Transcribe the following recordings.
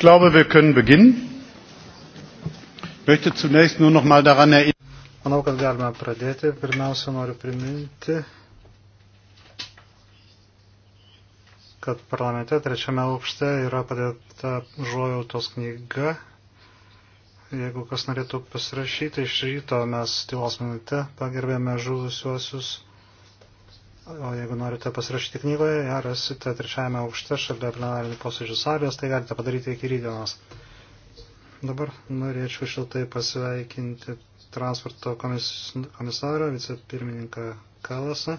Ich glaube, wir können beginnen. Ich möchte zunächst nur noch mal daran erinnern. Manau, kad galime pradėti. Pirmiausia, noriu priminti, kad parlamente trečiame aukšte yra padėta žuojautos knyga. Jeigu kas norėtų pasirašyti, iš ryto mes tylos minutę pagerbėme žuvusiuosius O jeigu norite pasirašyti knygoje, ją rasite trečiajame aukšte šalia plenarinių posėdžių salės, tai galite padaryti iki rydienos. Dabar norėčiau šiltai pasveikinti transporto komis, komisarą, vicepirmininką Kalasą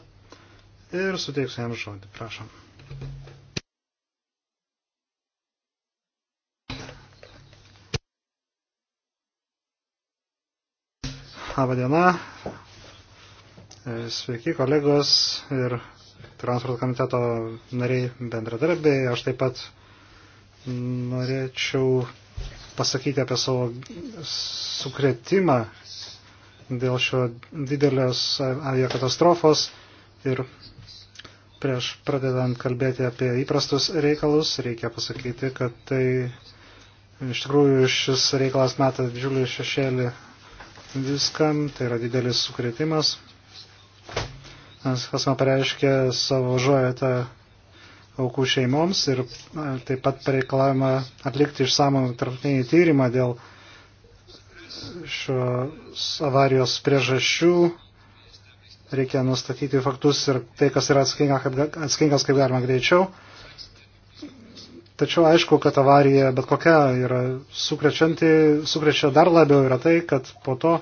ir suteiksiu jam žodį. Prašom. Labą dieną, E, sveiki kolegos ir transporto komiteto nariai bendradarbiai. Aš taip pat norėčiau pasakyti apie savo sukretimą dėl šio didelės aviakatastrofos ir prieš pradedant kalbėti apie įprastus reikalus, reikia pasakyti, kad tai iš tikrųjų šis reikalas meta didžiulį šešėlį viskam, tai yra didelis sukretimas, Hasma pareiškė savo žojotą aukų šeimoms ir taip pat pareikalavimą atlikti išsamą tarptautinį tyrimą dėl šios avarijos priežasčių. Reikia nustatyti faktus ir tai, kas yra atsakingas, kaip galima greičiau. Tačiau aišku, kad avarija bet kokia yra sukrečianti, sukrečia dar labiau yra tai, kad po to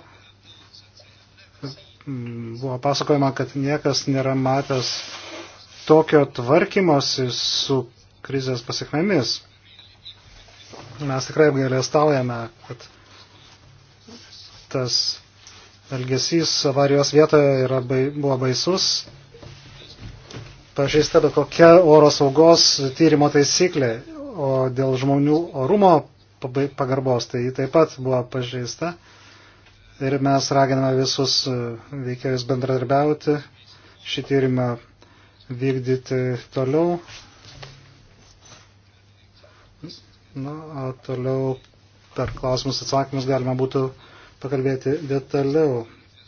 buvo pasakojama, kad niekas nėra matęs tokio tvarkymosi su krizės pasiekmėmis. Mes tikrai apgailėstaujame, kad tas elgesys avarijos vietoje yra, buvo baisus. Pažeista bet kokia oro saugos tyrimo taisyklė, o dėl žmonių orumo pagarbos tai taip pat buvo pažeista ir mes raginame visus e, veikėjus bendradarbiauti, šį tyrimą vykdyti toliau. Na, o toliau per klausimus atsakymus galima būtų pakalbėti detaliau.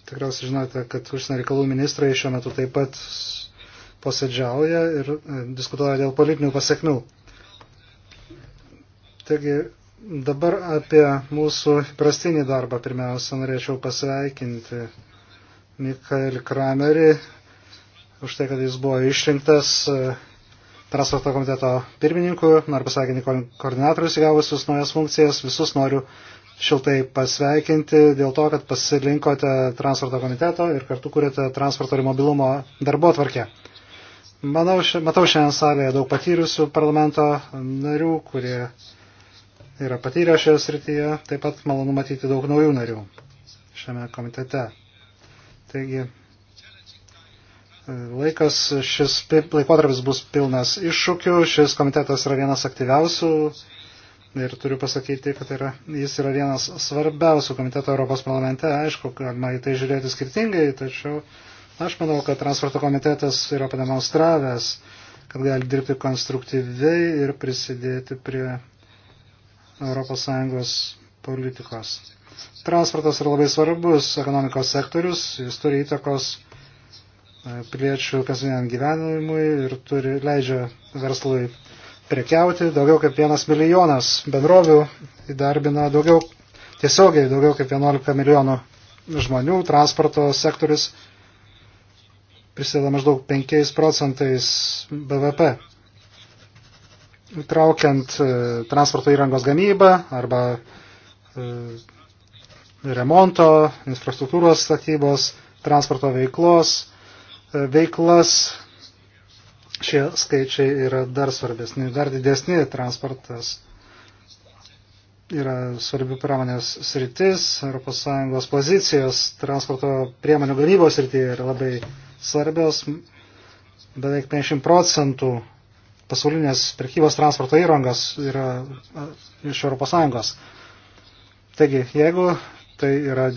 Tikriausiai žinote, kad užsienio reikalų ministrai šiuo metu taip pat posėdžiauja ir e, diskutuoja dėl politinių pasiekmių. Taigi Dabar apie mūsų prastinį darbą pirmiausia norėčiau pasveikinti Mikael Kramerį už tai, kad jis buvo išrinktas e, transporto komiteto pirmininku. Noriu pasveikinti koordinatorius įgavusius naujas funkcijas. Visus noriu šiltai pasveikinti dėl to, kad pasirinkote transporto komiteto ir kartu kūrėte transporto ir mobilumo darbo tvarkę. Manau, matau šiandien salėje daug patyrusių parlamento narių, kurie yra patyrę šioje srityje, taip pat malonu matyti daug naujų narių šiame komitete. Taigi, laikas, šis laikotarpis bus pilnas iššūkių, šis komitetas yra vienas aktyviausių ir turiu pasakyti, kad yra, jis yra vienas svarbiausių komiteto Europos parlamente. Aišku, galima į tai žiūrėti skirtingai, tačiau aš manau, kad transporto komitetas yra pademonstravęs kad gali dirbti konstruktyviai ir prisidėti prie ES politikos. Transportas yra labai svarbus ekonomikos sektorius, jis turi įtakos e, piliečių kasdieniam gyvenimui ir turi, leidžia verslui prekiauti. Daugiau kaip vienas milijonas bendrovių įdarbina daugiau, tiesiogiai daugiau kaip 11 milijonų žmonių. Transporto sektorius prisideda maždaug 5 procentais BVP traukiant e, transporto įrangos gamybą arba e, remonto, infrastruktūros statybos, transporto veiklos, e, veiklas. Šie skaičiai yra dar svarbesni, dar didesni transportas yra svarbi pramonės sritis, ES pozicijos transporto priemonių gamybos srityje yra labai svarbios. Beveik 50 procentų pasaulinės prekybos transporto įrangos yra iš ES. Taigi, jeigu tai yra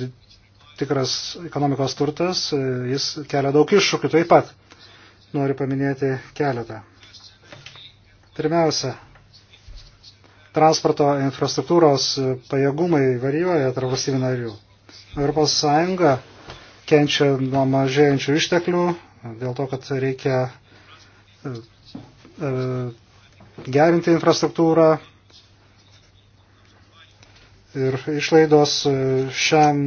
tikras ekonomikos turtas, e, jis kelia daug iššūkių taip pat. Noriu paminėti keletą. Pirmiausia, transporto infrastruktūros e, pajėgumai varijuoja tarp valstybių narių. Europos Sąjunga kenčia nuo mažėjančių išteklių, dėl to, kad reikia e, E, gerinti infrastruktūrą ir išlaidos e, šiam,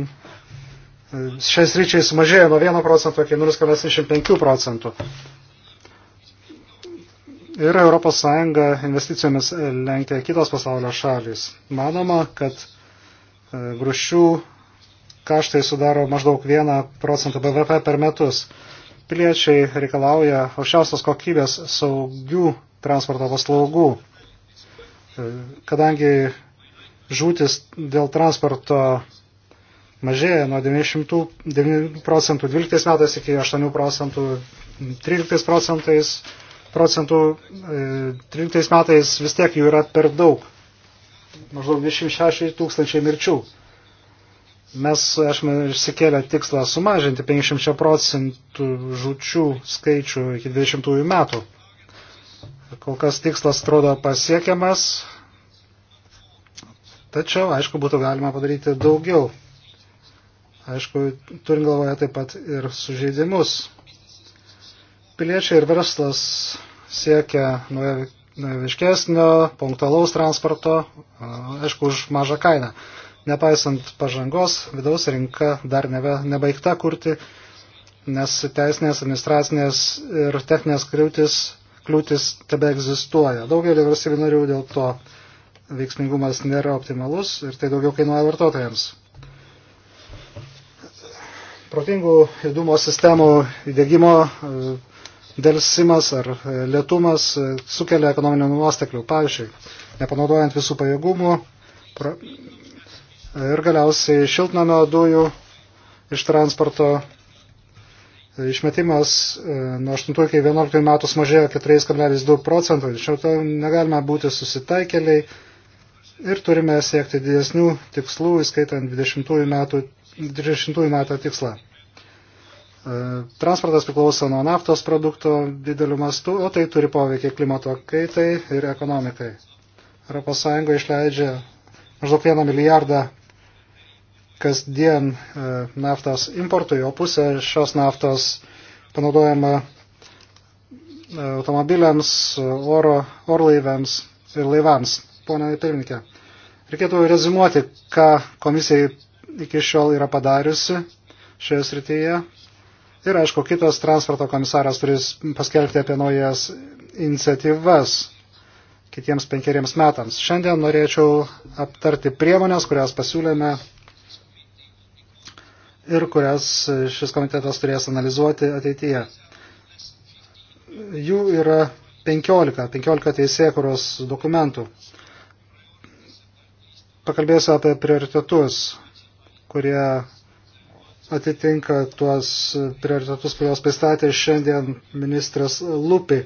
e, šiais ryčiai sumažėjo nuo 1 procento iki 0,75 procentų. Ir ES investicijomis lenkia kitos pasaulio šalys. Manoma, kad grušių kaštai sudaro maždaug 1 procentą BVP per metus. Piliečiai reikalauja aukščiausios kokybės saugių transporto paslaugų. E, kadangi žūtis dėl transporto mažėja nuo 99 procentų 12 metais iki 8 procentų 13 procentais, procentų 13 e, metais vis tiek jų yra per daug. Maždaug 26 tūkstančiai mirčių. Mes esame išsikėlę tikslą sumažinti 500 procentų žučių skaičių iki 20 metų. Kol kas tikslas atrodo pasiekiamas, tačiau, aišku, būtų galima padaryti daugiau. Aišku, turim galvoje taip pat ir sužeidimus. Piliečiai ir verslas siekia nuoviškesnio, punktualaus transporto, aišku, už mažą kainą. Nepaisant pažangos, vidaus rinka dar nebe, nebaigta kurti, nes teisinės, administracinės ir techninės kliūtis, kliūtis tebe egzistuoja. Daugelį valstybių narių dėl to veiksmingumas nėra optimalus ir tai daugiau kainuoja vartotojams. Protingų judumo sistemų įdėgymo e, dėlsimas ar e, lietumas e, sukelia ekonominio nuosteklių. Pavyzdžiui, nepanaudojant visų pajėgumų, Ir galiausiai šiltnamio dujų iš transporto išmetimas e, nuo 8 iki 11 metų sumažėjo 4,2 procentų. Tačiau to negalime būti susitaikeliai ir turime siekti didesnių tikslų, įskaitant 20 metų, 20 metų tikslą. E, transportas priklauso nuo naftos produkto didelių mastų, o tai turi poveikį klimato kaitai ir ekonomikai. ES išleidžia maždaug 1 milijardą kasdien e, naftos importui, o pusė šios naftos panaudojama e, automobiliams, oro, orlaiviams ir laivams. Pone pirmininkė, reikėtų rezimuoti, ką komisija iki šiol yra padariusi šioje srityje. Ir aišku, kitas transporto komisaras turės paskelbti apie naujas iniciatyvas kitiems penkeriems metams. Šiandien norėčiau aptarti priemonės, kurias pasiūlėme ir kurias šis komitetas turės analizuoti ateityje. Jų yra 15, 15 teisėkuros dokumentų. Pakalbėsiu apie prioritetus, kurie atitinka tuos prioritetus, kuriuos pristatė šiandien ministras Lupi,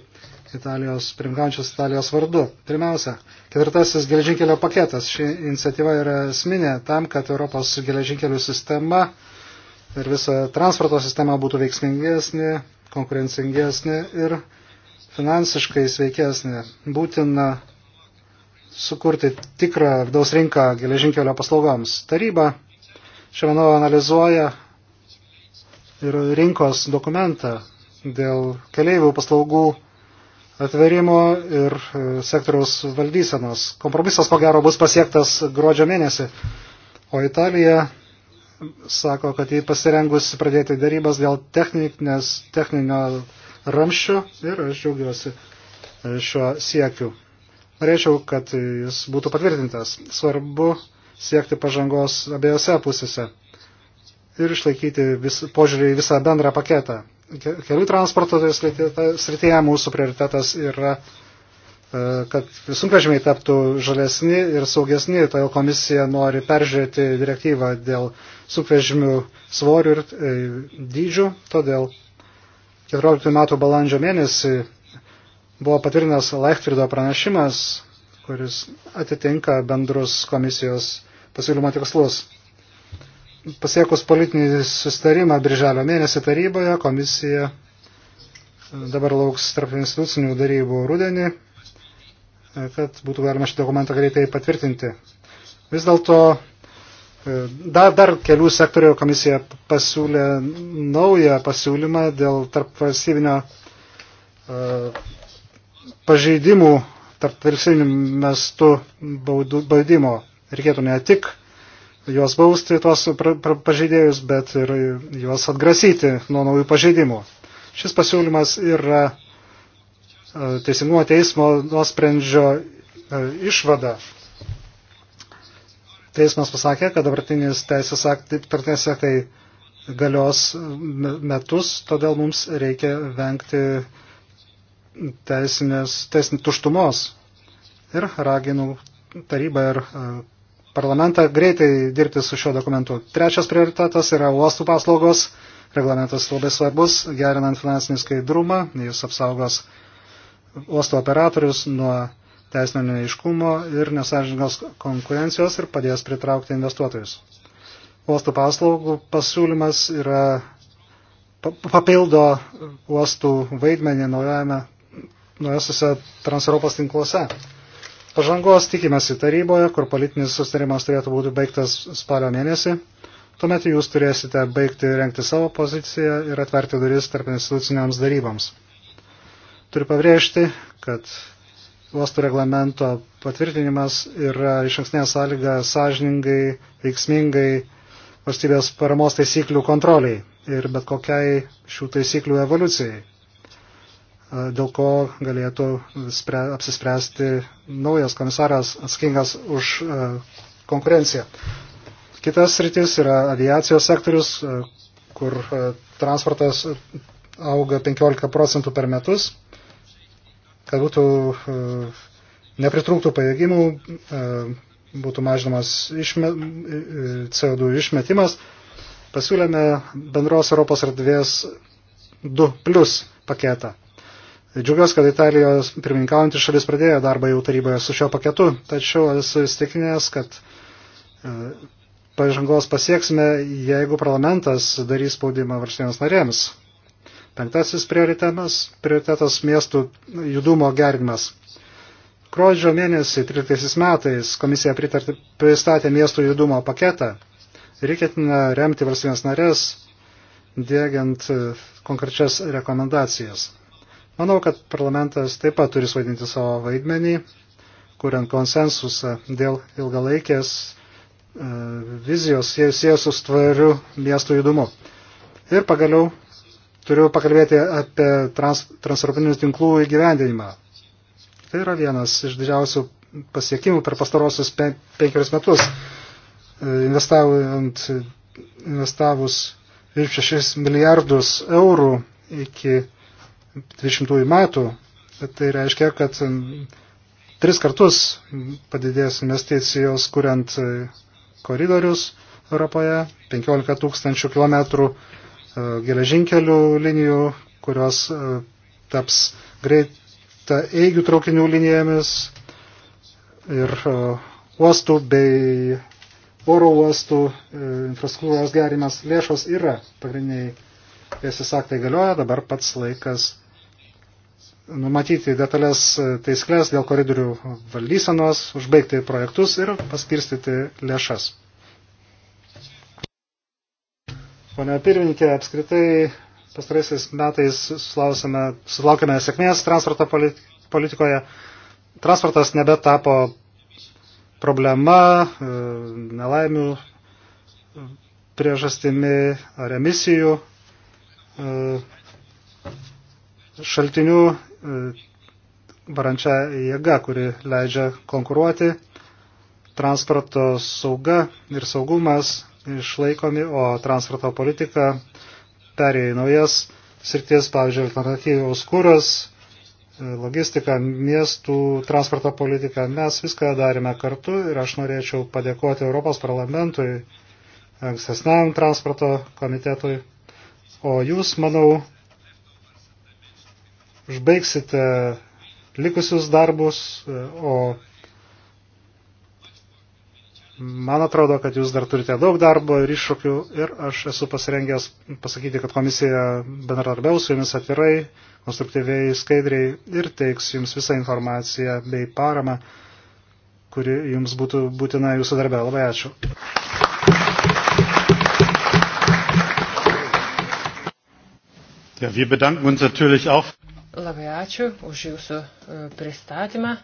Italijos, primgančios Italijos vardu. Pirmiausia, ketvirtasis geležinkelio paketas. Ši iniciatyva yra esminė tam, kad Europos geležinkelių sistema ir visa transporto sistema būtų veiksmingesnė, konkurencingesnė ir finansiškai sveikesnė. Būtina sukurti tikrą vidaus rinką geležinkelio paslaugoms. Taryba šiuo manau analizuoja ir rinkos dokumentą dėl keleivių paslaugų atverimo ir e, sektoriaus valdysenos. Kompromisas, ko gero, bus pasiektas gruodžio mėnesį, o Italija sako, kad jį pasirengus pradėti darybas dėl techninio ramščio ir aš džiaugiuosi e, šiuo siekiu. Norėčiau, kad jis būtų patvirtintas. Svarbu siekti pažangos abiejose pusėse ir išlaikyti vis, požiūrį į visą bendrą paketą. Kelių transporto srityje mūsų prioritetas yra, e, kad sunkvežimiai taptų žalesni ir saugesni, todėl komisija nori peržiūrėti direktyvą dėl sunkvežimių svorių ir e, dydžių, todėl 14 metų balandžio mėnesį buvo patvirtinęs Leichtfriedo pranešimas, kuris atitinka bendrus komisijos pasiūlymo tikslus. Pasiekus politinį sustarimą birželio mėnesį taryboje, komisija e, dabar lauks tarp institucinių darybų rudenį, e, kad būtų galima šį dokumentą greitai patvirtinti. Vis dėlto Dar, dar kelių sektorių komisija pasiūlė naują pasiūlymą dėl tarp valstybinio e, pažeidimų tarp valstybinių mestų baudimo. Reikėtų ne tik juos bausti, tuos pažeidėjus, bet ir juos atgrasyti nuo naujų pažeidimų. Šis pasiūlymas yra e, teisingumo teismo nuosprendžio e, išvada Teismas pasakė, kad dabartinis teisės aktai, tartės aktai galios metus, todėl mums reikia vengti teisinės, teisinės tuštumos. Ir raginu tarybą ir e, parlamentą greitai dirbti su šiuo dokumentu. Trečias prioritetas yra uostų paslaugos. Reglamentas labai svarbus, gerinant finansinį skaidrumą, jis apsaugos uosto operatorius nuo teisinio neiškumo ir nesažingos konkurencijos ir padės pritraukti investuotojus. Uostų paslaugų pasiūlymas yra papildo uostų vaidmenį naujame, naujasiuose transeuropos tinkluose. Pažangos tikimasi taryboje, kur politinis sustarimas turėtų būti baigtas spalio mėnesį. Tuomet jūs turėsite baigti renkti savo poziciją ir atverti duris tarp instituciniams daryboms. Turiu pabrėžti, kad uostų reglamento patvirtinimas yra iš anksnė sąlyga sąžiningai, veiksmingai valstybės paramos taisyklių kontroliai ir bet kokiai šių taisyklių evoliucijai, dėl ko galėtų apsispręsti naujas komisaras atsakingas už konkurenciją. Kitas rytis yra aviacijos sektorius, kur transportas auga 15 procentų per metus kad būtų e, nepritrūktų pajėgimų, e, būtų mažinamas išme, e, CO2 išmetimas, pasiūlėme bendros Europos erdvės 2 plus paketą. Džiugiuosi, kad Italijos pirmininkaujantį šalis pradėjo darbą jau taryboje su šio paketu, tačiau esu įstikinęs, kad pažangos pasieksime, jeigu parlamentas darys spaudimą valstybėms narėms. Penktasis prioritetas, prioritetas miestų judumo gerinimas. Gruodžio mėnesį 13 metais komisija pritartė, pristatė miestų judumo paketą. Reikėtina remti valstybės narės, dėgiant e, konkrečias rekomendacijas. Manau, kad parlamentas taip pat turi suvaidinti savo vaidmenį, kuriant konsensusą dėl ilgalaikės e, vizijos siejus su tvariu miesto judumu. Ir pagaliau Turiu pakalbėti apie trans, transeuropinius tinklų įgyvendinimą. Tai yra vienas iš didžiausių pasiekimų per pastarosius pe, penkerius metus. E, Investavant, investavus 6 milijardus eurų iki 20 metų, tai reiškia, kad tris kartus padidės investicijos, kuriant e, koridorius Europoje, 15 tūkstančių kilometrų E, geležinkelių linijų, kurios e, taps greita eigių traukinių linijomis ir e, uostų bei oro uostų infrastruktūros gerimas lėšos yra pagrindiniai teisės aktai galioja, dabar pats laikas numatyti detalės teisklės dėl koridorių valdysenos, užbaigti projektus ir paskirstyti lėšas. Pone pirmininkė, apskritai pastaraisiais metais sulaukėme sėkmės transporto politikoje. Transportas nebetapo problema, e, nelaimių priežastimi ar emisijų e, šaltinių e, varančia jėga, kuri leidžia konkuruoti. Transporto sauga ir saugumas išlaikomi, o transporto politika perėjo į naujas sritis, pavyzdžiui, alternatyviaus kūros, logistika, miestų, transporto politika. Mes viską darėme kartu ir aš norėčiau padėkoti Europos parlamentui, ankstesniam transporto komitetui. O jūs, manau, užbaigsite likusius darbus, o Man atrodo, kad jūs dar turite daug darbo ir iššūkių ir aš esu pasirengęs pasakyti, kad komisija bendradarbiaus su jumis atvirai, konstruktyviai, skaidriai ir teiks jums visą informaciją bei paramą, kuri jums būtų būtina jūsų darbę. Labai ačiū. Ja, wir bedanken uns natürlich auch. Labai ačiū už jūsų e, pristatymą.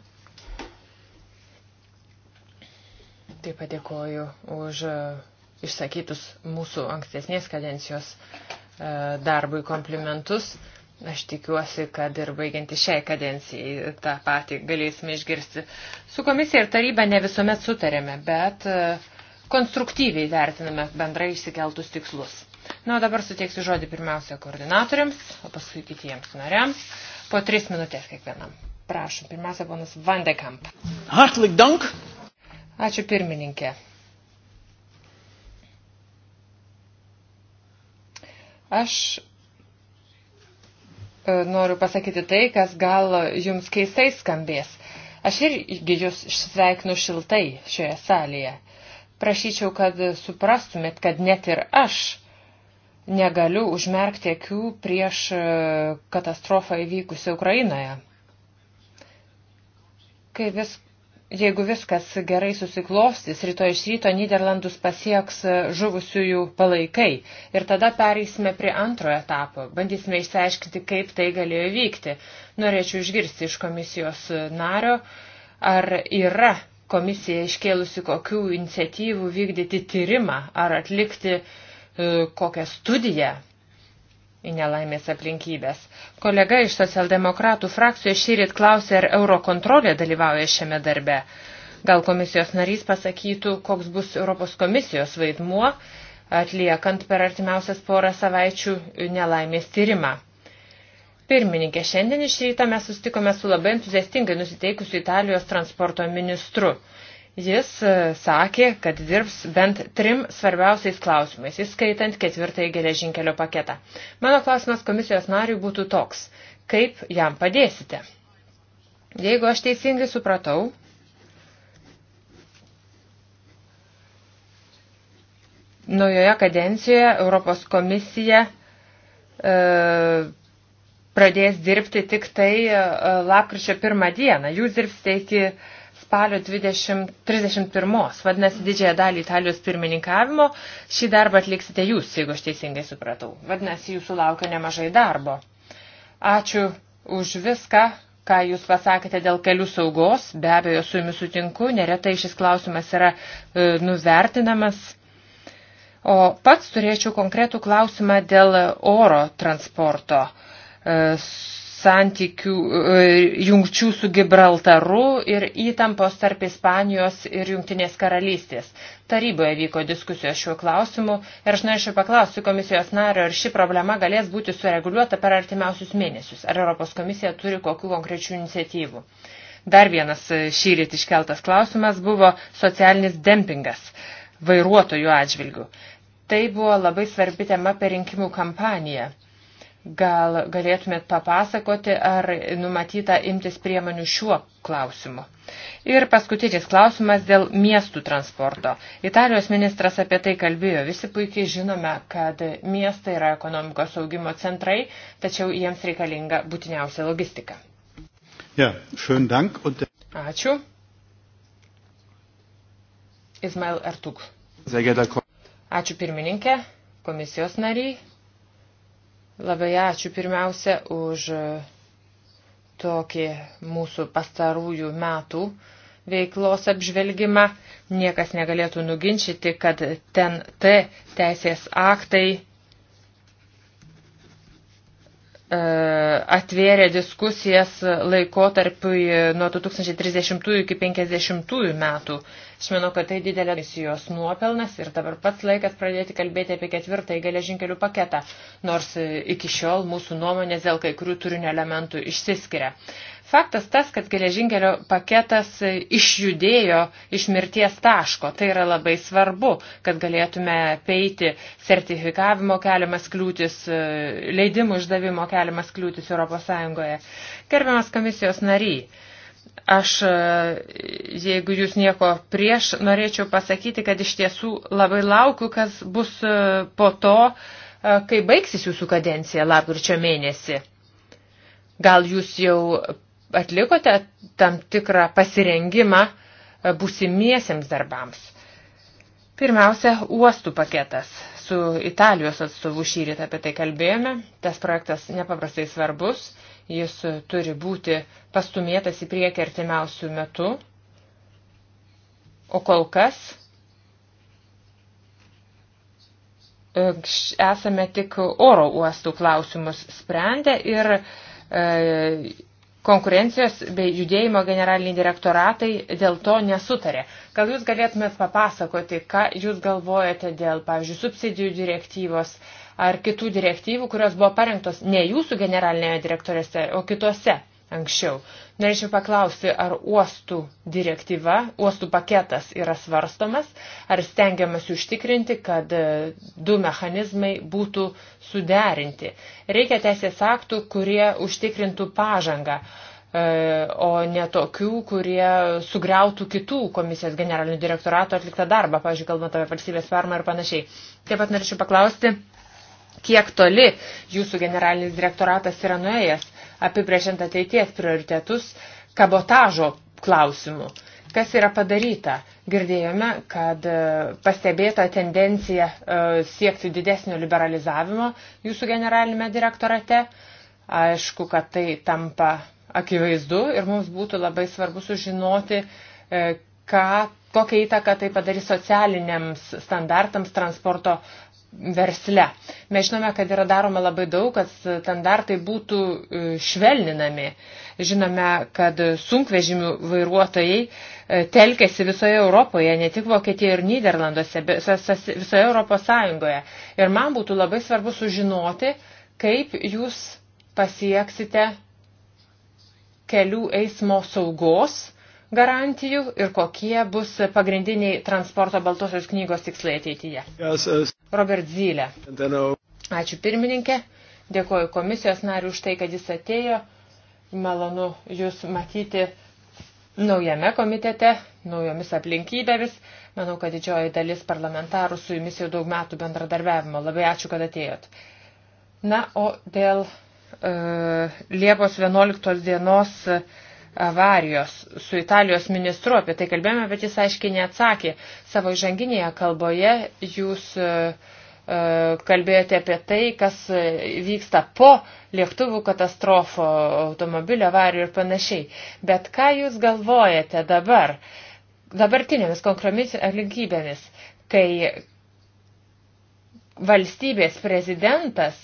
Taip pat dėkoju už e, išsakytus mūsų ankstesnės kadencijos e, darbui komplimentus. Aš tikiuosi, kad ir baigianti šiai kadencijai tą patį galėsime išgirsti. Su komisija ir taryba ne visuomet sutarėme, bet e, konstruktyviai vertiname bendrai išsikeltus tikslus. Na, o dabar suteiksiu žodį pirmiausia koordinatoriams, o paskui kitiems nariams. Po tris minutės kiekvienam. Prašom, pirmiausia, ponas Vandekamp. Hartlik dank. Ačiū pirmininkė. Aš e, noriu pasakyti tai, kas gal jums keistai skambės. Aš irgi jūs sveikinu šiltai šioje salėje. Prašyčiau, kad suprastumėt, kad net ir aš negaliu užmerkti akių prieš e, katastrofą įvykusią Ukrainoje. Kai vis jeigu viskas gerai susiklostys, rytoj iš ryto Niderlandus pasieks žuvusiųjų palaikai. Ir tada pereisime prie antrojo etapo. Bandysime išsiaiškinti, kaip tai galėjo vykti. Norėčiau išgirsti iš komisijos nario, ar yra komisija iškėlusi kokių iniciatyvų vykdyti tyrimą ar atlikti e, kokią studiją į nelaimės aplinkybės. Kolega iš socialdemokratų frakcijos šįryt klausė, ar eurokontrolė dalyvauja šiame darbe. Gal komisijos narys pasakytų, koks bus Europos komisijos vaidmuo, atliekant per artimiausias porą savaičių nelaimės tyrimą. Pirmininkė, šiandien iš ryto mes sustikome su labai entuziastingai nusiteikusiu Italijos transporto ministru. Jis e, sakė, kad dirbs bent trim svarbiausiais klausimais, įskaitant ketvirtąjį geležinkelio paketą. Mano klausimas komisijos nariui būtų toks, kaip jam padėsite? Jeigu aš teisingai supratau, naujoje kadencijoje Europos komisija e, pradės dirbti tik tai e, lapkričio pirmą dieną. Jūs dirbsite iki e, spalio 20, 31. Vadinasi, didžiąją dalį Italijos pirmininkavimo šį darbą atliksite jūs, jeigu aš teisingai supratau. Vadinasi, jūsų laukia nemažai darbo. Ačiū už viską, ką jūs pasakėte dėl kelių saugos. Be abejo, su jumis sutinku, neretai šis klausimas yra e, nuvertinamas. O pats turėčiau konkretų klausimą dėl oro transporto. E, santykių e, jungčių su Gibraltaru ir įtampos tarp Ispanijos ir Jungtinės karalystės. Taryboje vyko diskusijos šiuo klausimu ir aš norėčiau paklausti komisijos nario, ar ši problema galės būti sureguliuota per artimiausius mėnesius, ar Europos komisija turi kokių konkrečių iniciatyvų. Dar vienas e, šyrit iškeltas klausimas buvo socialinis dempingas vairuotojų atžvilgių. Tai buvo labai svarbi tema per rinkimų kampaniją Gal galėtumėt papasakoti, ar numatyta imtis priemonių šiuo klausimu. Ir paskutinis klausimas dėl miestų transporto. Italijos ministras apie tai kalbėjo. Visi puikiai žinome, kad miestai yra ekonomikos augimo centrai, tačiau jiems reikalinga būtiniausia logistika. Ja, schön dank. Und... Ačiū. Ismail Artuk. Ačiū pirmininkė, komisijos nariai. Labai ačiū pirmiausia už tokį mūsų pastarųjų metų veiklos apžvelgimą. Niekas negalėtų nuginčyti, kad ten T teisės aktai E, atvėrė diskusijas laikotarpiui nuo 2030 iki 50 metų. Aš manau, kad tai didelė misijos nuopelnas ir dabar pats laikas pradėti kalbėti apie ketvirtąjį geležinkelių paketą, nors iki šiol mūsų nuomonės dėl kai kurių turinio elementų išsiskiria. Faktas tas, kad geležinkelio paketas išjudėjo iš mirties taško. Tai yra labai svarbu, kad galėtume peiti sertifikavimo keliamas kliūtis, leidimų išdavimo keliamas kliūtis ES. Gerbiamas komisijos nariai, aš, jeigu jūs nieko prieš, norėčiau pasakyti, kad iš tiesų labai laukiu, kas bus po to, kai baigsis jūsų kadencija lapkričio mėnesį. Gal jūs jau atlikote tam tikrą pasirengimą e, būsimiesiems darbams. Pirmiausia, uostų paketas. Su Italijos atstovu šyrit apie tai kalbėjome. Tas projektas nepaprastai svarbus. Jis turi būti pastumėtas į priekį artimiausių metų. O kol kas e, esame tik oro uostų klausimus sprendę ir e, konkurencijos bei judėjimo generaliniai direktoratai dėl to nesutarė. Gal jūs galėtumėt papasakoti, ką jūs galvojate dėl, pavyzdžiui, subsidijų direktyvos ar kitų direktyvų, kurios buvo parengtos ne jūsų generalinėje direktorėse, o kitose? anksčiau. Norėčiau paklausti, ar uostų direktyva, uostų paketas yra svarstomas, ar stengiamas užtikrinti, kad e, du mechanizmai būtų suderinti. Reikia teisės aktų, kurie užtikrintų pažangą, e, o ne tokių, kurie sugriautų kitų komisijos generalinių direktorato atliktą darbą, pavyzdžiui, kalbant apie valstybės farmą ir panašiai. Taip pat norėčiau paklausti, kiek toli jūsų generalinis direktoratas yra nuėjęs apibrėžiant ateities prioritetus kabotažo klausimų. Kas yra padaryta? Girdėjome, kad e, pastebėta tendencija e, siekti didesnio liberalizavimo jūsų generalinėme direktorate. Aišku, kad tai tampa akivaizdu ir mums būtų labai svarbu sužinoti, e, ką, kokią įtaką tai padarys socialiniams standartams transporto versle. Mes žinome, kad yra daroma labai daug, kad standartai būtų e, švelninami. Žinome, kad sunkvežimių vairuotojai e, telkėsi visoje Europoje, ne tik Vokietijoje ir Niderlanduose, bet visoje Europos Sąjungoje. Ir man būtų labai svarbu sužinoti, kaip jūs pasieksite kelių eismo saugos garantijų ir kokie bus pagrindiniai transporto baltosios knygos tikslai ateityje. Robert Zylė. Uh, ačiū pirmininkė, dėkoju komisijos nariu už tai, kad jis atėjo. Malonu jūs matyti naujame komitete, naujomis aplinkybėmis. Manau, kad didžioji dalis parlamentarų su jumis jau daug metų bendradarbiavimo. Labai ačiū, kad atėjot. Na, o dėl e, Liepos 11 dienos e, avarijos. Su Italijos ministru apie tai kalbėjome, bet jis aiškiai neatsakė. Savo įžanginėje kalboje jūs e, e, kalbėjote apie tai, kas e, vyksta po lėktuvų katastrofo, automobilio avarijų ir panašiai. Bet ką jūs galvojate dabar, dabartinėmis konkromis aplinkybėmis, kai valstybės prezidentas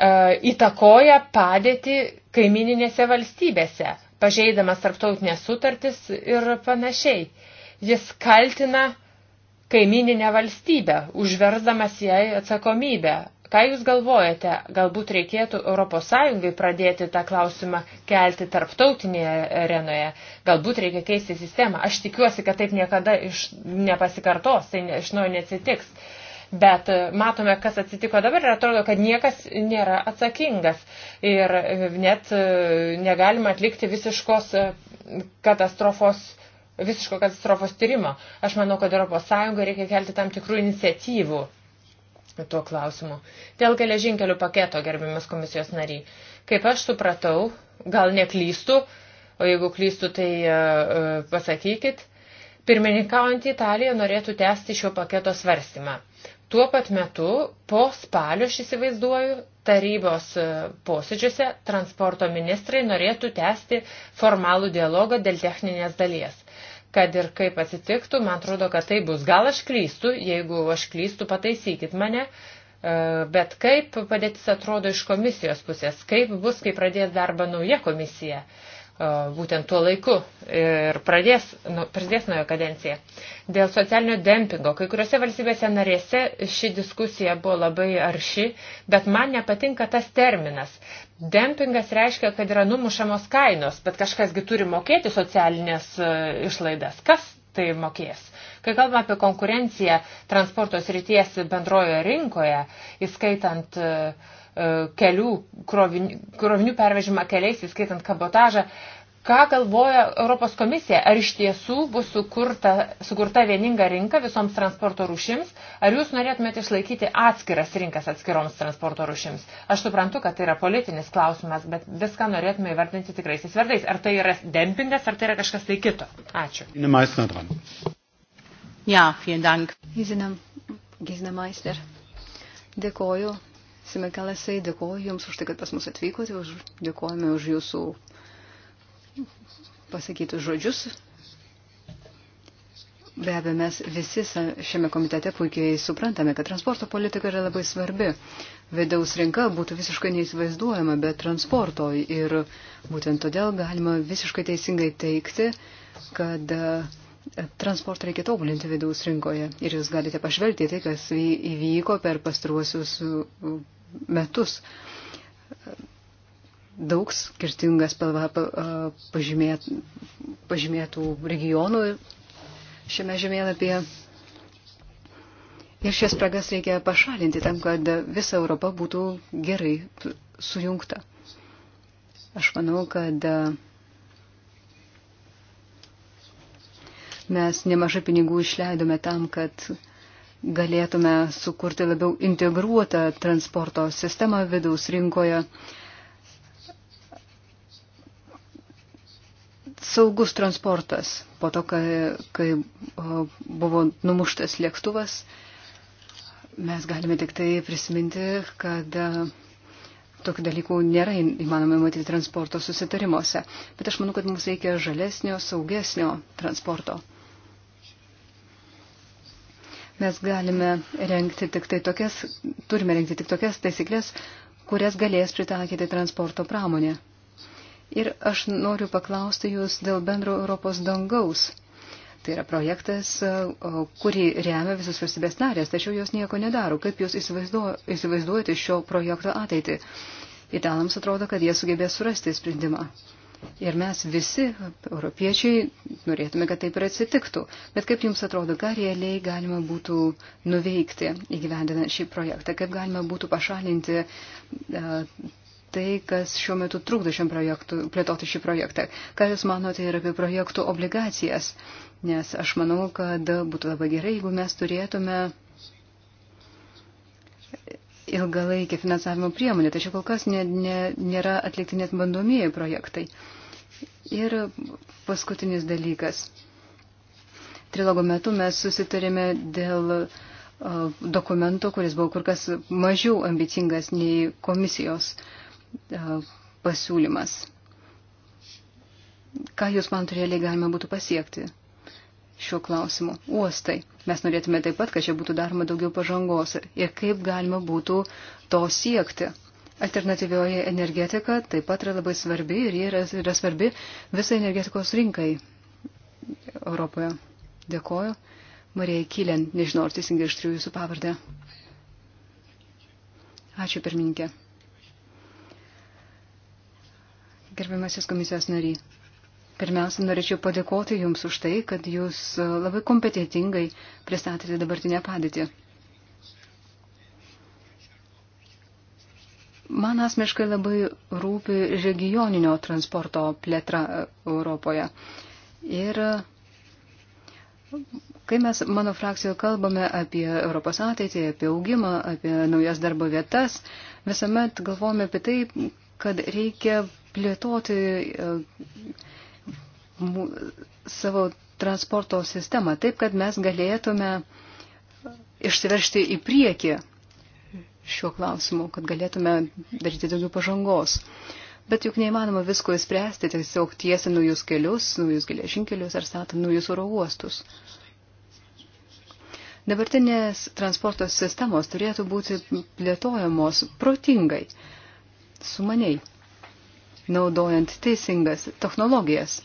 įtakoja padėtį kaimininėse valstybėse pažeidamas tarptautinės sutartis ir panašiai. Jis kaltina kaimininę valstybę, užversdamas jai atsakomybę. Ką Jūs galvojate, galbūt reikėtų ES pradėti tą klausimą kelti tarptautinėje arenoje, galbūt reikia keisti sistemą. Aš tikiuosi, kad taip niekada iš nepasikartos, tai iš naujo neatsitiks. Bet e, matome, kas atsitiko dabar ir atrodo, kad niekas nėra atsakingas ir e, net e, negalima atlikti visiškos katastrofos visiško katastrofos tyrimo. Aš manau, kad ES reikia kelti tam tikrų iniciatyvų tuo klausimu. Dėl geležinkelių paketo, gerbiamas komisijos nariai. Kaip aš supratau, gal neklystu, o jeigu klystu, tai uh, pasakykit, pirmininkaujant Italiją norėtų tęsti šio paketo svarstymą. Tuo pat metu, po spalio, aš įsivaizduoju, tarybos e, posėdžiuose transporto ministrai norėtų tęsti formalų dialogą dėl techninės dalies. Kad ir kaip atsitiktų, man atrodo, kad tai bus. Gal aš klystu, jeigu aš klystu, pataisykit mane, e, bet kaip padėtis atrodo iš komisijos pusės, kaip bus, kai pradės darbą nauja komisija. Uh, būtent tuo laiku ir pradės, nu, pradės naujo kadenciją. Dėl socialinio dempingo, kai kuriuose valstybėse narėse ši diskusija buvo labai arši, bet man nepatinka tas terminas. Dempingas reiškia, kad yra numušamos kainos, bet kažkasgi turi mokėti socialinės išlaidas. Kas tai mokės? Kai kalbame apie konkurenciją transporto srities bendrojo rinkoje, įskaitant uh, E, kelių krovinių, krovinių pervežimą keliais, įskaitant kabotažą. Ką galvoja Europos komisija? Ar iš tiesų bus sukurta, sukurta vieninga rinka visoms transporto rušims? Ar jūs norėtumėte išlaikyti atskiras rinkas atskiroms transporto rušims? Aš suprantu, kad tai yra politinis klausimas, bet viską norėtume įvardinti tikraisiais vardais. Ar tai yra dempingas, ar tai yra kažkas tai kito? Ačiū. Ja, vielen Dank. Gizinam, Gizinam Meister. Dėkoju. Simekalasai, dėkuoju Jums už tai, kad pas mus atvykote, už, dėkuojame už Jūsų pasakytus žodžius. Be abejo, mes visi šiame komitete puikiai suprantame, kad transporto politika yra labai svarbi. Vidaus rinka būtų visiškai neįsivaizduojama be transporto ir būtent todėl galima visiškai teisingai teikti, kad e, transportą reikia tobulinti vidaus rinkoje. Ir jūs galite pažvelgti tai, kas įvyko per pastruosius metus. Daug skirtingas spalva pažymėt, pažymėtų regionų šiame žemėlapyje. Ir šias spragas reikia pašalinti tam, kad visa Europa būtų gerai sujungta. Aš manau, kad mes nemažai pinigų išleidome tam, kad galėtume sukurti labiau integruotą transporto sistemą vidaus rinkoje. Saugus transportas po to, kai, kai buvo numuštas lėktuvas, mes galime tik tai prisiminti, kad e, tokių dalykų nėra įmanoma matyti transporto susitarimuose. Bet aš manau, kad mums reikia žalesnio, saugesnio transporto. Mes galime renkti tik tai tokias, turime renkti tik tokias taisyklės, kurias galės pritaikyti transporto pramonė. Ir aš noriu paklausti jūs dėl bendro Europos dangaus. Tai yra projektas, kurį remia visos valstybės narės, tačiau jos nieko nedaro. Kaip jūs įsivaizduojate šio projekto ateitį? Italams atrodo, kad jie sugebės surasti sprendimą. Ir mes visi, europiečiai, norėtume, kad taip ir atsitiktų. Bet kaip Jums atrodo, ką realiai galima būtų nuveikti įgyvendinant šį projektą? Kaip galima būtų pašalinti e, tai, kas šiuo metu trukdo šiam projektu, plėtoti šį projektą? Ką Jūs manote ir apie projektų obligacijas? Nes aš manau, kad būtų labai gerai, jeigu mes turėtume ilgalaikė finansavimo priemonė, tačiau kol kas ne, ne, nėra atlikti net bandomieji projektai. Ir paskutinis dalykas. Trilogo metu mes susitarėme dėl dokumento, kuris buvo kur kas mažiau ambicingas nei komisijos pasiūlymas. Ką Jūs man turėliai galima būtų pasiekti šiuo klausimu - uostai. Mes norėtume taip pat, kad čia būtų daroma daugiau pažangos ir kaip galima būtų to siekti. Alternatyvioji energetika taip pat yra labai svarbi ir yra, yra svarbi visai energetikos rinkai Europoje. Dėkoju. Marija Kylen, nežinau, ar teisingai ištriu jūsų pavardę. Ačiū, pirmininkė. Gerbiamasis komisijos nariai. Pirmiausia, norėčiau padėkoti Jums už tai, kad Jūs e, labai kompetitingai pristatėte dabartinę padėtį. Man asmeškai labai rūpi regioninio transporto plėtra e, Europoje. Ir e, kai mes mano frakcijoje kalbame apie Europos ateitį, apie augimą, apie naujas darbo vietas, visuomet galvojame apie tai, kad reikia plėtoti savo transporto sistemą taip, kad mes galėtume išsiveršti į priekį šiuo klausimu, kad galėtume daryti daugiau pažangos. Bet juk neįmanoma visko įspręsti, tiesiog tiesi naujus kelius, naujus geležinkelius ar statant naujus oro uostus. Dabartinės transporto sistemos turėtų būti plėtojamos protingai, sumaniai, naudojant teisingas technologijas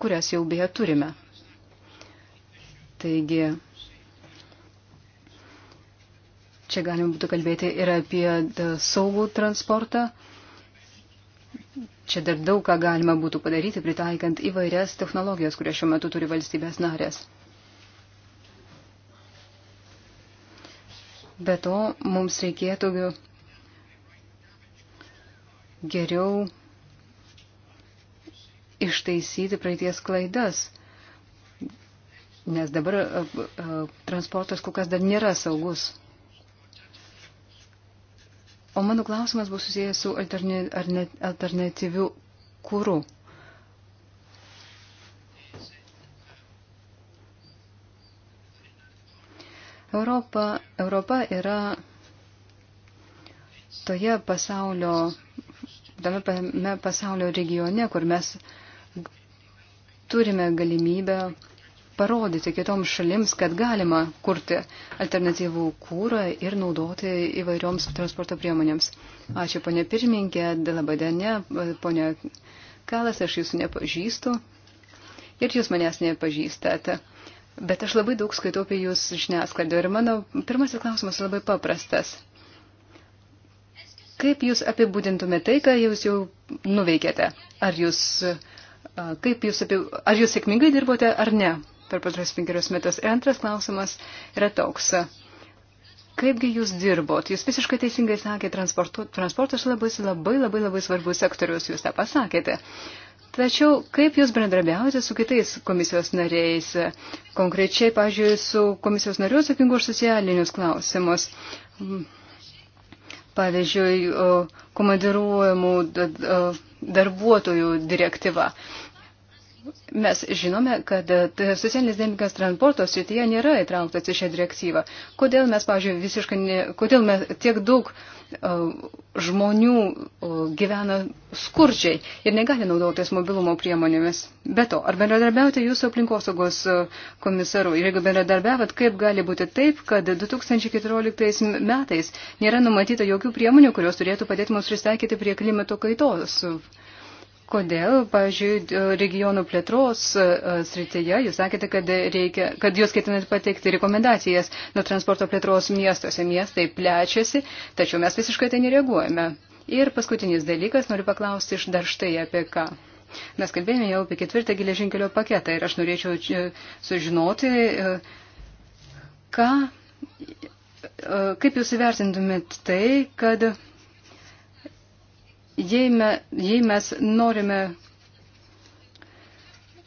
kurias jau beje turime. Taigi, čia galima būtų kalbėti ir apie saugų transportą. Čia dar daug ką galima būtų padaryti, pritaikant įvairias technologijas, kurias šiuo metu turi valstybės narės. Be to, mums reikėtų geriau ištaisyti praeities klaidas. Nes dabar e, e, transportas kol kas dar nėra saugus. O mano klausimas bus susijęs su alterne, ne, alternatyviu kūru. Europa, Europa yra toje pasaulio, tame pasaulio regione, kur mes uh, turime galimybę parodyti kitoms šalims, kad galima kurti alternatyvų kūrą ir naudoti įvairioms transporto priemonėms. Ačiū, ponė pirmininkė, labai diena, ponė Kalas, aš jūsų nepažįstu ir jūs manęs nepažįstate. Bet aš labai daug skaitau apie jūs žiniasklaidą ir mano pirmasis klausimas labai paprastas. Kaip jūs apibūdintumėte tai, ką jūs jau nuveikėte? Ar jūs uh, Kaip jūs apie, ar jūs sėkmingai dirbote ar ne per patrus penkerius metus? Ir antras klausimas yra toks. Kaipgi jūs dirbot? Jūs visiškai teisingai sakėte, transportas labai, labai, labai, labai svarbus sektorius, jūs tą pasakėte. Tačiau kaip jūs bendrabiaujate su kitais komisijos nariais, konkrečiai, pažiūrėjau, su komisijos nariu atsakingu už socialinius klausimus? pavyzdžiui, komandiruojamų darbuotojų direktyva. Mes žinome, kad e, socialinis dempingas transporto srityje nėra įtrauktas į šią direktyvą. Kodėl mes, pavyzdžiui, visiškai, ne, kodėl mes tiek daug uh, E, žmonių e, gyvena skurdžiai ir negali naudotis mobilumo priemonėmis. Be to, ar bendradarbiavote jūsų aplinkosaugos e, komisaru? Ir jeigu bendradarbiavat, kaip gali būti taip, kad 2014 metais nėra numatyta jokių priemonių, kurios turėtų padėti mums pristaikyti prie klimato kaitos? Kodėl, pavyzdžiui, regionų plėtros e, e, srityje jūs sakėte, kad, reikia, kad jūs ketinate pateikti rekomendacijas nuo transporto plėtros miestuose. Miestai plečiasi, tačiau mes visiškai tai nereaguojame. Ir paskutinis dalykas, noriu paklausti iš dar štai apie ką. Mes kalbėjome jau apie ketvirtą geležinkelio paketą ir aš norėčiau e, sužinoti, ką, kaip jūs įvertintumėt tai, kad Jei, me, jei mes norime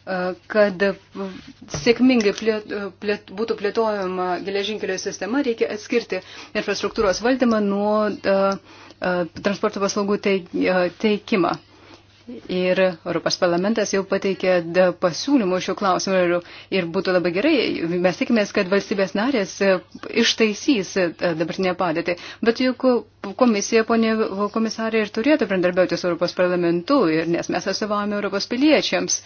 e, kad sėkmingai plėt, plėt, būtų plėtojama geležinkelio sistema, reikia atskirti infrastruktūros valdymą nuo uh, uh, transporto paslaugų teikimą. Uh, Ir Europos parlamentas jau pateikė pasiūlymų šiuo klausimu ir, ir būtų labai gerai. Mes tikimės, kad valstybės narės e, ištaisys e, dabartinę padėtį. Bet juk komisija, ponė komisarė, ir turėtų bendarbiauti su Europos parlamentu, ir, nes mes atstovavome Europos piliečiams.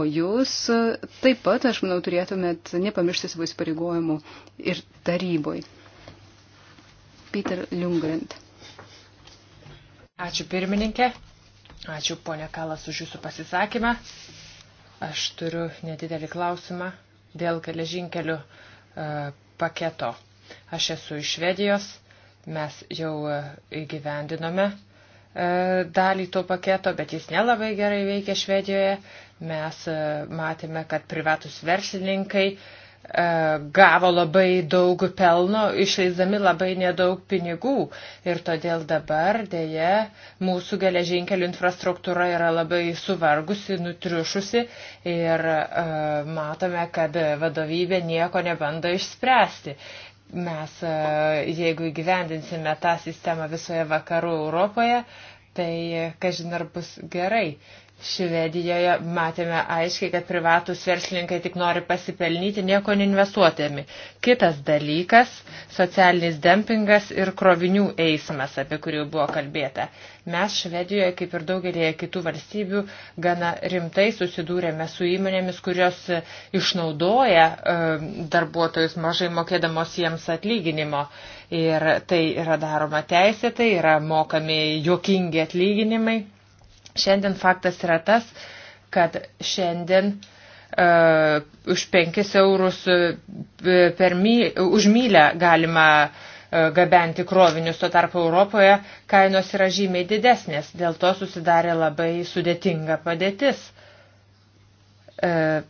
O jūs e, taip pat, aš manau, turėtumėt nepamiršti savo įsipareigojimų ir taryboj. Peter Ljungrent. Ačiū pirmininkė. Ačiū, ponė Kalas, už Jūsų pasisakymą. Aš turiu nedidelį klausimą dėl geležinkelių e, paketo. Aš esu iš Švedijos, mes jau e, įgyvendinome e, dalį to paketo, bet jis nelabai gerai veikia Švedijoje. Mes matėme, kad privatus verslininkai E, gavo labai daug pelno, išleisdami labai nedaug pinigų. Ir todėl dabar dėje mūsų geležinkelių infrastruktūra yra labai suvargusi, nutriušusi ir e, matome, kad vadovybė nieko nebando išspręsti. Mes, e, jeigu įgyvendinsime tą sistemą visoje vakarų Europoje, tai e, kažin ar bus gerai. Švedijoje matėme aiškiai, kad privatus verslininkai tik nori pasipelnyti, nieko neinvestuotėmi. Kitas dalykas - socialinis dempingas ir krovinių eismas, apie kurį buvo kalbėta. Mes Švedijoje, kaip ir daugelėje kitų valstybių, gana rimtai susidūrėme su įmonėmis, kurios e, išnaudoja e, darbuotojus mažai mokėdamos jiems atlyginimo. Ir tai yra daroma teisėtai, yra mokami jokingi atlyginimai Šiandien faktas yra tas, kad šiandien uh, už 5 eurus e, per my, už mylę galima uh, gabenti krovinius, tuo tarpu Europoje kainos yra žymiai didesnės, dėl to susidarė labai sudėtinga padėtis. Uh,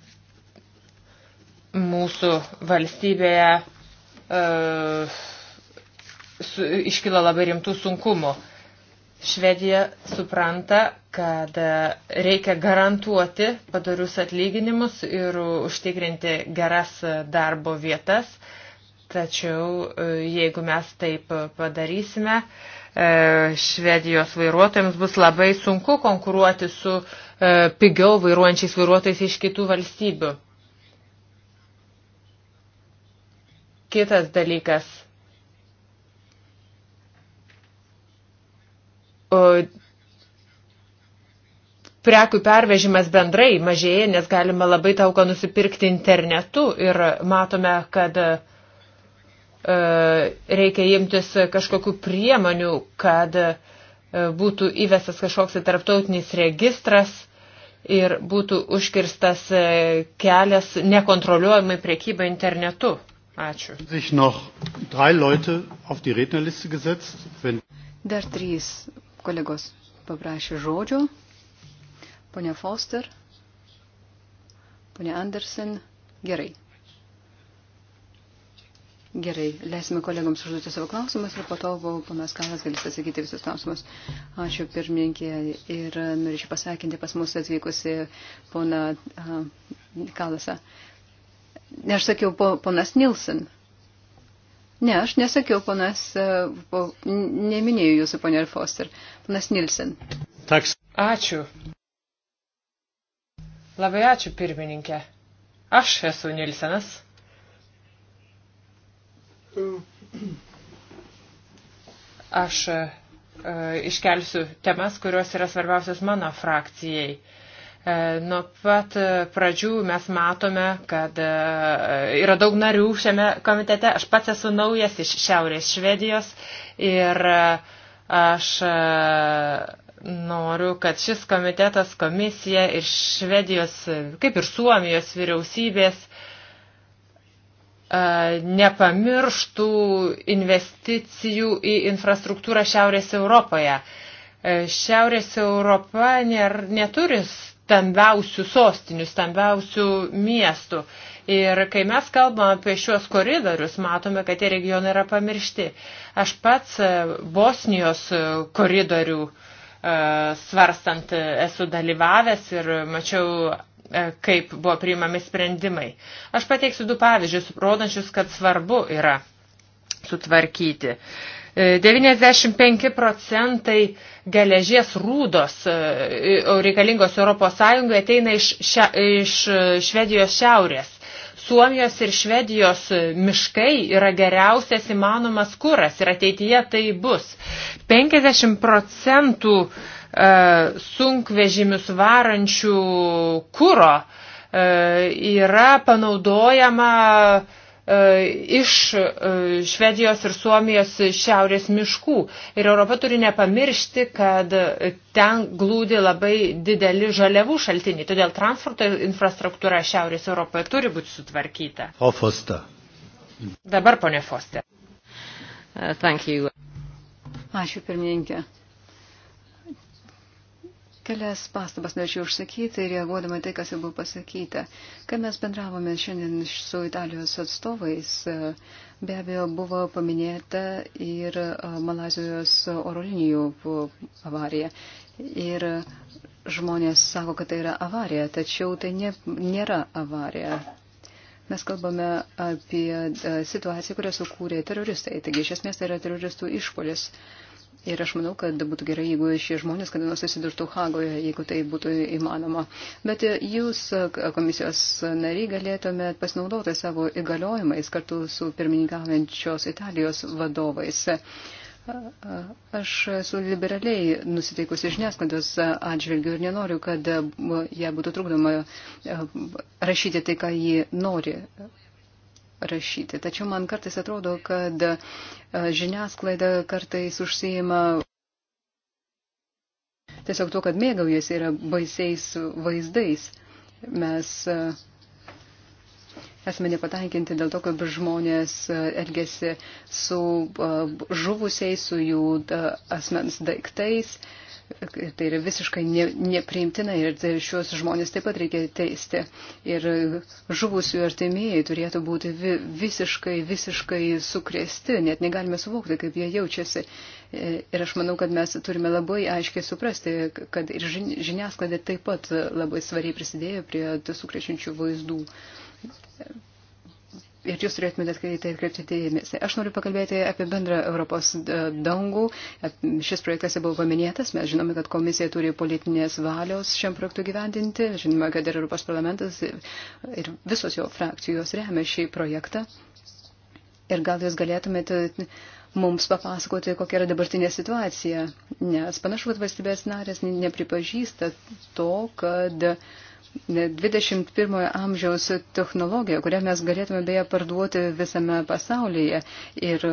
mūsų valstybėje uh, su, iškilo labai rimtų sunkumų. Uh, Švedija supranta, kad reikia garantuoti padarius atlyginimus ir užtikrinti geras darbo vietas. Tačiau e, jeigu mes taip padarysime, e, Švedijos vairuotojams bus labai sunku konkuruoti su e, pigiau vairuojančiais vairuotojais iš kitų valstybių. Kitas dalykas prekių pervežimas bendrai mažėja, nes galima labai tauką nusipirkti internetu ir matome, kad e, reikia imtis kažkokių priemonių, kad e, būtų įvestas kažkoks tai tarptautinis registras ir būtų užkirstas e, kelias nekontroliuojamai prekyba internetu. Ačiū. Dar trys kolegos paprašė žodžio. Pone Foster, pone Andersen, gerai. Gerai, leisime kolegoms užduoti savo klausimus ir po to ponas Kalas galės atsakyti visus klausimus. Ačiū pirmininkė ir norėčiau pasakinti pas mus atvykusi pona Kalasą. Ne aš sakiau ponas Nilsen, Ne, aš nesakiau, ponas, e, neminėjau jūsų, ponė Foster. Ponas Nilsen. Taks. Ačiū. Labai ačiū, pirmininkė. Aš esu Nilsenas. Aš e, e, iškelsiu temas, kurios yra svarbiausios mano frakcijai. E, E, nuo pat pradžių mes matome, kad e, yra daug narių šiame komitete. Aš pats esu naujas iš Šiaurės Švedijos ir e, aš noriu, kad šis komitetas, komisija ir Švedijos, kaip ir Suomijos vyriausybės nepamirštų investicijų į infrastruktūrą Šiaurės Europoje. Šiaurės Europa nėr, neturi stambiausių sostinių, stambiausių miestų. Ir kai mes kalbame apie šiuos koridorius, matome, kad tie regionai yra pamiršti. Aš pats e, Bosnijos e, koridorių e, svarstant esu dalyvavęs ir mačiau kaip buvo priimami sprendimai. Aš pateiksiu du pavyzdžius, rodančius, kad svarbu yra sutvarkyti. Uh, 95 e, procentai geležies rūdos e, e, reikalingos Europos Sąjungoje ateina iš, šia, iš Švedijos šiaurės. Suomijos ir Švedijos miškai yra geriausias įmanomas kuras ir ateityje tai bus. 50 procentų sunkvežimius varančių kuro yra panaudojama uh, E, iš e, Švedijos ir Suomijos šiaurės miškų. Ir Europa turi nepamiršti, kad ten glūdi labai dideli žaliavų šaltiniai. Todėl transporto infrastruktūra šiaurės Europoje turi būti sutvarkyta. O Fosta. Dabar, ponė Foste. Uh, thank you. Ačiū pirmininkė. Kelias pastabas norėčiau užsakyti, reaguodama tai, kas jau buvo pasakyta. Kai mes bendravome šiandien su Italijos atstovais, be abejo buvo paminėta ir Malazijos oro linijų avarija. Ir žmonės sako, kad tai yra avarija, tačiau tai ne, nėra avarija. Mes kalbame apie situaciją, kurią sukūrė teroristai. Taigi, iš esmės, tai yra teroristų išpolis. Uh, Ir aš manau, kad būtų gerai, jeigu šie žmonės kada nors susidurtų Hagoje, jeigu tai būtų įmanoma. Bet jūs, komisijos nariai, galėtumėt pasinaudoti savo įgaliojimais kartu su pirmininkaujančios Italijos vadovais. Aš esu liberaliai nusiteikusi žiniasklaidos atžvilgių ir nenoriu, kad ją būtų trukdoma rašyti tai, ką ji nori rašyti. Tačiau man kartais atrodo, kad e, žiniasklaida kartais užsijima tiesiog to, kad mėgaujasi yra baisiais vaizdais. Mes e, esame nepatenkinti dėl to, kaip žmonės e, elgesi su žuvusiais, su jų asmens daiktais. Tai yra visiškai ne, nepriimtina ir tai šios žmonės taip pat reikia teisti. Ir žuvusių artimieji turėtų būti vi, visiškai, visiškai sukresti, net negalime suvokti, kaip jie jaučiasi. E, ir aš manau, kad mes turime labai aiškiai suprasti, kad ir žiniasklaida taip pat labai svariai prisidėjo prie sukrešinčių vaizdų ir jūs turėtumėte į tai atkreipti dėmesį. Aš noriu pakalbėti apie bendrą Europos e, dangų. Šis projektas jau buvo paminėtas. Mes žinome, kad komisija turi politinės valios šiam projektui gyvendinti. Žinome, kad ir Europos parlamentas e, ir visos jo frakcijos remia šį projektą. Ir gal jūs galėtumėte mums papasakoti, kokia yra dabartinė situacija. Nes panašu, kad valstybės narės nepripažįsta to, kad uh, 21 amžiaus technologija, kurią mes galėtume beje parduoti visame pasaulyje ir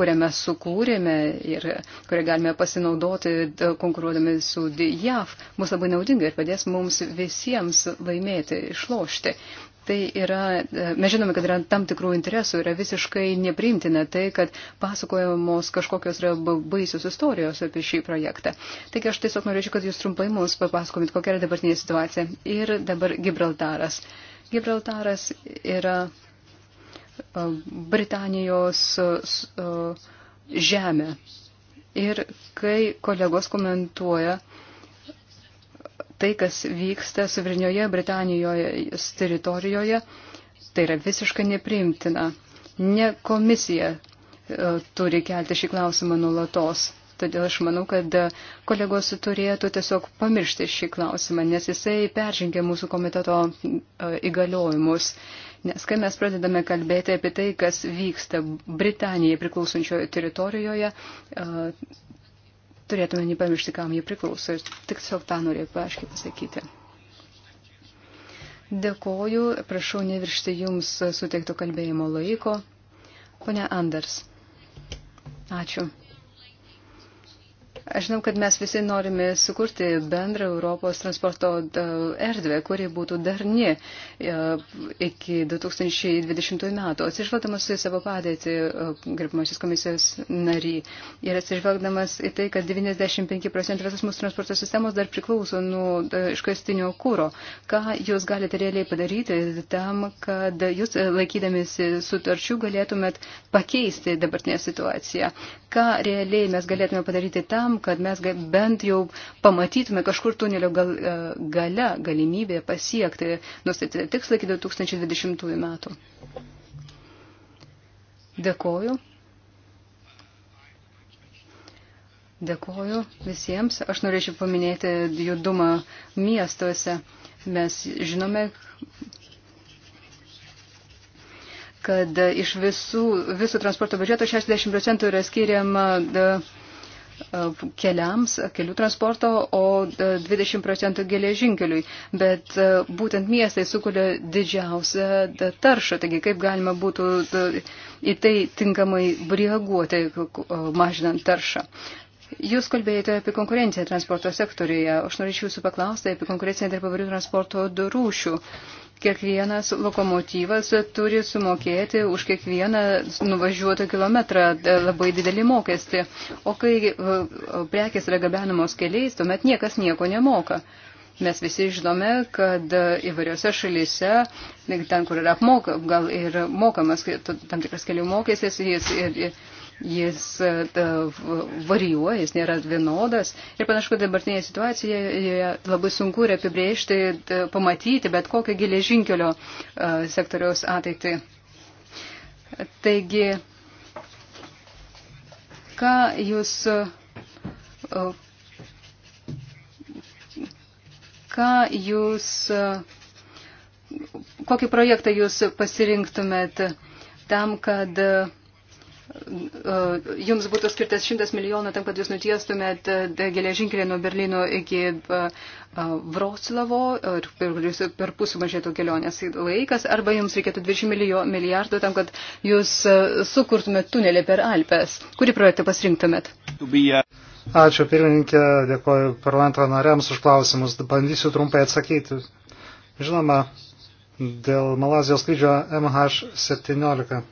kurią mes sukūrėme ir kurią galime pasinaudoti e, konkuruodami su JAV, bus labai naudinga ir padės mums visiems laimėti, išlošti. Tai yra, e, mes žinome, kad yra tam tikrų interesų, yra visiškai nepriimtina tai, kad pasakojamos kažkokios yra baisios istorijos apie šį projektą. Taigi aš tiesiog norėčiau, kad jūs trumpai mums papasakomit, kokia yra dabartinė situacija. Ir dabar Gibraltaras. Gibraltaras yra e, Britanijos e, žemė. Ir kai kolegos komentuoja, uh, tai, kas vyksta suverenioje Britanijoje teritorijoje, tai yra visiškai nepriimtina. Ne komisija e, turi kelti šį klausimą nulatos. Todėl aš manau, kad kolegos turėtų tiesiog pamiršti šį klausimą, nes jisai peržengia mūsų komiteto e, įgaliojimus. Nes kai mes pradedame kalbėti apie tai, kas vyksta Britanijai priklausančioje teritorijoje, e, turėtume nepamiršti, kam jie priklauso. Ir tik tiesiog tą norėjau paaiškiai pasakyti. Dėkoju, prašau neviršti jums suteikto kalbėjimo laiko. Pone Anders. Ačiū. Aš žinau, kad mes visi norime sukurti bendrą Europos transporto e, erdvę, kuri būtų darni e, iki 2020 metų. Atsižvelgdamas į savo padėtį, e, gerbiamasis komisijos nary, ir atsižvelgdamas į tai, kad 95 procentų visos mūsų transporto sistemos dar priklauso nuo iškastinio kūro, ką jūs galite realiai padaryti tam, kad jūs laikydamėsi sutarčių galėtumėt pakeisti dabartinę situaciją. Ką realiai mes galėtume padaryti tam, tam, kad mes bent jau pamatytume kažkur tunelio gal, e, gale galimybę pasiekti nustatyti tikslą iki 2020 metų. Dėkoju. Dėkoju visiems. Aš norėčiau paminėti judumą miestuose. Mes žinome, kad iš visų, visų transporto biudžeto 60 procentų yra skiriama keliams, kelių transporto, o 20 e, procentų geležinkeliui. Bet e, būtent miestai sukuria didžiausią e, taršą. Taigi kaip galima būtų į tai tinkamai reaguoti, mažinant taršą. Jūs kalbėjote apie konkurenciją transporto sektorijoje. Aš norėčiau jūsų paklausti apie konkurenciją tarp įvairių transporto rūšių. Uh, kiekvienas lokomotyvas turi sumokėti už kiekvieną nuvažiuotą kilometrą e, labai didelį mokestį. O kai e, prekės yra gabenamos keliais, tuomet niekas nieko nemoka. Mes visi žinome, kad e, įvairiose šalyse, ten, kur yra apmoka, gal ir mokamas tam tikras kelių mokestis, jis ir, ir jis e, varijuoja, jis nėra vienodas. Ir panašu, kad dabartinėje situacijoje labai sunku yra apibriežti, e, pamatyti bet kokią geležinkelio e, sektoriaus ateitį. Taigi, ką jūs. Ką jūs, kokį projektą jūs pasirinktumėt tam, kad uh, jums būtų skirtas 100 milijonų tam, kad jūs nutiestumėt e, geležinkelį nuo Berlyno iki e, e, Vroclavo ir per pusę mažėtų kelionės laikas, arba jums reikėtų 20 milijardų tam, kad jūs sukurtumėt tunelį per Alpes. Kurį projektą pasirinktumėt? Uh, Ačiū pirmininkė, dėkoju parlamento nariams už klausimus. Bandysiu trumpai atsakyti. Žinoma, dėl Malazijos skrydžio MH17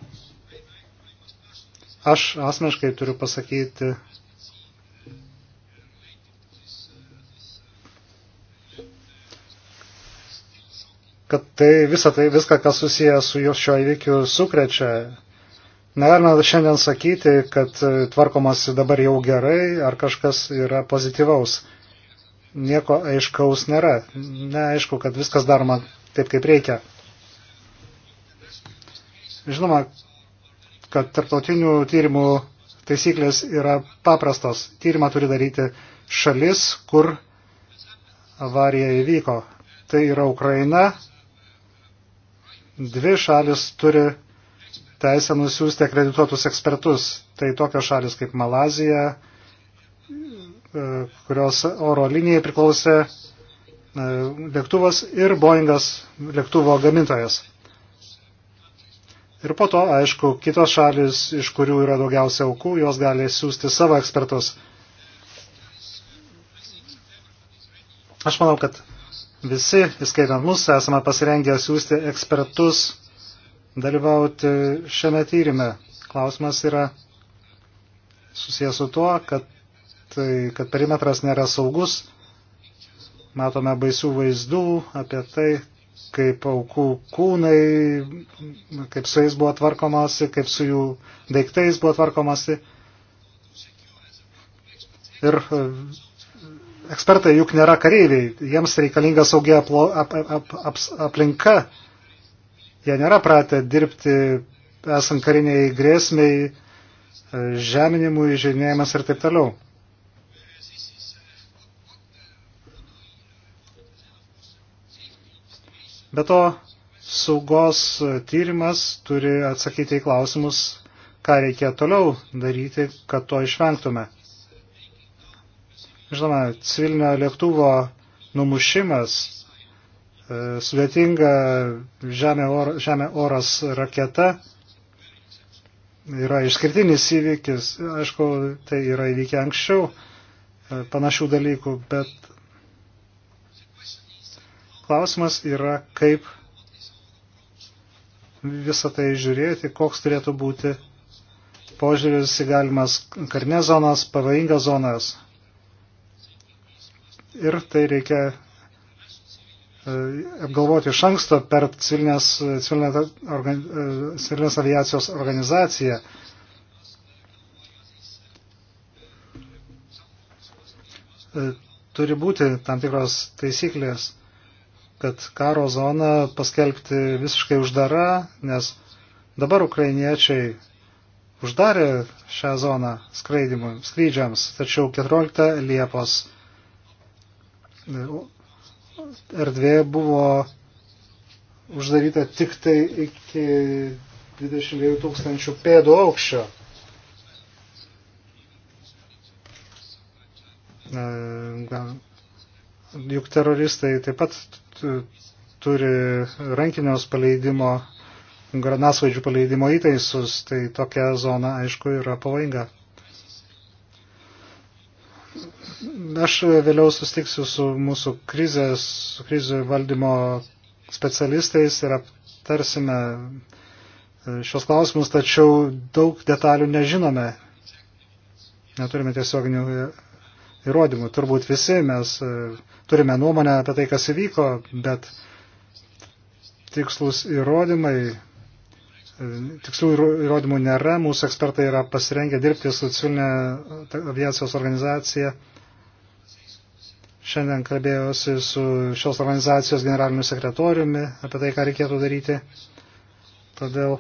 Aš asmeniškai turiu pasakyti, kad tai visą tai, viską, kas susiję su šio įvykiu, sukrečia. Negalime šiandien sakyti, kad e, tvarkomasi dabar jau gerai ar kažkas yra pozityvaus. Nieko aiškaus nėra. Neaišku, kad viskas daroma taip, kaip reikia. Žinoma, kad tarptautinių tyrimų taisyklės yra paprastos. Tyrimą turi daryti šalis, kur avarija įvyko. Tai yra Ukraina. Dvi šalis turi teisę nusiųsti akredituotus ekspertus. Tai tokios šalis kaip Malazija, e, kurios oro linijai priklausė e, lėktuvas ir Boeingas lėktuvo gamintojas. Ir po to, aišku, kitos šalis, iš kurių yra daugiausia aukų, jos gali siūsti savo ekspertus. Aš manau, kad visi, įskaitant mus, esame pasirengę siūsti ekspertus dalyvauti šiame tyrime. Klausimas yra susijęs su tuo, kad, tai, kad perimetras nėra saugus. Matome baisių vaizdų apie tai, kaip aukų kūnai, kaip su jais buvo tvarkomasi, kaip su jų daiktais buvo tvarkomasi. Ir e, ekspertai juk nėra kareiviai, jiems reikalinga saugia aplo, ap, ap, ap, aplinka. Jie nėra pratę dirbti esant kariniai grėsmiai, e, žeminimui, žinėjimas ir taip toliau. Be to, saugos tyrimas turi atsakyti į klausimus, ką reikia toliau daryti, kad to išvengtume. Žinoma, civilinio lėktuvo numušimas, e, sudėtinga žemė, or, žemė oras raketa yra išskirtinis įvykis. Aišku, tai yra įvykę anksčiau e, panašių dalykų, bet Klausimas yra, kaip visą tai žiūrėti, koks turėtų būti požiūris į galimas karnės zonas, pavojingas zonas. Ir tai reikia e, apgalvoti iš anksto per civilinės, civilinės, organ, e, civilinės aviacijos organizaciją. E, turi būti tam tikros taisyklės kad karo zoną paskelbti visiškai uždara, nes dabar ukrainiečiai uždarė šią zoną skrydžiams, tačiau 14 Liepos erdvė buvo uždaryta tik tai iki 22 tūkstančių pėdų aukščio. E, juk teroristai taip pat E, turi rankinios paleidimo, granasvaidžių paleidimo įtaisus, tai tokia zona, aišku, yra pavojinga. Aš vėliau sustiksiu su mūsų krizės, krizių valdymo specialistais ir aptarsime e, šios klausimus, tačiau daug detalių nežinome. Neturime tiesioginių e, įrodymų. Turbūt visi mes e, turime nuomonę apie tai, kas įvyko, bet tikslus įrodymai, e, tikslių įrodymų nėra. Mūsų ekspertai yra pasirengę dirbti su civilinė aviacijos organizacija. Šiandien kalbėjausi su šios organizacijos generaliniu sekretoriumi apie tai, ką reikėtų daryti. Todėl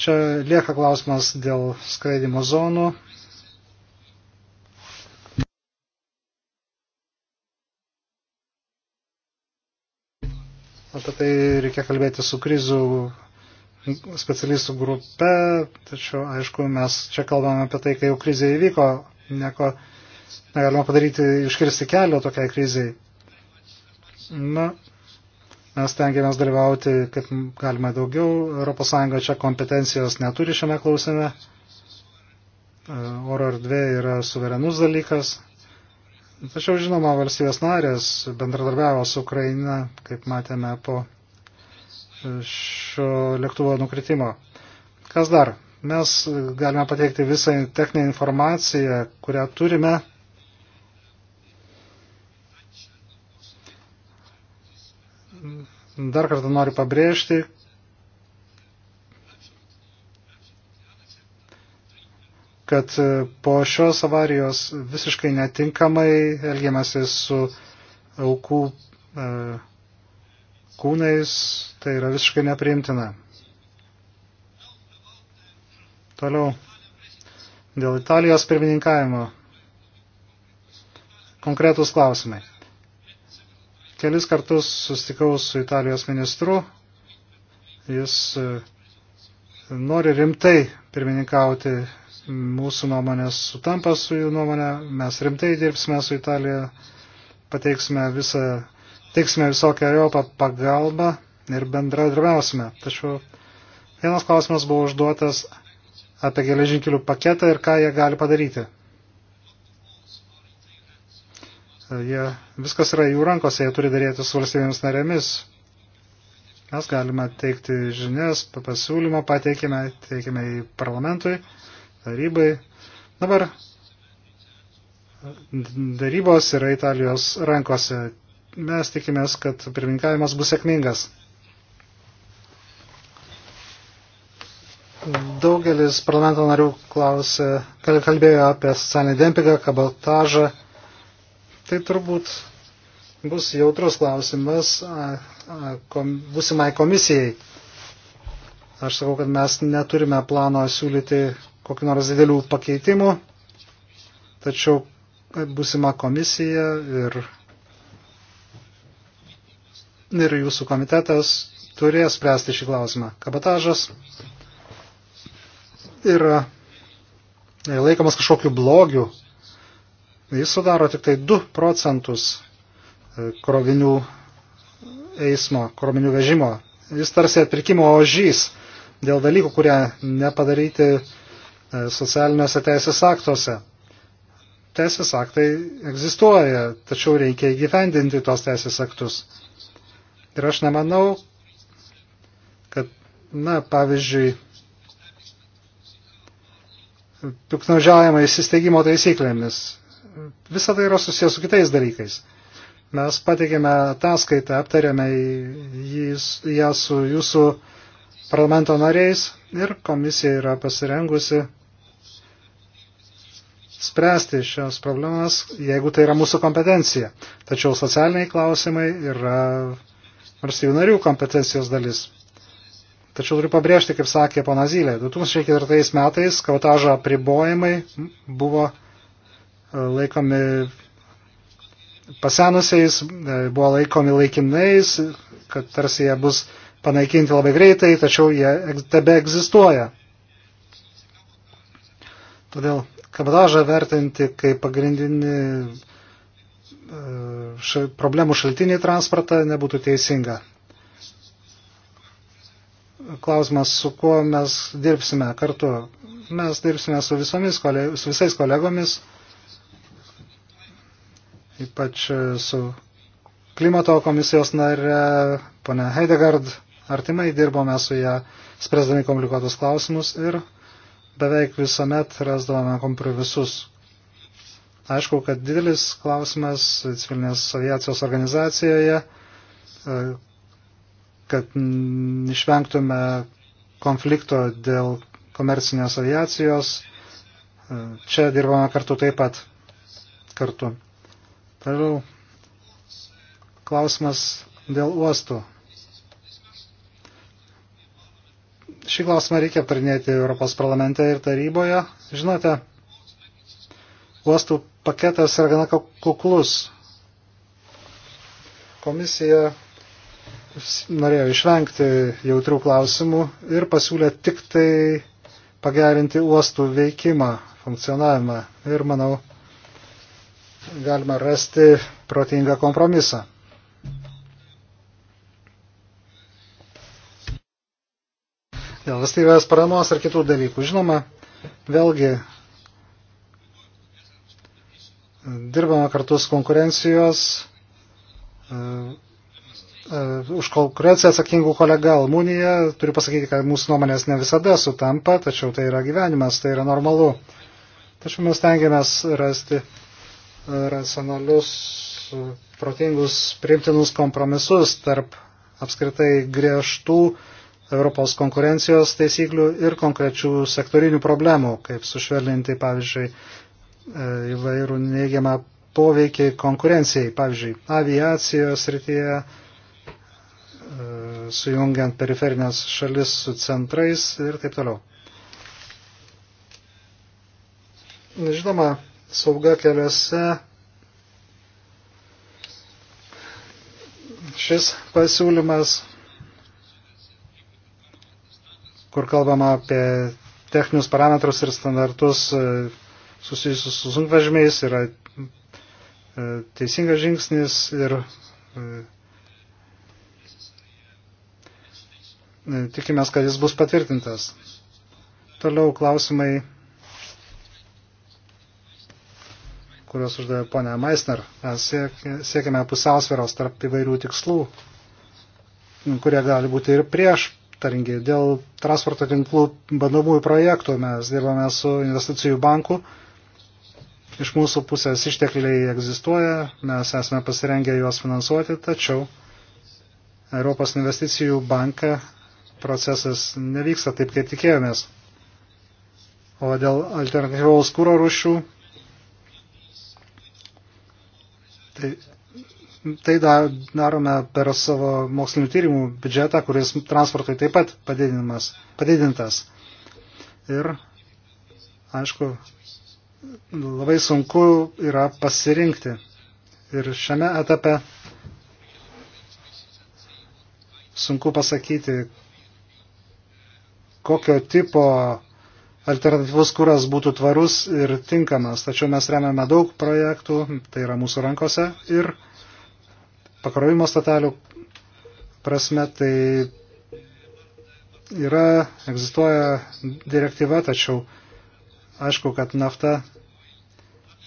čia lieka klausimas dėl skraidimo zonų Apie tai reikia kalbėti su krizų specialistų grupe, tačiau, aišku, mes čia kalbame apie tai, kai jau krizė įvyko, nieko negalima padaryti, iškirsti kelio tokiai kriziai. Na, mes tengiamės dalyvauti, kaip galima daugiau. ES čia kompetencijos neturi šiame klausime. Oro erdvė yra suverenus dalykas. Tačiau, žinoma, valstybės narės bendradarbiavo su Ukraina, kaip matėme po šio lėktuvo nukritimo. Kas dar? Mes galime pateikti visą techninę informaciją, kurią turime. Dar kartą noriu pabrėžti, kad e, po šios avarijos visiškai netinkamai elgiamasi su aukų e, kūnais, tai yra visiškai nepriimtina. Toliau. Dėl Italijos pirmininkavimo. Konkretus klausimai. Kelis kartus sustikau su Italijos ministru. Jis e, nori rimtai pirmininkauti mūsų nuomonės sutampa su jų nuomonė, mes rimtai dirbsime su Italija, pateiksime visą, teiksime visokią Europą pagalbą ir bendradarbiausime. Tačiau vienas klausimas buvo užduotas apie geležinkelių paketą ir ką jie gali padaryti. Jie, viskas yra jų rankose, jie turi daryti su valstybėmis narėmis. Mes galime teikti žinias, pasiūlymą pateikime, teikime į parlamentui tarybai. Dabar darybos yra Italijos rankose. Mes tikimės, kad pirmininkavimas bus sėkmingas. Daugelis parlamento narių klausė, kalbėjo apie socialinį dempingą, kabotažą. Tai turbūt bus jautrus klausimas kom, būsimai komisijai. Aš sakau, kad mes neturime plano siūlyti kokiu nors didelių pakeitimų, tačiau busima komisija ir, ir jūsų komitetas turės spręsti šį klausimą. Kabatažas yra e, laikomas kažkokiu blogiu. Jis sudaro tik tai 2 procentus e, krovinių eismo, krovinių vežimo. Jis tarsi atpirkimo ožys dėl dalykų, kurie nepadaryti E, socialiniuose teisės aktuose. Teisės aktai egzistuoja, tačiau reikia įgyvendinti tos teisės aktus. Ir aš nemanau, kad, na, pavyzdžiui, piknaudžiavimai įsisteigimo taisyklėmis. Visa tai yra susijęs su kitais dalykais. Mes pateikėme ataskaitą, aptarėme ją su jūsų parlamento nariais ir komisija yra pasirengusi spręsti šios problemas, jeigu tai yra mūsų kompetencija. Tačiau socialiniai klausimai yra valstybių narių kompetencijos dalis. Tačiau turiu pabrėžti, kaip sakė pana Zylė, 2004 metais kautažo apribojimai buvo e, laikomi pasenusiais, e, buvo laikomi laikinais, kad tarsi jie bus panaikinti labai greitai, tačiau jie tebe egzistuoja. Todėl kabotažą vertinti kaip pagrindinį e, ša, problemų šaltinį transportą nebūtų teisinga. Klausimas, su kuo mes dirbsime kartu. Mes dirbsime su, visomis, su visais kolegomis, ypač e, su klimato komisijos nare, ponia Heidegard, artimai dirbome su ją, spręsdami komplikuotus klausimus ir beveik visuomet rasdavome kompromisus. Aišku, kad didelis klausimas civilinės aviacijos organizacijoje, e, kad išvengtume konflikto dėl komercinės aviacijos. E, čia dirbame kartu taip pat. Kartu. Toliau klausimas dėl uostų. Šį klausimą reikia aptarinėti Europos parlamente ir taryboje. Žinote, uostų paketas yra gana kuklus. Komisija norėjo išvengti jautrių klausimų ir pasiūlė tik tai pagerinti uostų veikimą, funkcionavimą ir, manau, galima rasti protingą kompromisą. dėl tai valstybės paramos ar kitų dalykų. Žinoma, vėlgi dirbame kartu su konkurencijos, uh, uh, už konkurenciją atsakingų kolega Almunija. Turiu pasakyti, kad mūsų nuomonės ne visada sutampa, tačiau tai yra gyvenimas, tai yra normalu. Tačiau mes tengiamės rasti e, racionalius, protingus, priimtinus kompromisus tarp apskritai griežtų uh, Europos konkurencijos taisyklių ir konkrečių sektorinių problemų, kaip sušvelninti, pavyzdžiui, e, įvairų neigiamą poveikį konkurencijai, pavyzdžiui, aviacijos rytyje, e, sujungiant periferinės šalis su centrais ir taip toliau. Žinoma, sauga keliuose. Šis pasiūlymas kur kalbama apie techninius parametrus ir standartus e, susijusius su sunkvežimiais, yra e, teisingas žingsnis ir e, tikimės, kad jis bus patvirtintas. Toliau klausimai, kuriuos uždavė ponia Meisner. Mes siekime pusiausvėros tarp įvairių tikslų, kurie gali būti ir prieš prieštaringi. Dėl transporto tinklų bandomųjų projektų mes dirbame su investicijų banku. Iš mūsų pusės ištekliai egzistuoja, mes esame pasirengę juos finansuoti, tačiau Europos investicijų banka procesas nevyksta taip, kaip tikėjomės. O dėl alternatyvaus kūro rušių, tai tai darome per savo mokslinių tyrimų biudžetą, kuris transportui taip pat padidintas. Ir, aišku, labai sunku yra pasirinkti. Ir šiame etape sunku pasakyti, kokio tipo alternatyvus kuras būtų tvarus ir tinkamas. Tačiau mes remiame daug projektų, tai yra mūsų rankose ir pakrovimo statelių prasme, tai yra, egzistuoja direktyva, tačiau aišku, kad nafta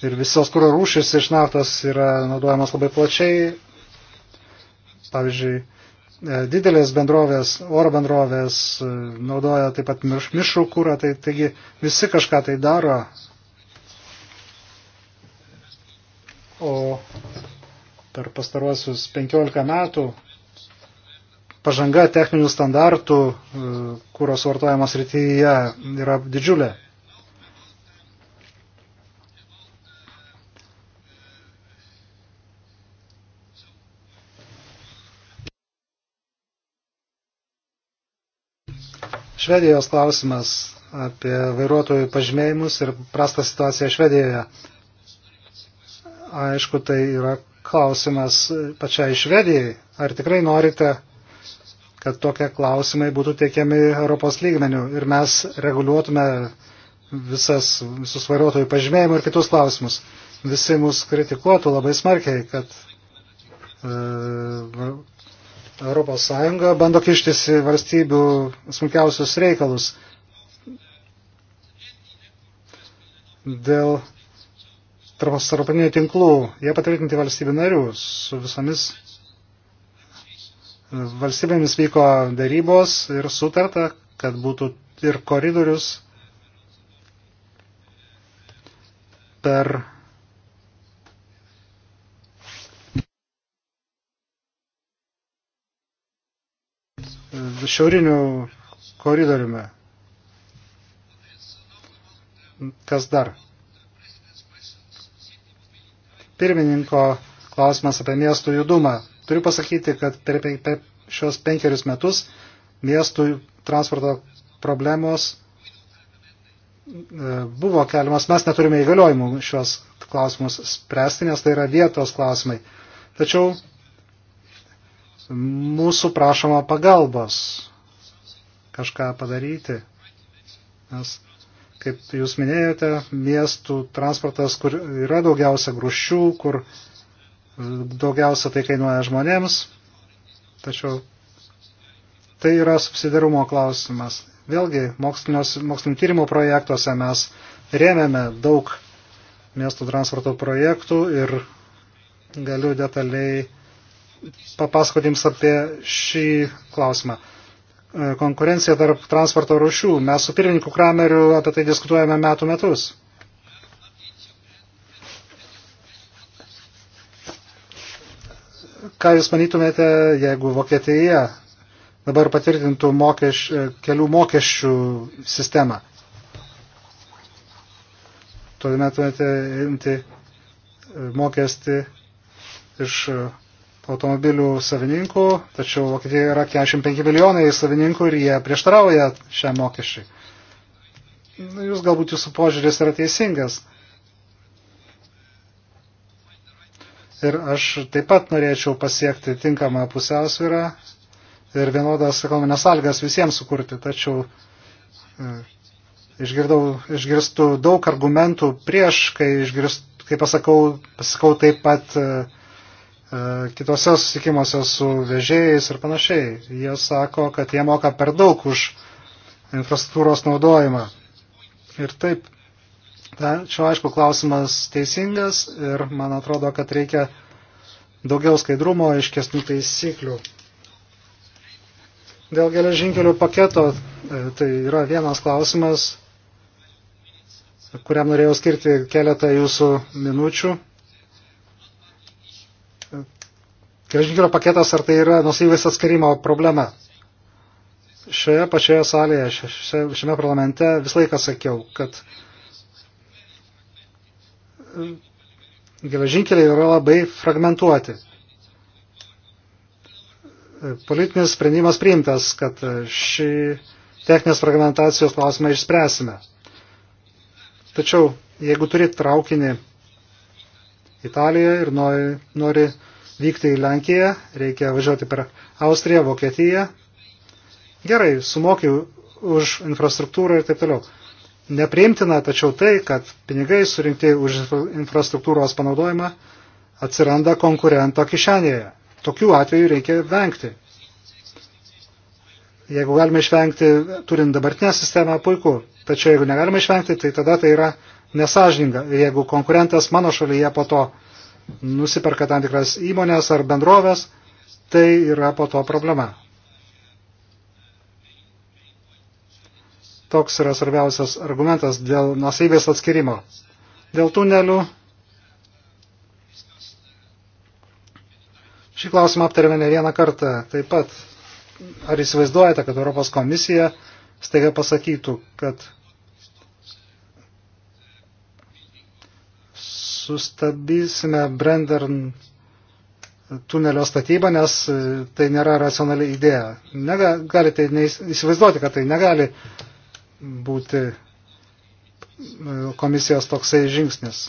ir visos kuro rūšis iš naftos yra naudojamos labai plačiai. Pavyzdžiui, e, didelės bendrovės, oro bendrovės e, naudoja taip pat mišrų kūrą, tai taigi visi kažką tai daro. O per pastaruosius 15 metų pažanga techninių standartų e, kūros vartojimo srityje yra didžiulė. Švedijos klausimas apie vairuotojų pažymėjimus ir prastą situaciją Švedijoje. Aišku, tai yra klausimas pačiai Švedijai. Ar tikrai norite, kad tokie klausimai būtų teikiami Europos lygmenių ir mes reguliuotume visas, visus vairuotojų pažymėjimų ir kitus klausimus. Visi mus kritikuotų labai smarkiai, kad e, Europos Sąjunga bando kištis į valstybių smulkiausius reikalus dėl transeuropinių tinklų, jie patvirtinti valstybių narių su visomis e, valstybėmis vyko darybos ir sutarta, kad būtų ir koridorius per šiaurinių koridoriumi. Kas dar? pirmininko klausimas apie miestų judumą. Turiu pasakyti, kad per, per šios penkerius metus miestų transporto problemos e, buvo keliamas. Mes neturime įgaliojimų šios klausimus spręsti, nes tai yra vietos klausimai. Tačiau mūsų prašoma pagalbos kažką padaryti. Nes Kaip jūs minėjote, miestų transportas, kur yra daugiausia grušių, kur e, daugiausia tai kainuoja žmonėms, tačiau tai yra subsidarumo klausimas. Vėlgi, mokslinio tyrimo projektuose mes rėmėme daug miestų transporto projektų ir galiu detaliai papasakoti jums apie šį klausimą. E, konkurencija tarp transporto rušių. Mes su pirmininku Krameriu apie tai diskutuojame metų metus. Ką Jūs manytumėte, jeigu Vokietija dabar patvirtintų mokeš, e, kelių mokesčių sistemą? Tuomet turėtumėte imti e, mokestį iš automobilių savininkų, tačiau Vokietijoje yra 45 milijonai savininkų ir jie prieštarauja šiam mokesčiui. Nu, jūs galbūt jūsų požiūris yra teisingas. Ir aš taip pat norėčiau pasiekti tinkamą pusiausvyrą ir vienodas ekonominės sąlygas visiems sukurti, tačiau e, išgirdau, išgirstu daug argumentų prieš, kai, išgirstu, kai pasakau, pasakau taip pat uh, E, kitose susitikimuose su vežėjais ir panašiai. Jie sako, kad jie moka per daug už infrastruktūros naudojimą. Ir taip, čia aišku, klausimas teisingas ir man atrodo, kad reikia daugiau skaidrumo, aiškesnių taisyklių. Dėl geležinkelių paketo e, tai yra vienas klausimas, kuriam norėjau skirti keletą jūsų minučių. Geležinkelio paketas, ar tai yra nusivės atskirimo problema? Šioje pačioje salėje, šiame parlamente visą laiką sakiau, kad e, geležinkeliai yra labai fragmentuoti. E, politinis sprendimas priimtas, kad e, šį techninės fragmentacijos klausimą išspręsime. Tačiau, jeigu turi traukinį Italijoje ir nori, nori vykti į Lenkiją, reikia važiuoti per Austriją, Vokietiją. Gerai, sumokiu už infrastruktūrą ir taip toliau. Nepriimtina tačiau tai, kad pinigai surinkti už infrastruktūros panaudojimą atsiranda konkurento kišenėje. Tokių atvejų reikia vengti. Jeigu galime išvengti, turint dabartinę sistemą, puiku. Tačiau jeigu negalime išvengti, tai tada tai yra nesažininga. Jeigu konkurentas mano šalyje po to nusiperka tam tikras įmonės ar bendrovės, tai yra po to problema. Toks yra svarbiausias argumentas dėl nusaivės atskirimo. Dėl tunelių šį klausimą aptarėme ne vieną kartą. Taip pat, ar įsivaizduojate, kad Europos komisija staiga pasakytų, kad sustabdysime Brendern tunelio statybą, nes e, tai nėra racionali idėja. Nega, galite tai įsivaizduoti, kad tai negali būti e, komisijos toksai žingsnis.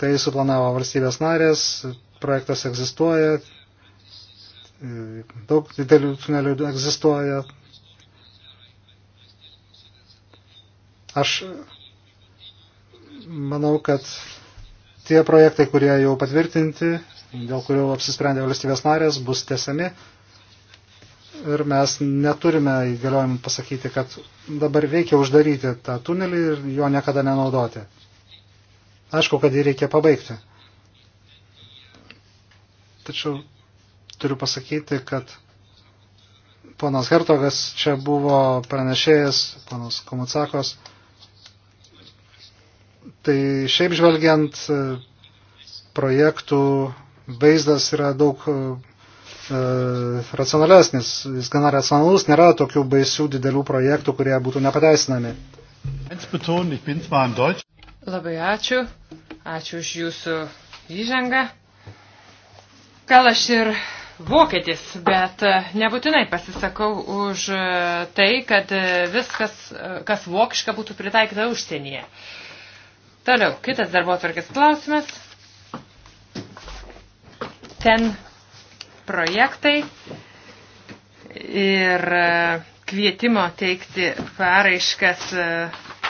Tai suplanavo valstybės narės, projektas egzistuoja, e, daug didelių tunelių egzistuoja. Aš manau, kad tie projektai, kurie jau patvirtinti, dėl kurių apsisprendė valstybės narės, bus tesami. Ir mes neturime įgaliojimų pasakyti, kad dabar reikia uždaryti tą tunelį ir jo niekada nenaudoti. Aišku, kad jį reikia pabaigti. Tačiau turiu pasakyti, kad ponas Hertogas čia buvo pranešėjas, ponas Komucakos Tai šiaip žvelgiant, e, projektų vaizdas yra daug e, e, racionalesnis, jis gana racionalus, nėra tokių baisių didelių projektų, kurie būtų nepateisinami. Labai ačiū, ačiū už jūsų įžangą. Gal aš ir vokietis, bet nebūtinai pasisakau už tai, kad viskas, kas vokiška, būtų pritaikyta užsienyje. Uh, Toliau, kitas darbo atvarkės klausimas. Ten projektai ir e, kvietimo teikti paraiškas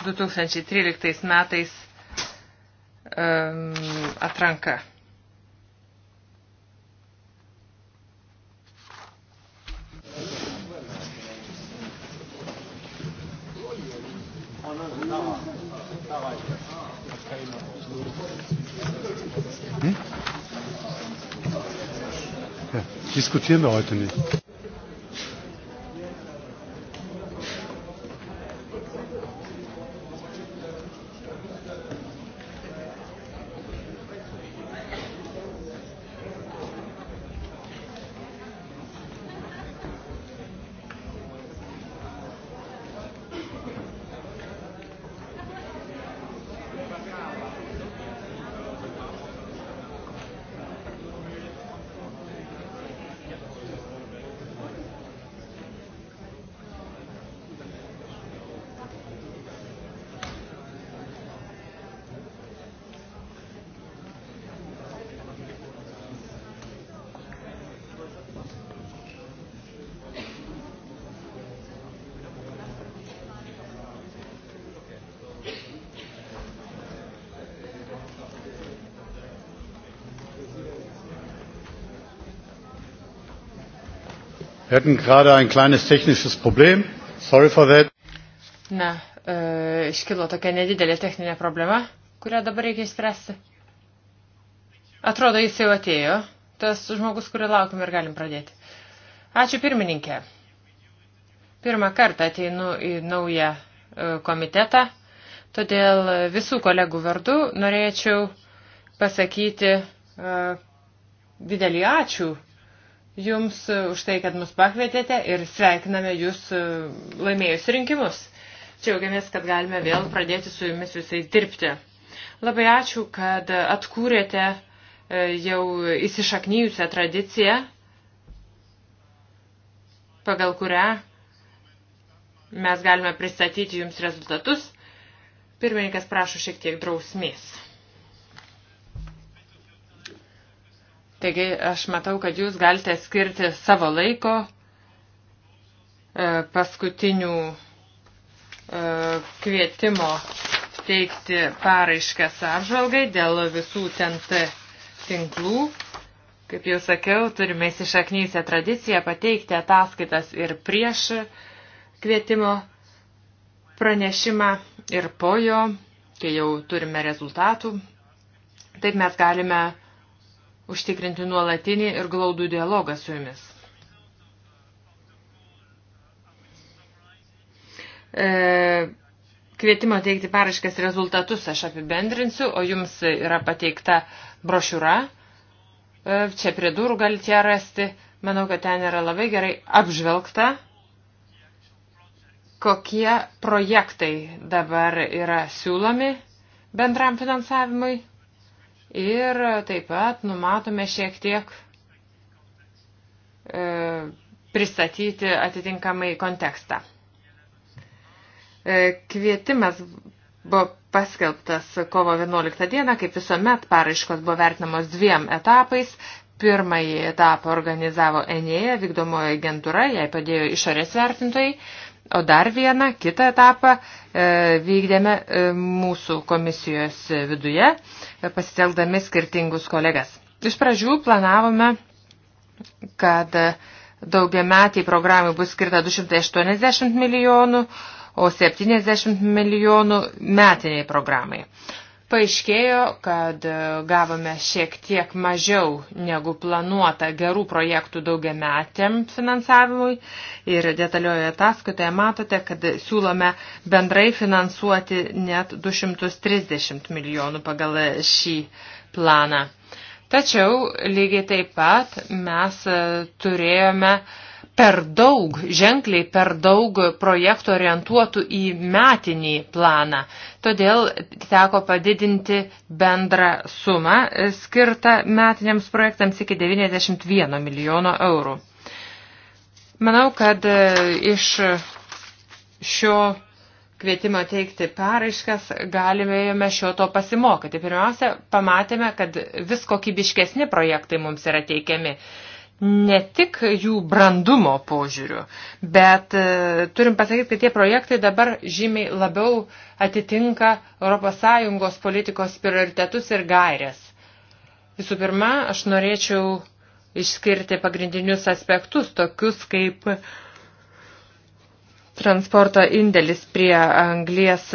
2013 e, metais e, atranka. diskutieren wir heute nicht. Wir hatten gerade ein kleines technisches Problem. Sorry for that. Na, e, iškilo tokia nedidelė techninė problema, kurią dabar reikia išspręsti. Atrodo, jis jau atėjo, tas žmogus, kurį laukim ir galim pradėti. Ačiū pirmininkė. Pirmą kartą ateinu į naują e, komitetą, todėl visų kolegų vardu norėčiau pasakyti e, didelį ačiū Jums e, už tai, kad mus pakvietėte ir sveikiname Jūs e, laimėjus rinkimus. Džiaugiamės, kad galime vėl pradėti su Jumis visai dirbti. Labai ačiū, kad atkūrėte e, jau įsišaknyjusią tradiciją, pagal kurią mes galime pristatyti Jums rezultatus. Pirmininkas prašo šiek tiek drausmės. Taigi aš matau, kad jūs galite skirti savo laiko e, paskutinių e, kvietimo teikti paraiškas apžvalgai dėl visų TNT tinklų. Kaip jau sakiau, turime įsišaknysią tradiciją pateikti ataskaitas ir prieš kvietimo pranešimą ir po jo, kai jau turime rezultatų. Taip mes galime uh, užtikrinti nuolatinį ir glaudų dialogą su jumis. E, kvietimo teikti paraškas rezultatus aš apibendrinsiu, o jums yra pateikta brošiūra. E, čia prie durų galite ją rasti. Manau, kad ten yra labai gerai apžvelgta, kokie projektai dabar yra siūlomi bendram finansavimui. Ir taip pat numatome šiek tiek e, pristatyti atitinkamai kontekstą. E, kvietimas buvo paskelbtas kovo 11 dieną, kaip visuomet paraiškos buvo vertinamos dviem etapais. Pirmąjį etapą organizavo ENEA, vykdomoji agentūra, jai padėjo išorės vertintojai. O dar vieną, kitą etapą e, vykdėme e, mūsų komisijos viduje, e, pasitelkdami skirtingus kolegas. Iš pradžių planavome, kad daugiametiai programai bus skirta 280 milijonų, o 70 milijonų metiniai programai. Paaiškėjo, kad e, gavome šiek tiek mažiau negu planuota gerų projektų daugiametėm finansavimui ir detaliojoje ataskaitoje matote, kad siūlome bendrai finansuoti net 230 milijonų pagal šį planą. Tačiau lygiai taip pat mes e, turėjome uh, per daug, ženkliai per daug projektų orientuotų į metinį planą. Todėl teko padidinti bendrą sumą skirtą metiniams projektams iki 91 milijono eurų. Manau, kad e, iš šio kvietimo teikti paraiškas galime šio to pasimokyti. Pirmiausia, pamatėme, kad vis kokybiškesni projektai mums yra teikiami ne tik jų brandumo požiūriu, bet e, turim pasakyti, kad tie projektai dabar žymiai labiau atitinka ES politikos prioritetus ir gairės. Visų pirma, aš norėčiau išskirti pagrindinius aspektus, tokius kaip transporto indėlis prie anglies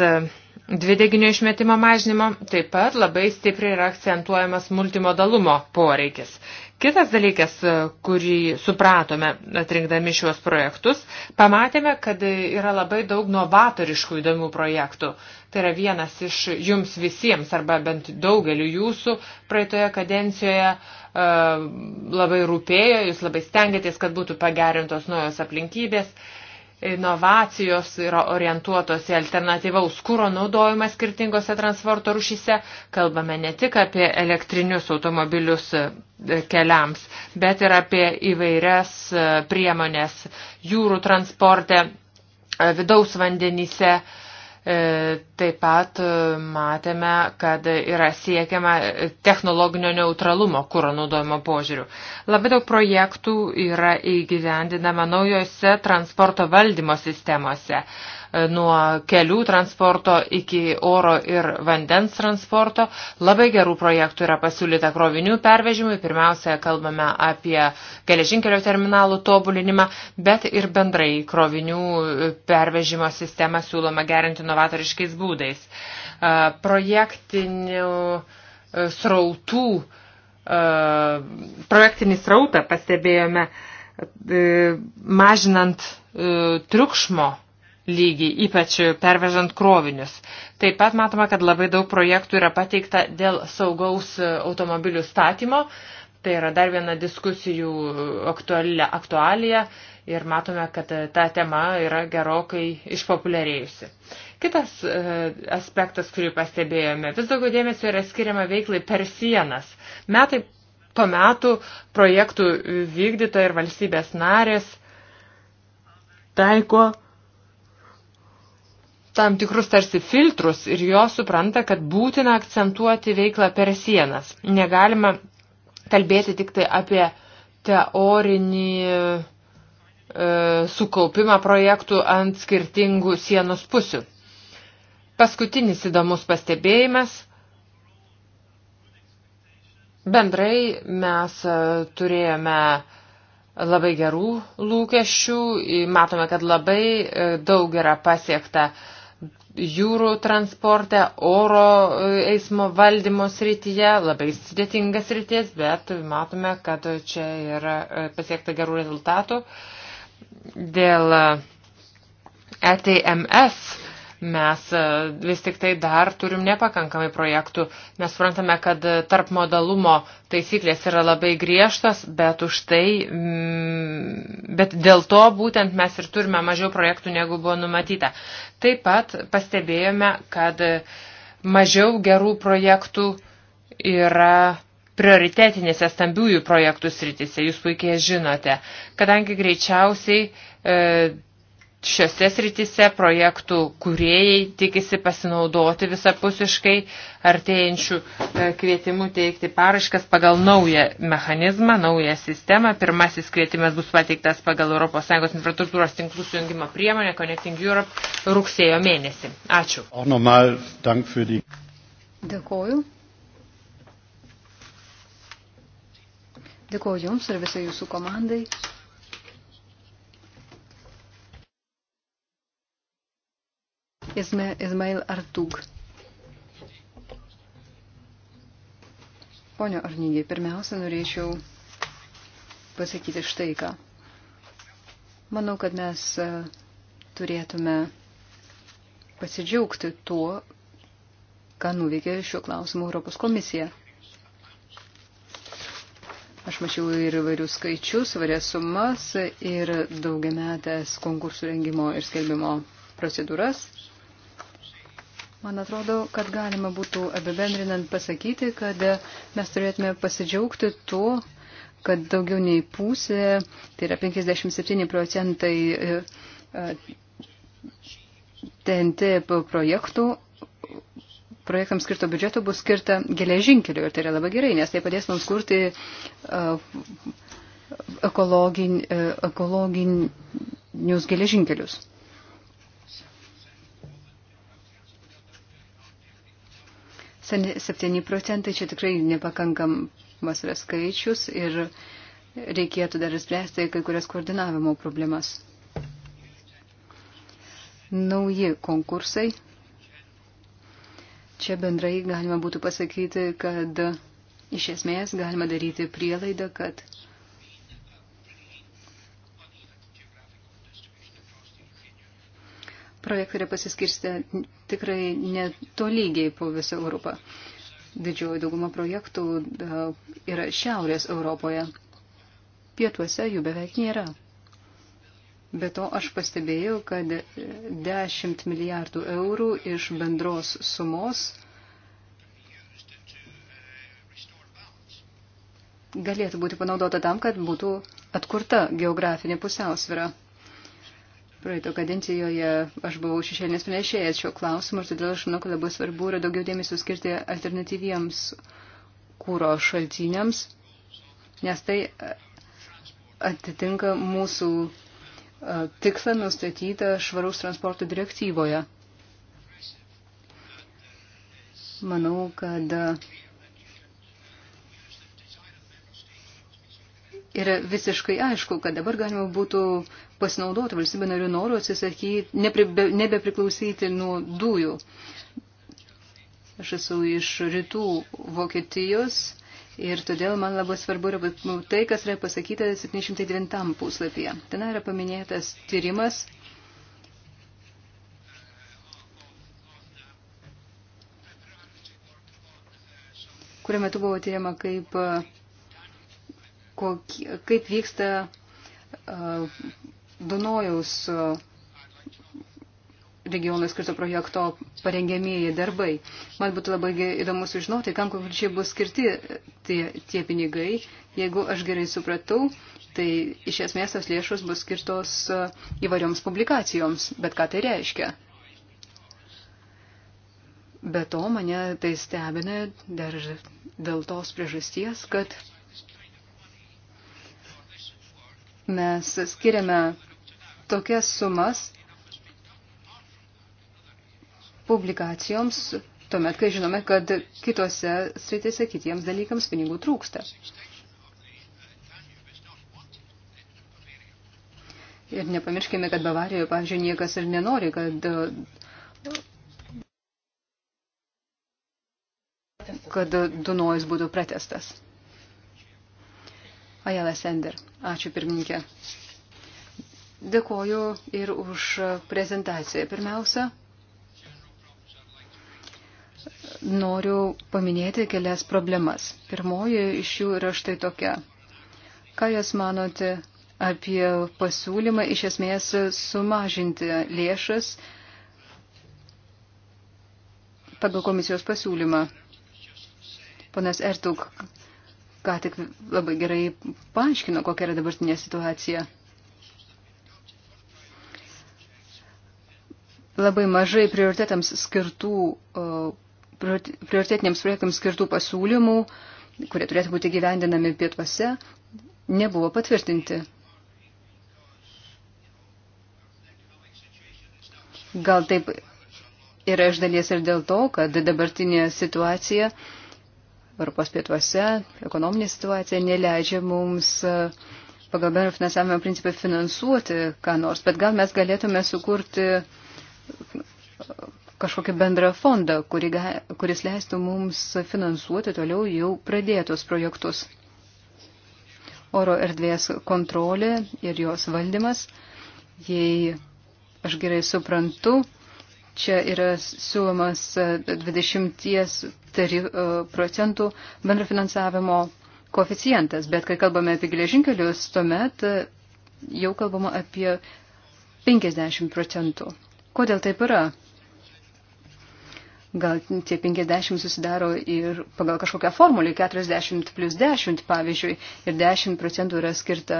dvideginio išmetimo mažinimo, taip pat labai stipriai yra akcentuojamas multimodalumo poreikis. Kitas dalykas, e, kurį supratome atrinkdami šiuos projektus, pamatėme, kad yra labai daug novatoriškų įdomių projektų. Tai yra vienas iš jums visiems arba bent daugeliu jūsų praeitoje kadencijoje e, labai rūpėjo, jūs labai stengiatės, kad būtų pagerintos naujos aplinkybės inovacijos yra orientuotos į alternatyvaus kūro naudojimą skirtingose transporto rušyse. Kalbame ne tik apie elektrinius automobilius e, keliams, bet ir apie įvairias e, priemonės jūrų transporte, e, vidaus vandenyse, E, taip pat e, matėme, kad yra siekiama technologinio neutralumo kūro naudojimo požiūrių. Labai daug projektų yra įgyvendinama naujose transporto valdymo sistemose nuo kelių transporto iki oro ir vandens transporto. Labai gerų projektų yra pasiūlyta krovinių pervežimui. Pirmiausia, kalbame apie geležinkelio terminalų tobulinimą, bet ir bendrai krovinių pervežimo sistemą siūloma gerinti novatoriškais būdais. Projektinių srautų, projektinį srautą pastebėjome mažinant triukšmo lygį, ypač pervežant krovinius. Taip pat matoma, kad labai daug projektų yra pateikta dėl saugaus automobilių statymo. Tai yra dar viena diskusijų aktualia, aktualija ir matome, kad ta tema yra gerokai išpopuliarėjusi. Kitas e, aspektas, kurį pastebėjome, vis daugiau dėmesio yra skiriama veiklai per sienas. Metai po metų projektų vykdytojai ir valstybės narės taiko tam tikrus tarsi filtrus ir jos supranta, kad būtina akcentuoti veiklą per sienas. Negalima kalbėti tik tai apie teorinį e, sukaupimą projektų ant skirtingų sienos pusių. Paskutinis įdomus pastebėjimas. Bendrai mes e, turėjome labai gerų lūkesčių, matome, kad labai e, daug yra pasiekta uh, jūrų transporte, oro e, eismo valdymo srityje, labai sudėtingas sritis, bet matome, kad čia yra e, pasiekta gerų rezultatų. Dėl ETMS mes e, vis tik tai dar turim nepakankamai projektų. Mes suprantame, kad e, tarp modalumo taisyklės yra labai griežtos, bet už tai, mm, bet dėl to būtent mes ir turime mažiau projektų, negu buvo numatyta. Taip pat pastebėjome, kad e, mažiau gerų projektų yra prioritetinėse stambiųjų projektų sritise, jūs puikiai žinote, kadangi greičiausiai e, šiose sritise projektų kuriejai tikisi pasinaudoti visapusiškai artėjančių e, kvietimų teikti paraškas pagal naują mechanizmą, naują sistemą. Pirmasis kvietimas bus pateiktas pagal ES infrastruktūros tinklų sujungimo priemonę Connecting Europe rugsėjo mėnesį. Ačiū. Dėkoju. Dėkoju Jums ir visai Jūsų komandai. Izmail Artug. Pone Arnygiai, pirmiausia, norėčiau pasakyti štai ką. Manau, kad mes e, turėtume pasidžiaugti tuo, ką nuveikė šiuo klausimu Europos komisija. Aš mačiau ir varius skaičius, varias sumas ir daugiametės konkursų rengimo ir skelbimo procedūras. Man atrodo, kad galima būtų apibendrinant pasakyti, kad mes turėtume pasidžiaugti tuo, kad daugiau nei pusė, tai yra 57 procentai TNT e, projektų, projektams skirto biudžeto bus skirta geležinkeliu ir tai yra labai gerai, nes tai padės mums kurti e, ekologin, e, ekologinius geležinkelius. 7 procentai čia tikrai nepakankamas yra skaičius ir reikėtų dar spręsti kai kurias koordinavimo problemas. Nauji konkursai. Čia bendrai galima būtų pasakyti, kad iš esmės galima daryti prielaidą, kad projektai yra pasiskirsti tikrai netolygiai po visą Europą. Didžioji dauguma projektų yra Šiaurės Europoje. Pietuose jų beveik nėra. Be to aš pastebėjau, kad 10 milijardų eurų iš bendros sumos galėtų būti panaudota tam, kad būtų atkurta geografinė pusiausvėra. Praeito kadencijoje aš buvau šešėlinės pranešėjas šio klausimu ir todėl aš manau, kad labai svarbu yra daugiau dėmesio skirti alternatyviems kūro šaltiniams, nes tai e, atitinka mūsų e, tikslą nustatytą švaraus transporto direktyvoje. Manau, kad e, yra visiškai aišku, kad dabar galima būtų pasinaudoti valstybė narių norų atsisakyti, nebepriklausyti nuo dujų. Aš esu iš rytų Vokietijos ir todėl man labai svarbu yra nu, tai, kas yra pasakyta 709 puslapyje. Ten yra paminėtas tyrimas kurio metu buvo tyriama, kaip, kokie, kaip vyksta uh, Dunojaus e, regionui skirto projekto parengėmėjai darbai. Man būtų labai įdomu sužinoti, kam konkrečiai bus skirti e, tie, tie pinigai. Jeigu aš gerai supratau, tai iš esmės tos lėšos bus skirtos e, įvairioms publikacijoms. Bet ką tai reiškia? Be to mane tai stebina dar dėl tos priežasties, kad mes skiriame tokias sumas publikacijoms, tuomet, kai žinome, kad kitose sritise kitiems dalykams pinigų trūksta. Ir nepamirškime, kad Bavarijoje, pavyzdžiui, niekas ir nenori, kad, kad Dunojus būtų pretestas. Ajala Sender. Ačiū pirmininkė. Dėkoju ir už prezentaciją. Pirmiausia, noriu paminėti kelias problemas. Pirmoji iš jų yra štai tokia. Ką Jūs manote apie pasiūlymą iš esmės sumažinti lėšas pagal komisijos pasiūlymą? Ponas Ertuk ką tik labai gerai paaiškino, kokia yra dabartinė situacija. labai mažai prioritetams skirtų, prioritetiniams projektams skirtų pasiūlymų, kurie turėtų būti gyvendinami pietuose, nebuvo patvirtinti. Gal taip yra iš dalies ir dėl to, kad dabartinė situacija Europos pietuose, ekonominė situacija neleidžia mums e, pagal bendro finansavimo principą finansuoti ką nors, bet gal mes galėtume sukurti uh, kažkokį bendrą fondą, kuri, kuris leistų mums finansuoti toliau jau pradėtus projektus. Oro erdvės kontrolė ir jos valdymas, jei aš gerai suprantu, čia yra siūlomas 20 tarif, e, procentų bendro finansavimo koeficientas, bet kai kalbame apie geležinkelius, tuomet jau kalbama apie 50 procentų. Kodėl taip yra? Gal tie 50 susidaro ir pagal kažkokią formulį 40 plus 10, pavyzdžiui, ir 10 procentų yra skirta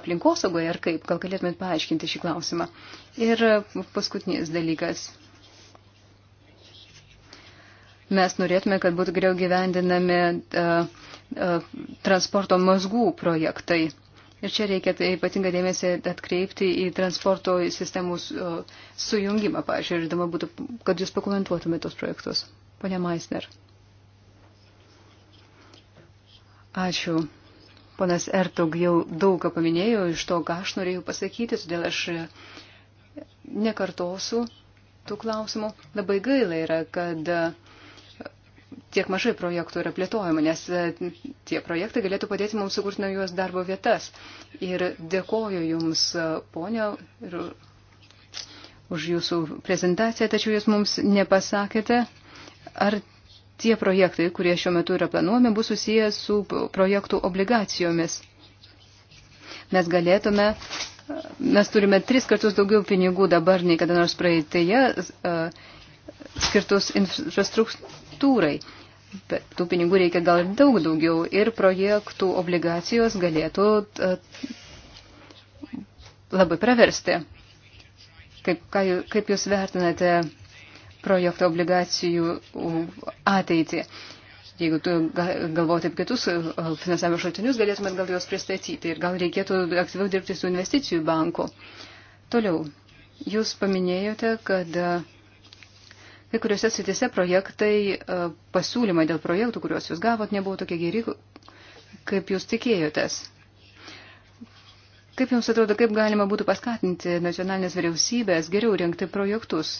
aplinkosaugoje ar kaip? Gal galėtumėt paaiškinti šį klausimą? Ir paskutinis dalykas. Mes norėtume, kad būtų geriau gyvendinami uh, uh, transporto mazgų projektai. Ir čia reikia tai ypatingą dėmesį atkreipti į transporto sistemų sujungimą, pažiūrėjau, ir įdomu būtų, kad jūs pakomentuotumėte tos projektus. Pone Maisner. Ačiū. Ponas Ertog jau daugą paminėjo iš to, ką aš norėjau pasakyti, todėl aš nekartosiu tų klausimų. Labai gaila yra, kad tiek mažai projektų yra plėtojama, nes e, tie projektai galėtų padėti mums sukurti naujos darbo vietas. Ir dėkoju Jums, e, ponia, ir už Jūsų prezentaciją, tačiau Jūs mums nepasakėte, ar tie projektai, kurie šiuo metu yra planuomi, bus susiję su projektų obligacijomis. Mes galėtume, mes turime tris kartus daugiau pinigų dabar nei kada nors praeitėje e, skirtus infrastruktūrai infrastruktūrai. Bet tų pinigų reikia gal daug daugiau ir projektų obligacijos galėtų e, labai praversti. Kaip, ką, kaip jūs vertinate projekto obligacijų ateitį? Jeigu tu galvoti apie kitus e, finansavimo šaltinius, galėtumėt gal juos pristatyti ir gal reikėtų aktyviau dirbti su investicijų banku. Toliau, jūs paminėjote, kad uh, Kai kuriuose sritise projektai, e, pasiūlymai dėl projektų, kuriuos jūs gavot, nebuvo tokie geri, kaip jūs tikėjotės. Kaip jums atrodo, kaip galima būtų paskatinti nacionalinės vyriausybės geriau rinkti projektus?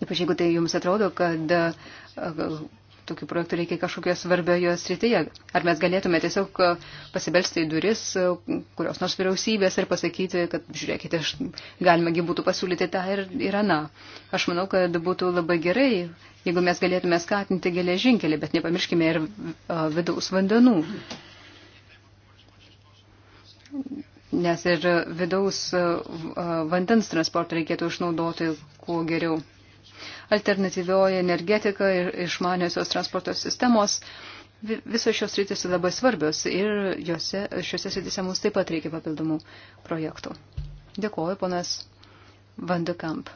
Ypač jeigu tai jums atrodo, kad e, tokių projektų reikia kažkokioje svarbioje srityje. Ar mes galėtume tiesiog e, pasibelsti į duris e, kurios nors vyriausybės ir pasakyti, kad žiūrėkite, galimagi būtų pasiūlyti tą ir, ir aną. Aš manau, kad būtų labai gerai, jeigu mes galėtume skatinti geležinkelį, bet nepamirškime ir e, vidaus vandenų. Nes ir vidaus vandens transportą reikėtų išnaudoti kuo geriau alternatyvioji energetika ir išmaniosios transporto sistemos. Visos šios rytis labai svarbios ir jose, šiuose srityse mums taip pat reikia papildomų projektų. Dėkuoju, ponas Vandekamp.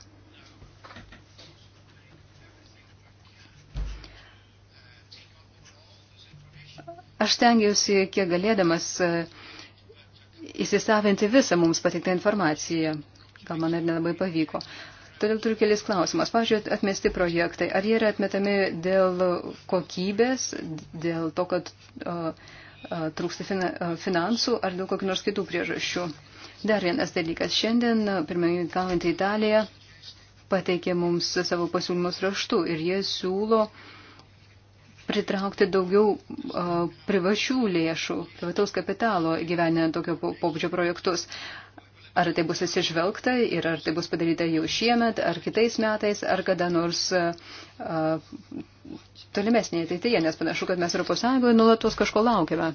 Aš tengiausi, kiek galėdamas, įsisavinti visą mums pateiktą informaciją. Gal man ir nelabai pavyko. Todėl turiu kelis klausimus. Pavyzdžiui, atmesti projektai. Ar jie yra atmetami dėl kokybės, dėl to, kad uh, uh, trūksta fina, uh, finansų, ar dėl kokių nors kitų priežasčių? Dar vienas dalykas. Šiandien, pirmąjį kalbant į Italiją, pateikė mums savo pasiūlymus raštu ir jie siūlo pritraukti daugiau uh, privačių lėšų, privataus kapitalo gyvenę tokio pobūdžio projektus. Uh, Ar tai bus atsižvelgta ir ar tai bus padaryta jau šiemet, ar kitais metais, ar kada nors uh, tolimesnėje ateityje, nes panašu, kad mes Europos Sąjungoje nulatos kažko laukiame.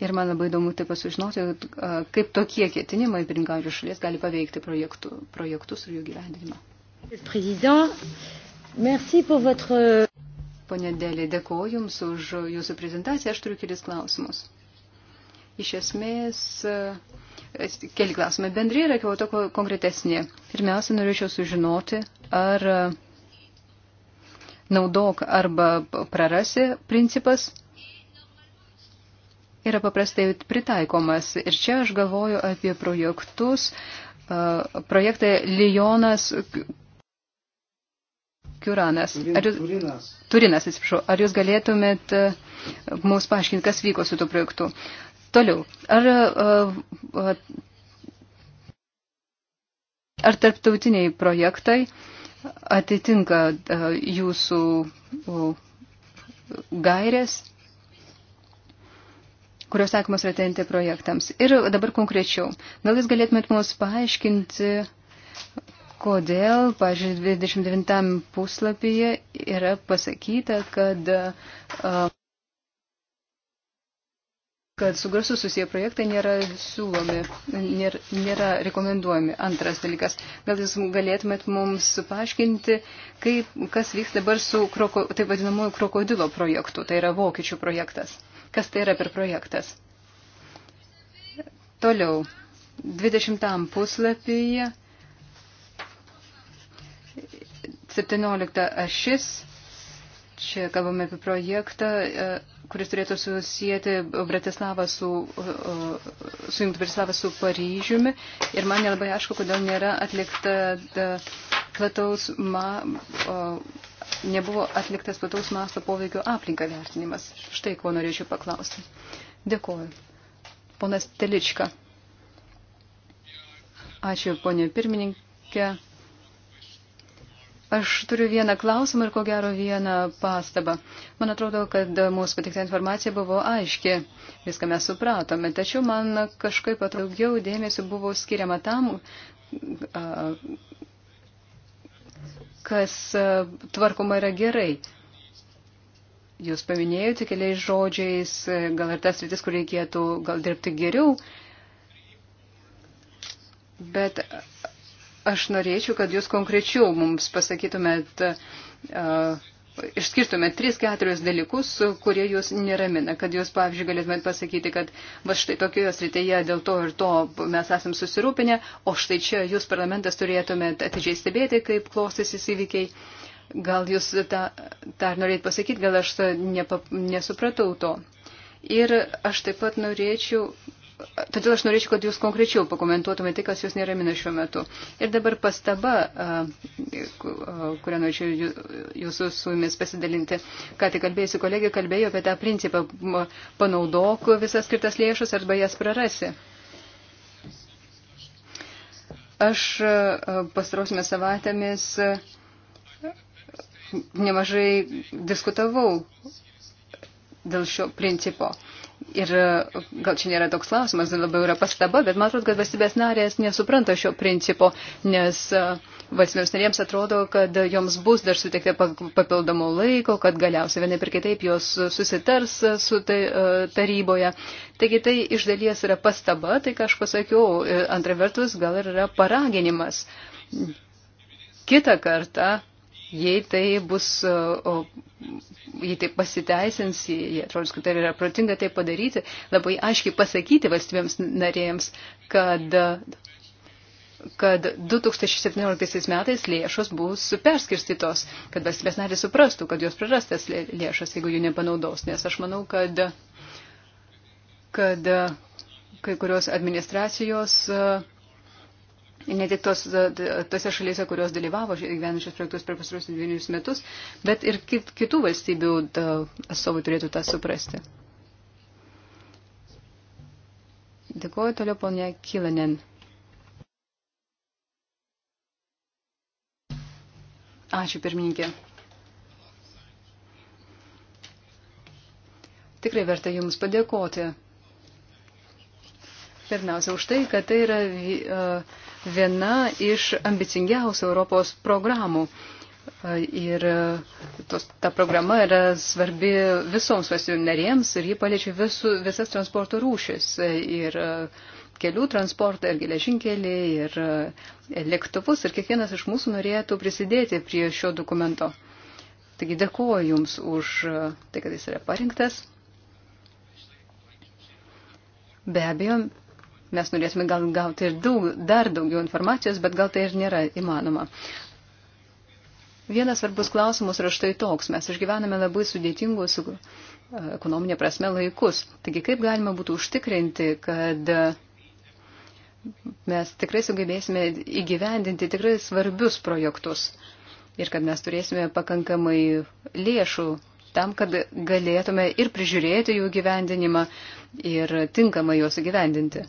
Ir man labai įdomu taip pasužinoti, kaip tokie ketinimai pirmininkaujančių šalies gali paveikti projektų, projektus ir jų gyvendinimą. Président, merci pour votre... Pone Dėlė, dėkoju Jums už Jūsų prezentaciją. Aš turiu kelis klausimus. Iš esmės, keli klausimai bendri yra, kiek to konkretesnė. Pirmiausia, norėčiau sužinoti, ar naudok arba prarasi principas yra paprastai pritaikomas. Ir čia aš galvoju apie projektus, projektą Lijonas Kiuranas. Ar jūs, Turinas. Turinas, atsiprašau. Ar jūs galėtumėt e, mums paaiškinti, kas vyko su tuo projektu? Toliau. Ar, ar, e, e, ar tarptautiniai projektai atitinka jūsų gairės? kurios sakomos yra projektams. Ir dabar konkrečiau. Gal jūs galėtumėt mums paaiškinti, uh, kodėl, pažiūrėjau, 29 puslapyje yra pasakyta, kad, kad su garsu susiję projektai nėra siūlomi, nėra, nėra rekomenduojami. Antras dalykas, gal jūs galėtumėt mums paaiškinti, kaip, kas vyks dabar su kroko, taip vadinamoju krokodilo projektu, tai yra vokiečių projektas. Kas tai yra per projektas? Toliau, 20 puslapyje 17 ašis. Čia kalbame apie projektą, e, kuris turėtų susijęti Bratislavą su, e, e, sujungti Bratislavą su Paryžiumi. Ir man nelabai aišku, kodėl nėra atlikta plataus, ma, nebuvo atliktas plataus masto poveikio aplinką vertinimas. Štai ko norėčiau paklausti. Dėkuoju. Ponas Telička. Ačiū, ponė pirmininkė. Aš turiu vieną klausimą ir ko gero vieną pastabą. Man atrodo, kad mūsų patikta informacija buvo aiški. Viską mes supratome. Tačiau man kažkaip daugiau dėmesio buvo skiriama tam, kas tvarkoma yra gerai. Jūs paminėjote keliais žodžiais, gal ir tas rytis, kur reikėtų gal dirbti geriau, bet Aš norėčiau, kad jūs konkrečiau mums pasakytumėt, uh, išskirtumėt 3-4 dalykus, kurie jūs neramina, kad jūs, pavyzdžiui, galėtumėt pasakyti, kad va štai tokioje srityje dėl to ir to mes esam susirūpinę, o štai čia jūs parlamentas turėtumėt atidžiai stebėti, kaip klostysis įvykiai. Gal jūs tą, tą norėt pasakyti, gal aš nepa, nesupratau to. Ir aš taip pat norėčiau todėl aš norėčiau, kad jūs konkrečiau pakomentuotumėte tai, kas jūs neramina šiuo metu. Ir dabar pastaba, kurią norėčiau jūsų su jumis pasidalinti. Ką tik kalbėjusi kolegė, kalbėjo apie tą principą, panaudok visas skirtas lėšas arba jas prarasi. Aš pastarosime savaitėmis nemažai diskutavau dėl šio principo. Ir e, gal čia nėra toks klausimas, labiau yra pastaba, bet man atrodo, kad valstybės narės nesupranta šio principo, nes e, valstybės narėms atrodo, kad joms bus dar suteikta papildomų laiko, kad galiausiai vienai per kitaip jos susitars su tai, taryboje. Taigi tai iš dalies yra pastaba, tai ką aš pasakiau, antra vertus gal ir yra paraginimas. Kita karta Jei tai bus, o, jei tai pasiteisins, jei atrodys, kad tai yra protinga tai padaryti, labai aiškiai pasakyti valstybėms narėjams, kad kad 2017 metais lėšos bus perskirstytos, kad valstybės narės suprastų, kad jos prarastas lėšas, jeigu jų nepanaudos. Nes aš manau, kad, kad kai kurios administracijos uh, ne tik tos, tose šalyse, kurios dalyvavo gyvenančius projektus per pasarus dviejus metus, bet ir kit, kitų valstybių atstovai turėtų tą suprasti. Dėkuoju toliau ponia Kilanen. Ačiū pirmininkė. Tikrai verta Jums padėkoti. Pirmiausia, už tai, kad tai yra uh, viena iš ambicingiausių Europos programų. Ir tos, ta programa yra svarbi visoms valstybėms narėms ir ji paliečia visu, visas transporto rūšis. Ir e, kelių transportą, ir geležinkelį, ir e, lėktuvus. Ir kiekvienas iš mūsų norėtų prisidėti prie šio dokumento. Taigi dėkuoju Jums už e, tai, kad jis yra parinktas. Be abejo, Mes norėsime gal gauti ir daug, dar daugiau informacijos, bet gal tai ir nėra įmanoma. Vienas svarbus klausimas yra štai toks. Mes išgyvename labai sudėtingus e, ekonominė prasme laikus. Taigi kaip galima būtų užtikrinti, kad mes tikrai sugebėsime įgyvendinti tikrai svarbius projektus ir kad mes turėsime pakankamai lėšų tam, kad galėtume ir prižiūrėti jų gyvendinimą ir tinkamai juos įgyvendinti.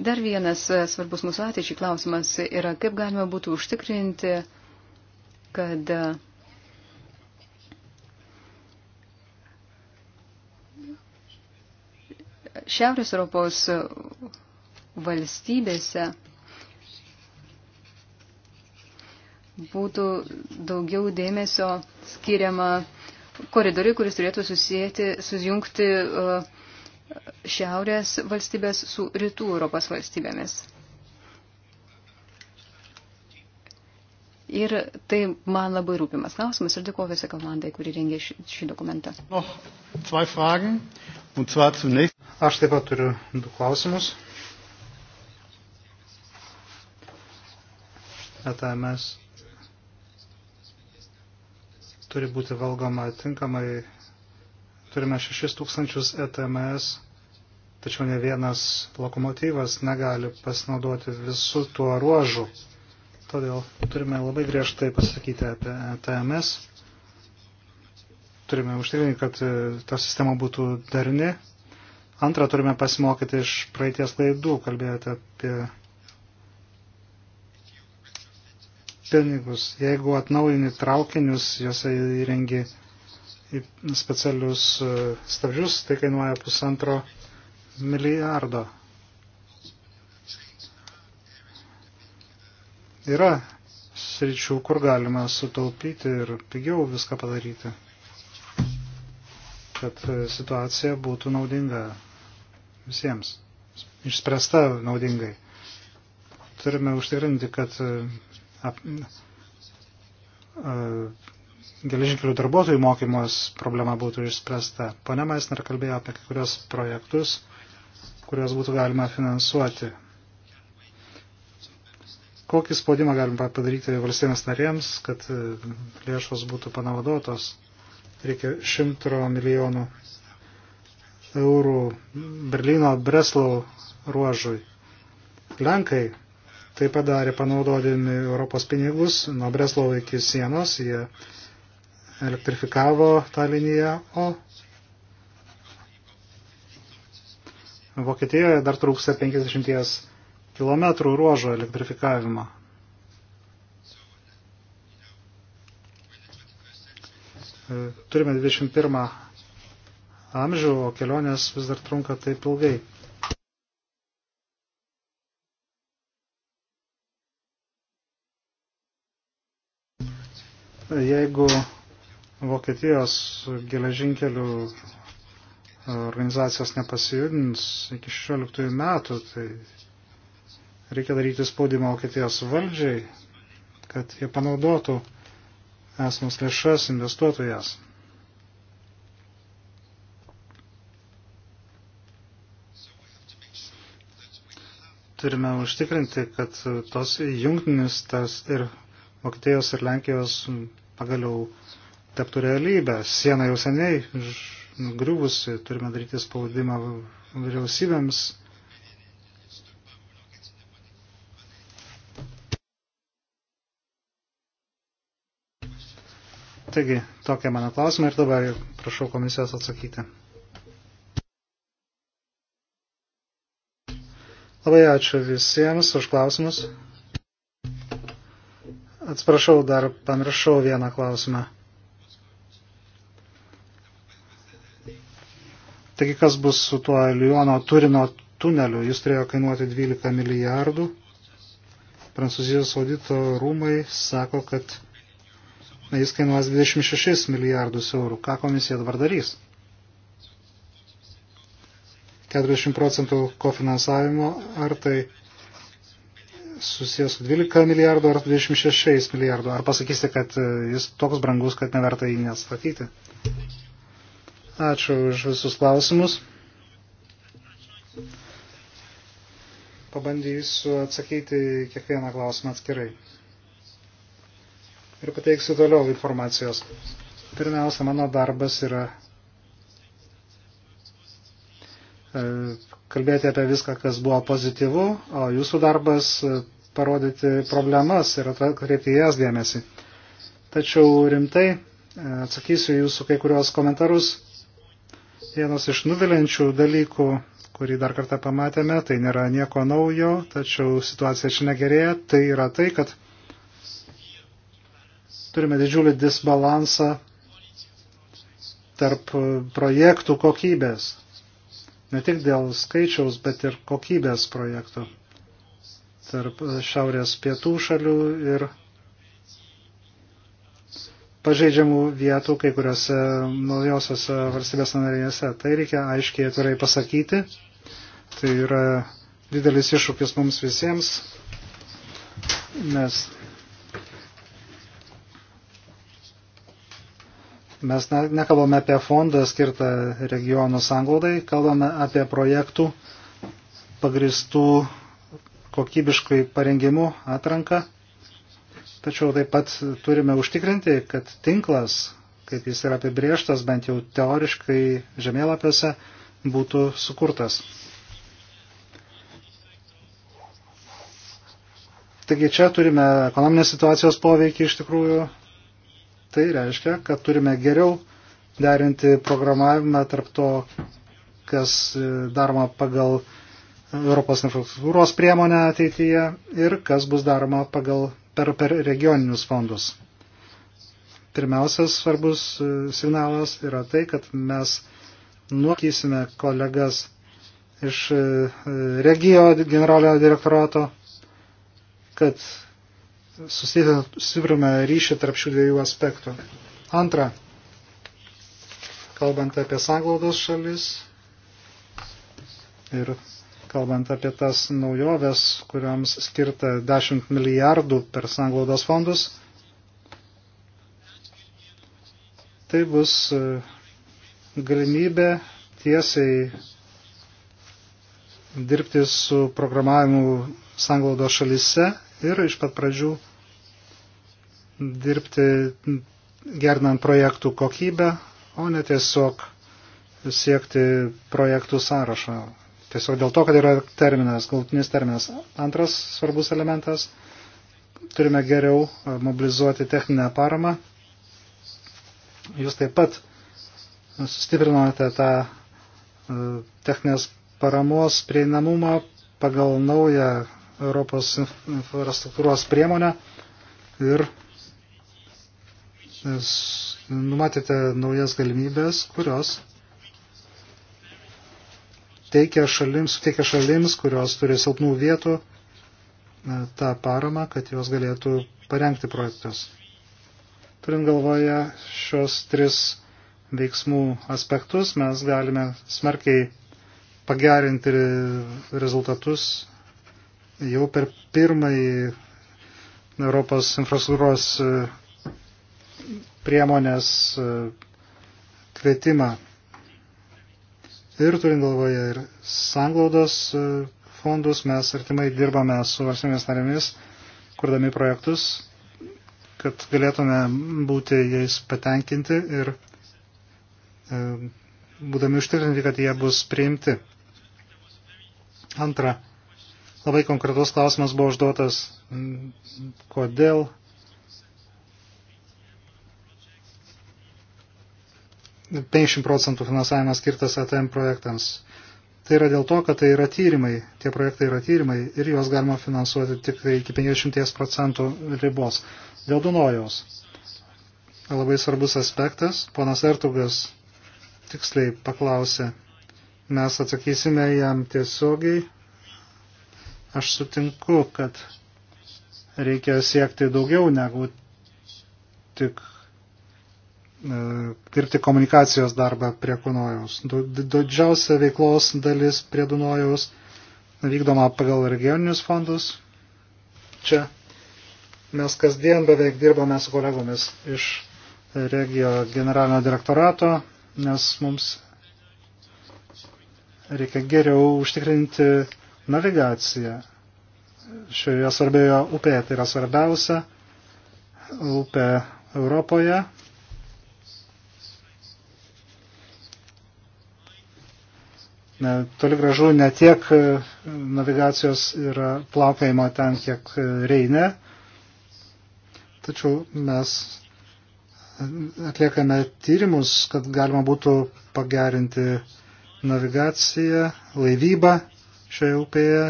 Dar vienas e, svarbus mūsų ateičiai klausimas yra, kaip galima būtų užtikrinti, kad e, Šiaurės Europos valstybėse būtų daugiau dėmesio skiriama koridoriui, kuris turėtų susijęti, sujungti uh, šiaurės valstybės su rytų Europos valstybėmis. Ir tai man labai rūpimas klausimas ir dėkuoju visą komandai, kuri rengė šį, šį dokumentą. Aš taip pat turiu du klausimus. ETMS turi būti valgoma tinkamai turime 6000 ETMS, tačiau ne vienas lokomotyvas negali pasinaudoti visų tuo ruožu. Todėl turime labai griežtai pasakyti apie ETMS. Turime užtikrinti, kad e, ta sistema būtų darni. Antra, turime pasimokyti iš praeities klaidų, kalbėjote apie pinigus. Jeigu atnaujini traukinius, juose įrengi specialius e, stabdžius, tai kainuoja pusantro milijardo. Yra sričių, kur galima sutaupyti ir pigiau viską padaryti, kad e, situacija būtų naudinga visiems, išspręsta naudingai. Turime užtikrinti, kad e, ap, geležinkelių darbuotojų mokymos problema būtų išspręsta. Pane Maisner kalbėjo apie kai kurios projektus, kuriuos būtų galima finansuoti. Kokį spaudimą galima padaryti valstybės narėms, kad e, lėšos būtų panaudotos? Reikia šimtro milijonų eurų Berlyno Breslau ruožui. Lenkai tai padarė panaudodami Europos pinigus nuo Breslau iki sienos, jie elektrifikavo tą liniją, o Vokietijoje dar trūksta 50 km ruožo elektrifikavimo. Turime 21 amžių, o kelionės vis dar trunka taip ilgai. Jeigu Vokietijos geležinkelių organizacijos nepasijudins iki 16 metų, tai reikia daryti spaudimą Vokietijos valdžiai, kad jie panaudotų esamas lėšas, investuotų jas. Turime užtikrinti, kad tos jungtinis tas ir Vokietijos ir Lenkijos pagaliau uh, taptų realybę. Siena jau seniai griuvusi, turime daryti spaudimą vyriausybėms. Taigi, tokia mano klausimai ir dabar prašau komisijos atsakyti. Labai ačiū visiems už klausimus. Atsiprašau, dar pamiršau vieną klausimą. Taigi kas bus su tuo Liono Turino tuneliu? Jis turėjo kainuoti 12 milijardų. Prancūzijos audito rūmai sako, kad na, jis kainuos 26 milijardus eurų. Ką komisija dabar darys? 40 procentų kofinansavimo, ar tai susijęs su 12 milijardų ar 26 milijardų. Ar pasakysite, kad e, jis toks brangus, kad neverta jį nestatyti? Ačiū už visus klausimus. Pabandysiu atsakyti kiekvieną klausimą atskirai. Ir pateiksiu toliau informacijos. Pirmiausia, mano darbas yra e, kalbėti apie viską, kas buvo pozityvu, o jūsų darbas e, parodyti problemas ir atkreipti jas dėmesį. Tačiau rimtai e, atsakysiu jūsų kai kurios komentarus Vienas iš nuvilinčių dalykų, kurį dar kartą pamatėme, tai nėra nieko naujo, tačiau situacija čia negerėja, tai yra tai, kad turime didžiulį disbalansą tarp projektų kokybės. Ne tik dėl skaičiaus, bet ir kokybės projektų tarp šiaurės pietų šalių ir pažeidžiamų vietų kai kuriuose naujosios valstybės narėse. Tai reikia aiškiai atvirai pasakyti. Tai yra didelis iššūkis mums visiems, nes mes nekalbame apie fondą skirtą regionų sanglaudai, kalbame apie projektų pagristų kokybiškai parengimu atranką Tačiau taip pat turime užtikrinti, kad tinklas, kaip jis yra apibrieštas, bent jau teoriškai žemėlapiuose, būtų sukurtas. Taigi čia turime ekonominės situacijos poveikį iš tikrųjų. Tai reiškia, kad turime geriau derinti programavimą tarp to, kas daroma pagal Europos infrastruktūros priemonę ateityje ir kas bus daroma pagal per, per regioninius fondus. Pirmiausias svarbus e, signalas yra tai, kad mes nuokysime kolegas iš e, e, regijo generalinio direktorato, kad sustiprime ryšį tarp šių dviejų aspektų. Antra, kalbant apie sanglaudos šalis ir kalbant apie tas naujoves, kuriams skirta 10 milijardų per sanglaudos fondus. Tai bus e, galimybė tiesiai dirbti su programavimu sanglaudos šalise ir iš pat pradžių dirbti gernant projektų kokybę, o ne tiesiog siekti projektų sąrašą. Tiesiog dėl to, kad yra terminas, galutinis terminas. Antras svarbus elementas - turime geriau e, mobilizuoti techninę paramą. Jūs taip pat sustiprinote tą e, techninės paramos prieinamumą pagal naują Europos infrastruktūros priemonę ir e, numatėte naujas galimybės, kurios teikia šalims, suteikia šalims, kurios turi silpnų vietų, e, tą paramą, kad jos galėtų parengti projektus. Turint galvoje šios tris veiksmų aspektus, mes galime smarkiai pagerinti rezultatus jau per pirmąjį Europos infrastruktūros e, priemonės e, kvietimą Ir turint galvoje ir sanglaudos e, fondus, mes artimai dirbame su valstybės narėmis, kurdami projektus, kad galėtume būti jais patenkinti ir e, būdami užtikrinti, kad jie bus priimti. Antra, labai konkretus klausimas buvo užduotas, kodėl 50 procentų finansavimas skirtas ATM projektams. Tai yra dėl to, kad tai yra tyrimai, tie projektai yra tyrimai ir juos galima finansuoti tik tai iki 50 procentų ribos. Dėl Dunojaus. Labai svarbus aspektas. Ponas Ertugas tiksliai paklausė. Mes atsakysime jam tiesiogiai. Aš sutinku, kad reikia siekti daugiau negu tik E, dirbti komunikacijos darbą prie Dunojaus. Didžiausia veiklos dalis prie Dunojaus vykdoma pagal regioninius fondus. Čia mes kasdien beveik dirbame su kolegomis iš regio generalinio direktorato, nes mums reikia geriau užtikrinti navigaciją šioje svarbioje upėje. Tai yra svarbiausia upė Europoje, toli gražu ne tiek e, navigacijos ir plaukėjimo ten, kiek e, Reine, tačiau mes atliekame tyrimus, kad galima būtų pagerinti navigaciją, laivybą šioje upėje.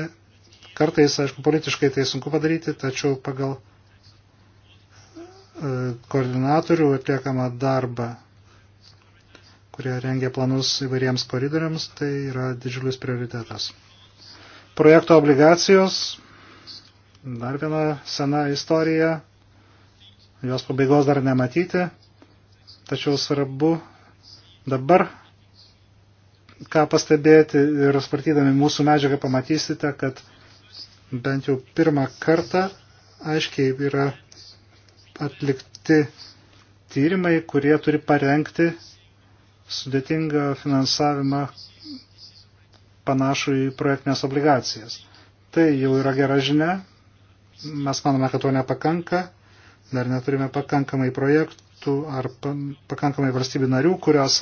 Kartais, aišku, politiškai tai sunku padaryti, tačiau pagal e, koordinatorių atliekamą darbą kurie rengia planus įvairiems koridoriams, tai yra didžiulis prioritetas. Projekto obligacijos, dar viena sena istorija, jos pabaigos dar nematyti, tačiau svarbu dabar, ką pastebėti ir spartydami mūsų medžiagą pamatysite, kad bent jau pirmą kartą aiškiai yra atlikti tyrimai, kurie turi parengti sudėtingą finansavimą panašų į projektinės obligacijas. Tai jau yra gera žinia. Mes manome, kad to nepakanka. Dar neturime pakankamai projektų ar pakankamai valstybių narių, kurios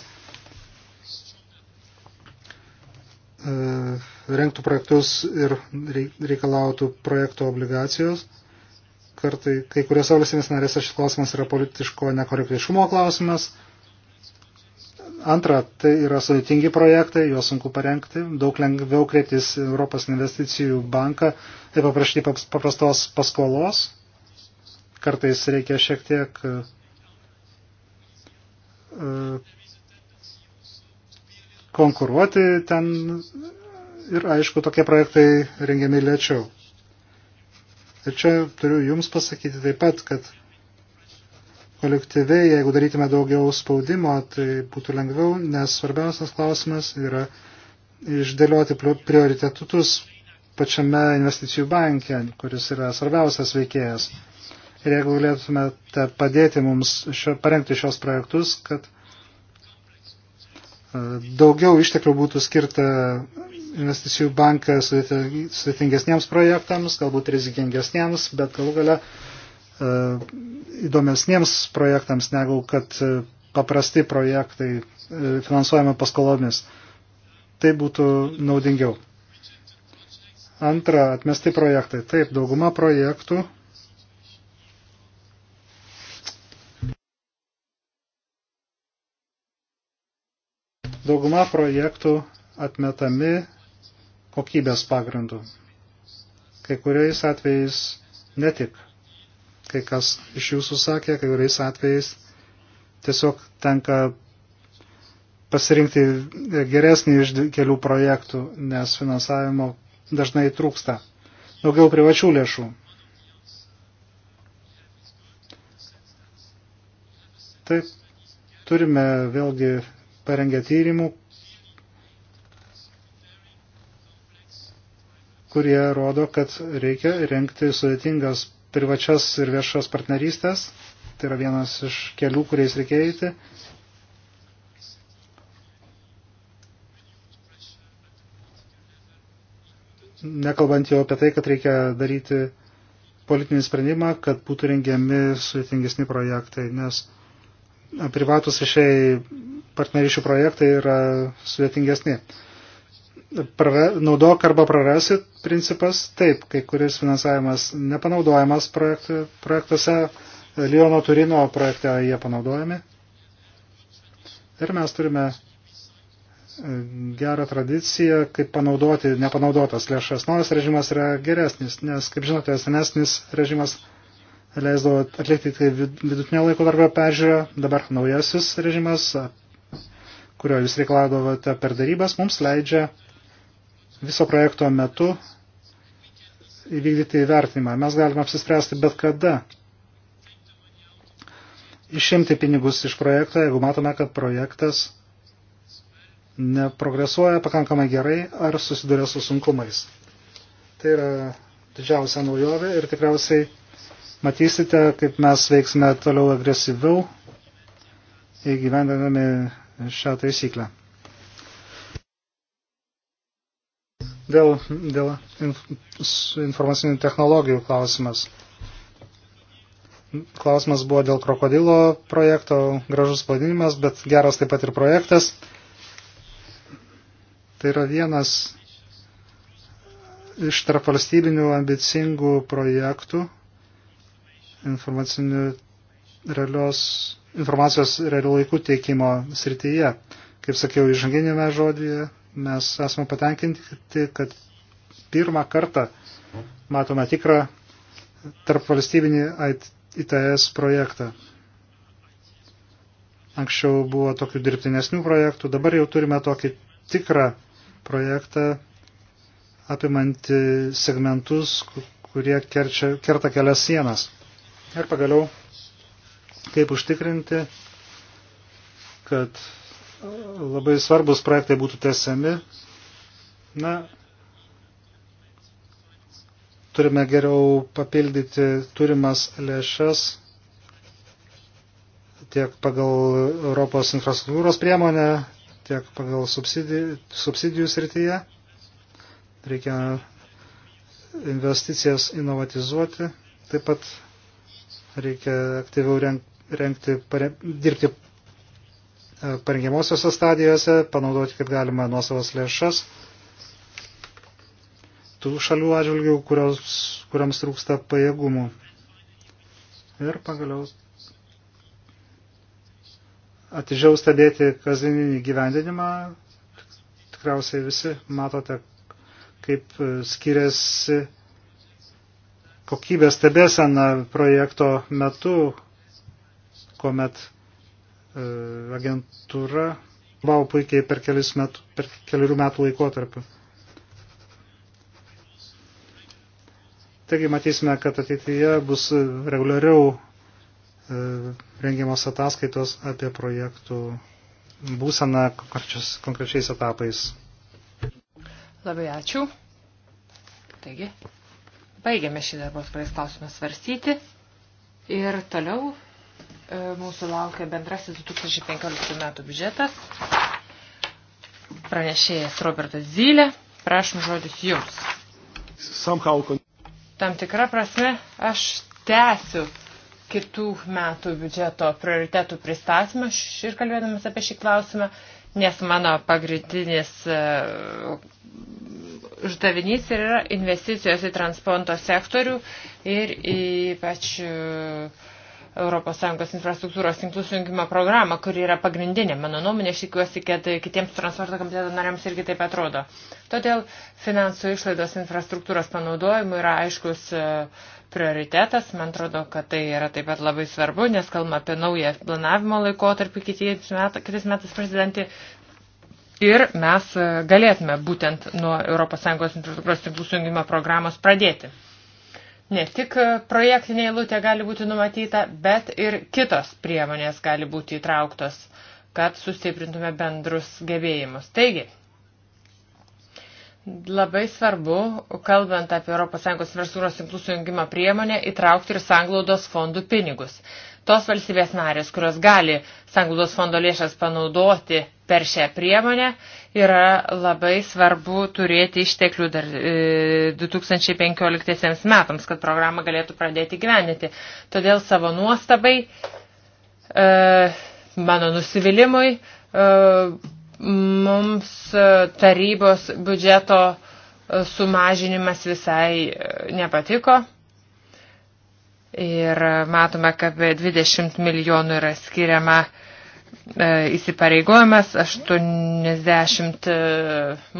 e, rengtų projektus ir reikalautų projekto obligacijos. Kartai kai kuriuose valstybės narėse šis klausimas yra politiško nekorektiškumo klausimas, Antra, tai yra sudėtingi projektai, juos sunku parengti, daug lengviau kreiptis Europos investicijų banką ir paprašyti paprastos paskolos. Kartais reikia šiek tiek e, konkuruoti ten ir aišku, tokie projektai rengiami lėčiau. Ir čia turiu Jums pasakyti taip pat, kad kolektyviai, jeigu darytume daugiau spaudimo, tai būtų lengviau, nes svarbiausias klausimas yra išdėlioti prioritetus pačiame investicijų banke, kuris yra svarbiausias veikėjas. Ir jeigu galėtumėte padėti mums šio, parengti šios projektus, kad e, daugiau išteklių būtų skirta investicijų banką sudėtingesniems projektams, galbūt rizikingesniems, bet galų gale E, įdomesniems projektams, negu kad e, paprasti projektai e, finansuojami paskolomis. Tai būtų naudingiau. Antra, atmesti projektai. Taip, dauguma projektų dauguma projektų atmetami kokybės pagrindų. Kai kuriais atvejais ne tik kai kas iš jūsų sakė, kai kuriais atvejais tiesiog tenka pasirinkti geresnį iš kelių projektų, nes finansavimo dažnai trūksta. Daugiau privačių lėšų. Taip, turime vėlgi parengę tyrimų, kurie rodo, kad reikia renkti sudėtingas privačias ir viešas partnerystės. Tai yra vienas iš kelių, kuriais reikia eiti. Nekalbant jau apie tai, kad reikia daryti politinį sprendimą, kad būtų rengiami sudėtingesni projektai, nes privatus išėjai partnerysčių projektai yra sudėtingesni prara, naudok arba prarasi principas, taip, kai kuris finansavimas nepanaudojamas projektu, projektuose, Liono Turino projekte jie panaudojami. Ir mes turime e, gerą tradiciją, kaip panaudoti nepanaudotas lėšas. Naujas režimas yra geresnis, nes, kaip žinote, senesnis režimas leisdavo atlikti tai vidutinio laiko darbo peržiūrą, dabar naujasis režimas, kurio jūs reikalavavote per darybas, mums leidžia viso projekto metu įvykdyti įvertinimą. Mes galime apsispręsti bet kada išimti pinigus iš projekto, jeigu matome, kad projektas neprogresuoja pakankamai gerai ar susiduria su sunkumais. Tai yra didžiausia naujovė ir tikriausiai matysite, kaip mes veiksime toliau agresyviau įgyvendinami šią taisyklę. Dėl, dėl informacinių technologijų klausimas. Klausimas buvo dėl krokodilo projekto, gražus pavadinimas, bet geras taip pat ir projektas. Tai yra vienas iš tarpvalstybinių ambicingų projektų informacinių realios informacijos realių laikų teikimo srityje. Kaip sakiau, įžanginėme žodėje, mes esame patenkinti, kad pirmą kartą matome tikrą tarp valstybinį ITS projektą. Anksčiau buvo tokių dirbtinesnių projektų, dabar jau turime tokį tikrą projektą apimanti segmentus, kurie kerčia, kerta kelias sienas. Ir pagaliau, kaip užtikrinti, kad labai svarbus projektai būtų tesiami. Na, turime geriau papildyti turimas lėšas tiek pagal Europos infrastruktūros priemonę, tiek pagal subsidijų, subsidijų srityje. Reikia investicijas inovatizuoti. Taip pat reikia aktyviau renk, renkti, pare, dirbti E, parengiamosiose stadijose, panaudoti kaip galima nuosavas lėšas tų šalių atžvilgių, kurios, kuriams trūksta pajėgumų. Ir pagaliau atidžiau stebėti kasdieninį gyvendinimą. Tikriausiai visi matote, kaip skiriasi kokybės stebėsena projekto metu, kuomet E, agentūra vau puikiai per, metų, per kelių metų laikotarpiu. Taigi matysime, kad ateityje bus reguliariau e, rengiamos ataskaitos apie projektų būseną konkrečiais etapais. Labai ačiū. Taigi, baigiame šį darbos praeis klausimą svarstyti ir toliau E, mūsų laukia bendrasis 2015 metų biudžetas. Pranešėjas Robertas Zylė. Prašom žodis jums. Somehow... Tam tikrą prasme aš tęsiu kitų metų biudžeto prioritetų pristatymą ir kalbėdamas apie šį klausimą, nes mano pagrindinis e, uždavinys yra investicijos į transporto sektorių ir ypač uh, ES infrastruktūros tinklų sujungimo programą, kuri yra pagrindinė. Mano nuomonė, aš tikiuosi, kad kitiems transporto komiteto nariams irgi taip atrodo. Todėl finansų išlaidos infrastruktūros panaudojimui yra aiškus e, prioritetas. Man atrodo, kad tai yra taip pat labai svarbu, nes kalbame apie naują planavimo laikotarpį kitais metais prezidentį. Ir mes e, galėtume būtent nuo ES infrastruktūros tinklų sujungimo programos pradėti. Ne tik e, projektinė eilutė gali būti numatyta, bet ir kitos priemonės gali būti įtrauktos, kad sustiprintume bendrus gebėjimus. Taigi, labai svarbu, kalbant apie ES versūros tinklų sujungimą priemonę, įtraukti ir sanglaudos fondų pinigus. Tos valstybės narės, kurios gali sanglaudos fondo lėšas panaudoti per šią priemonę, yra labai svarbu turėti išteklių dar e, 2015 metams, kad programą galėtų pradėti gyveninti. Todėl savo nuostabai, e, mano nusivylimui, e, mums tarybos biudžeto e, sumažinimas visai e, nepatiko. Ir matome, kad 20 milijonų yra skiriama e, įsipareigojimas, 80 e,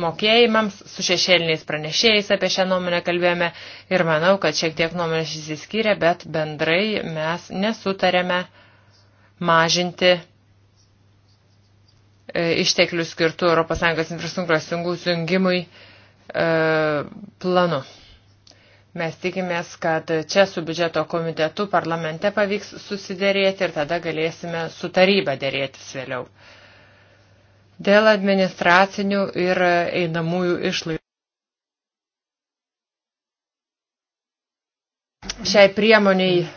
mokėjimams, su šešėliniais pranešėjais apie šią nuomonę kalbėjome ir manau, kad šiek tiek nuomonės įsiskyrė, bet bendrai mes nesutarėme mažinti e, išteklių skirtų ES infrastruktūros jungimui planu. Mes tikimės, kad čia su biudžeto komitetu parlamente pavyks susidėrėti ir tada galėsime su taryba dėrėtis vėliau. Dėl administracinių ir einamųjų išlaidų. Šiai priemoniai e,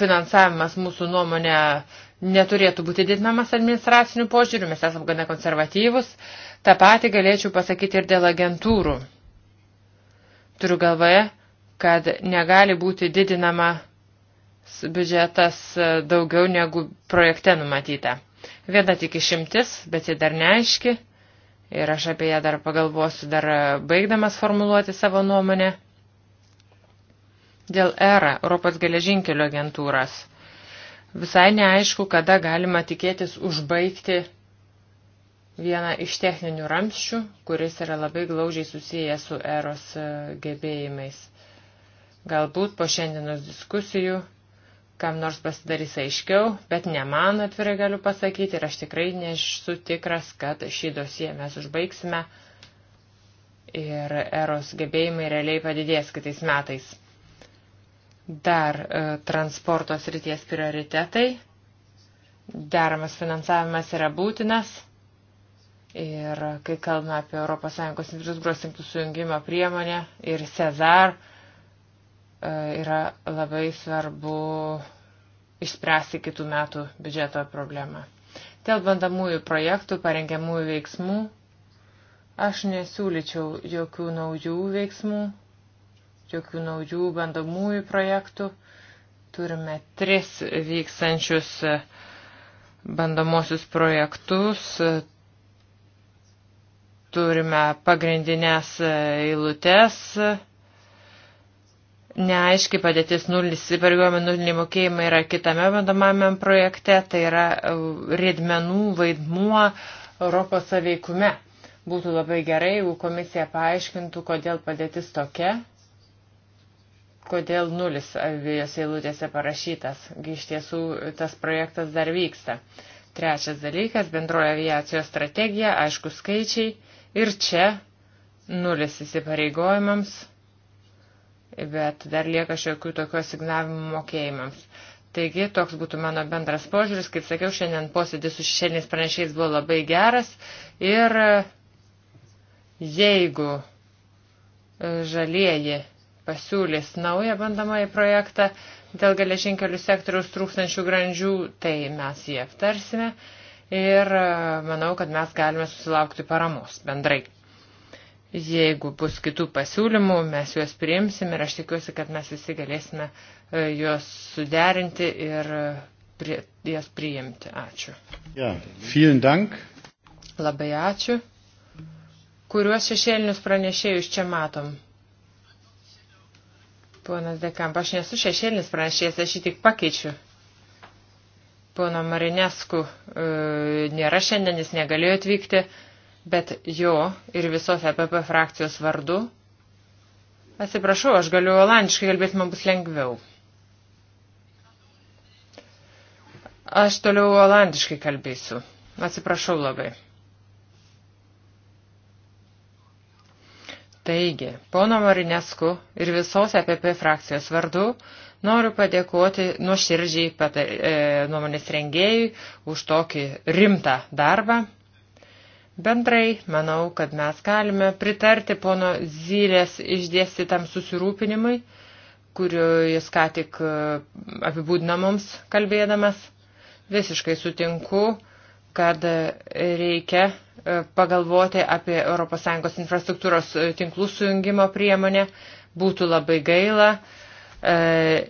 finansavimas mūsų nuomonė neturėtų būti didinamas administracinių požiūrių, mes esame gana konservatyvus. Ta pati galėčiau pasakyti ir dėl agentūrų. Turiu galvoje, kad negali būti didinama biudžetas e, daugiau negu projekte numatyta. Viena tik išimtis, bet ji dar neaiški ir aš apie ją dar pagalvosiu dar e, baigdamas formuluoti savo nuomonę. Dėl ERA, Europos geležinkelio agentūros, visai neaišku, kada galima tikėtis užbaigti vieną iš techninių ramščių, kuris yra labai glaudžiai susijęs su eros e, gebėjimais. Galbūt po šiandienos diskusijų kam nors pasidarys aiškiau, bet ne man atvirai galiu pasakyti ir aš tikrai nesu tikras, kad šį dosiją mes užbaigsime ir eros gebėjimai realiai padidės kitais metais. Dar e, transporto srities prioritetai. Deramas finansavimas yra būtinas Ir kai kalbame apie ES infrastruktūros tinklų sujungimo priemonę ir Cezar, e, yra labai svarbu išspręsti kitų metų biudžeto problemą. Dėl bandamųjų projektų, parengiamųjų veiksmų, aš nesiūlyčiau jokių naujų veiksmų, jokių naujų bandamųjų projektų. Turime tris vykstančius e, bandomosius projektus Turime pagrindinės eilutes. Neaiški padėtis nulis, įsipareigojami nuliniai mokėjimai yra kitame bandomame projekte, tai yra riedmenų vaidmuo Europos saveikume. Būtų labai gerai, jeigu komisija paaiškintų, kodėl padėtis tokia, kodėl nulis abiejose eilutėse parašytas, iš tiesų tas projektas dar vyksta. Trečias dalykas - bendroja aviacijos strategija, aišku skaičiai. Ir čia nulis įsipareigojimams, bet dar lieka šiokių tokių asignavimų mokėjimams. Taigi, toks būtų mano bendras požiūris. Kaip sakiau, šiandien posėdis su šešėliniais pranešiais buvo labai geras. Ir e, jeigu e, žalieji pasiūlys naują bandamąjį projektą dėl geležinkelių sektoriaus trūkstančių grandžių, tai mes jį aptarsime ir e, manau, kad mes galime susilaukti paramos bendrai. Jeigu bus kitų pasiūlymų, mes juos priimsim ir aš tikiuosi, kad mes visi galėsime e, juos suderinti ir e, prie, jas priimti. Ačiū. Ja, dank. Labai ačiū. Kuriuos šešėlinius pranešėjus čia matom? Ponas Dekamp, aš nesu šešėlinis pranešėjas, aš jį tik pakeičiu. Pono Marinesku e, nėra šiandien, jis negalėjo atvykti, bet jo ir visos EPP frakcijos vardu. Atsiprašau, aš galiu olandiškai kalbėti, man bus lengviau. Aš toliau olandiškai kalbėsiu. Atsiprašau labai. Taigi, pono Marinesku ir visos EPP frakcijos vardu Noriu padėkoti nuoširdžiai patar, e, nuomonės rengėjui už tokį rimtą darbą. Bendrai, manau, kad mes galime pritarti pono Zylės išdėstytam susirūpinimui, kuriuo jis ką tik e, apibūdina mums kalbėdamas. Visiškai sutinku, kad reikia e, pagalvoti apie ES infrastruktūros e, tinklų sujungimo priemonę. Būtų labai gaila, E,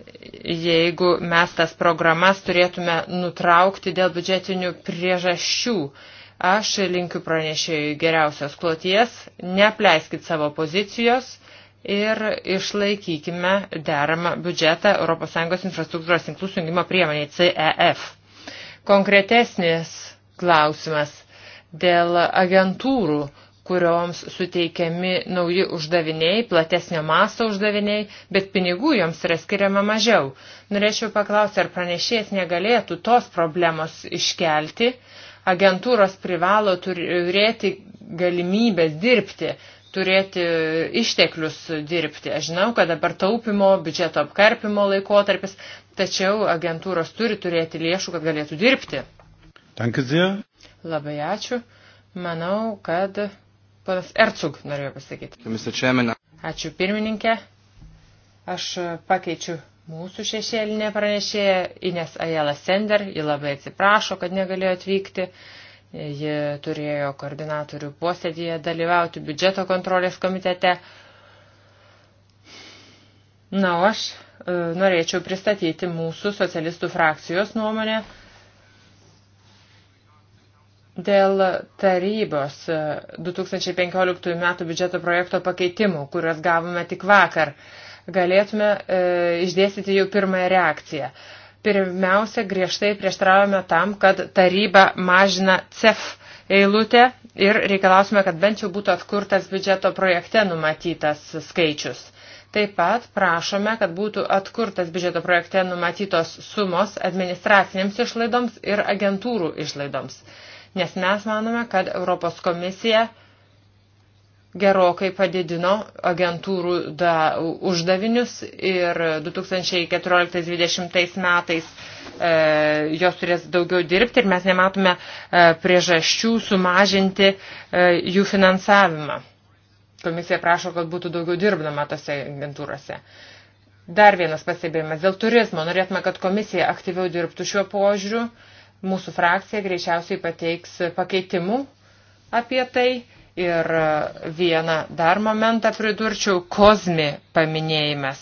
jeigu mes tas programas turėtume nutraukti dėl biudžetinių priežasčių. Aš linkiu pranešėjui geriausios kloties, neapleiskit savo pozicijos ir išlaikykime deramą biudžetą ES infrastruktūros tinklų sujungimo priemoniai CEF. Konkretesnis klausimas dėl agentūrų kurioms suteikiami nauji uždaviniai, platesnio masto uždaviniai, bet pinigų joms yra skiriama mažiau. Norėčiau paklausti, ar pranešėjas negalėtų tos problemos iškelti. Agentūros privalo turėti galimybės dirbti, turėti išteklius dirbti. Aš žinau, kad dabar taupimo, biudžeto apkarpimo laikotarpis, tačiau agentūros turi turėti lėšų, kad galėtų dirbti. Danke sehr. Labai ačiū. Manau, kad Panas Ercug norėjo pasakyti. Ačiū pirmininkė. Aš pakeičiu mūsų šešėlinę pranešėją Ines Ajela Sender. Ji labai atsiprašo, kad negalėjo atvykti. Ji turėjo koordinatorių posėdėje dalyvauti biudžeto kontrolės komitete. Na, o aš e, norėčiau pristatyti mūsų socialistų frakcijos nuomonę dėl tarybos 2015 e, m. biudžeto projekto pakeitimų, kuriuos gavome tik vakar. Galėtume e, išdėstyti jų pirmąją reakciją. Pirmiausia, griežtai prieštraujame tam, kad taryba mažina CEF eilutę ir reikalausime, kad bent jau būtų atkurtas biudžeto projekte numatytas skaičius. Taip pat prašome, kad būtų atkurtas biudžeto projekte numatytos sumos administracinėms išlaidoms ir agentūrų išlaidoms nes mes manome, kad Europos komisija gerokai padidino agentūrų da, uždavinius ir 2014-2020 metais e, jos turės daugiau dirbti ir mes nematome e, priežasčių sumažinti e, jų finansavimą. Komisija prašo, kad būtų daugiau dirbdama tose agentūrose. Dar vienas pastebėjimas dėl turizmo. Norėtume, kad komisija aktyviau dirbtų šiuo požiūriu. E, Mūsų frakcija greičiausiai pateiks pakeitimų apie tai. Ir vieną dar momentą pridurčiau - kozmi paminėjimas.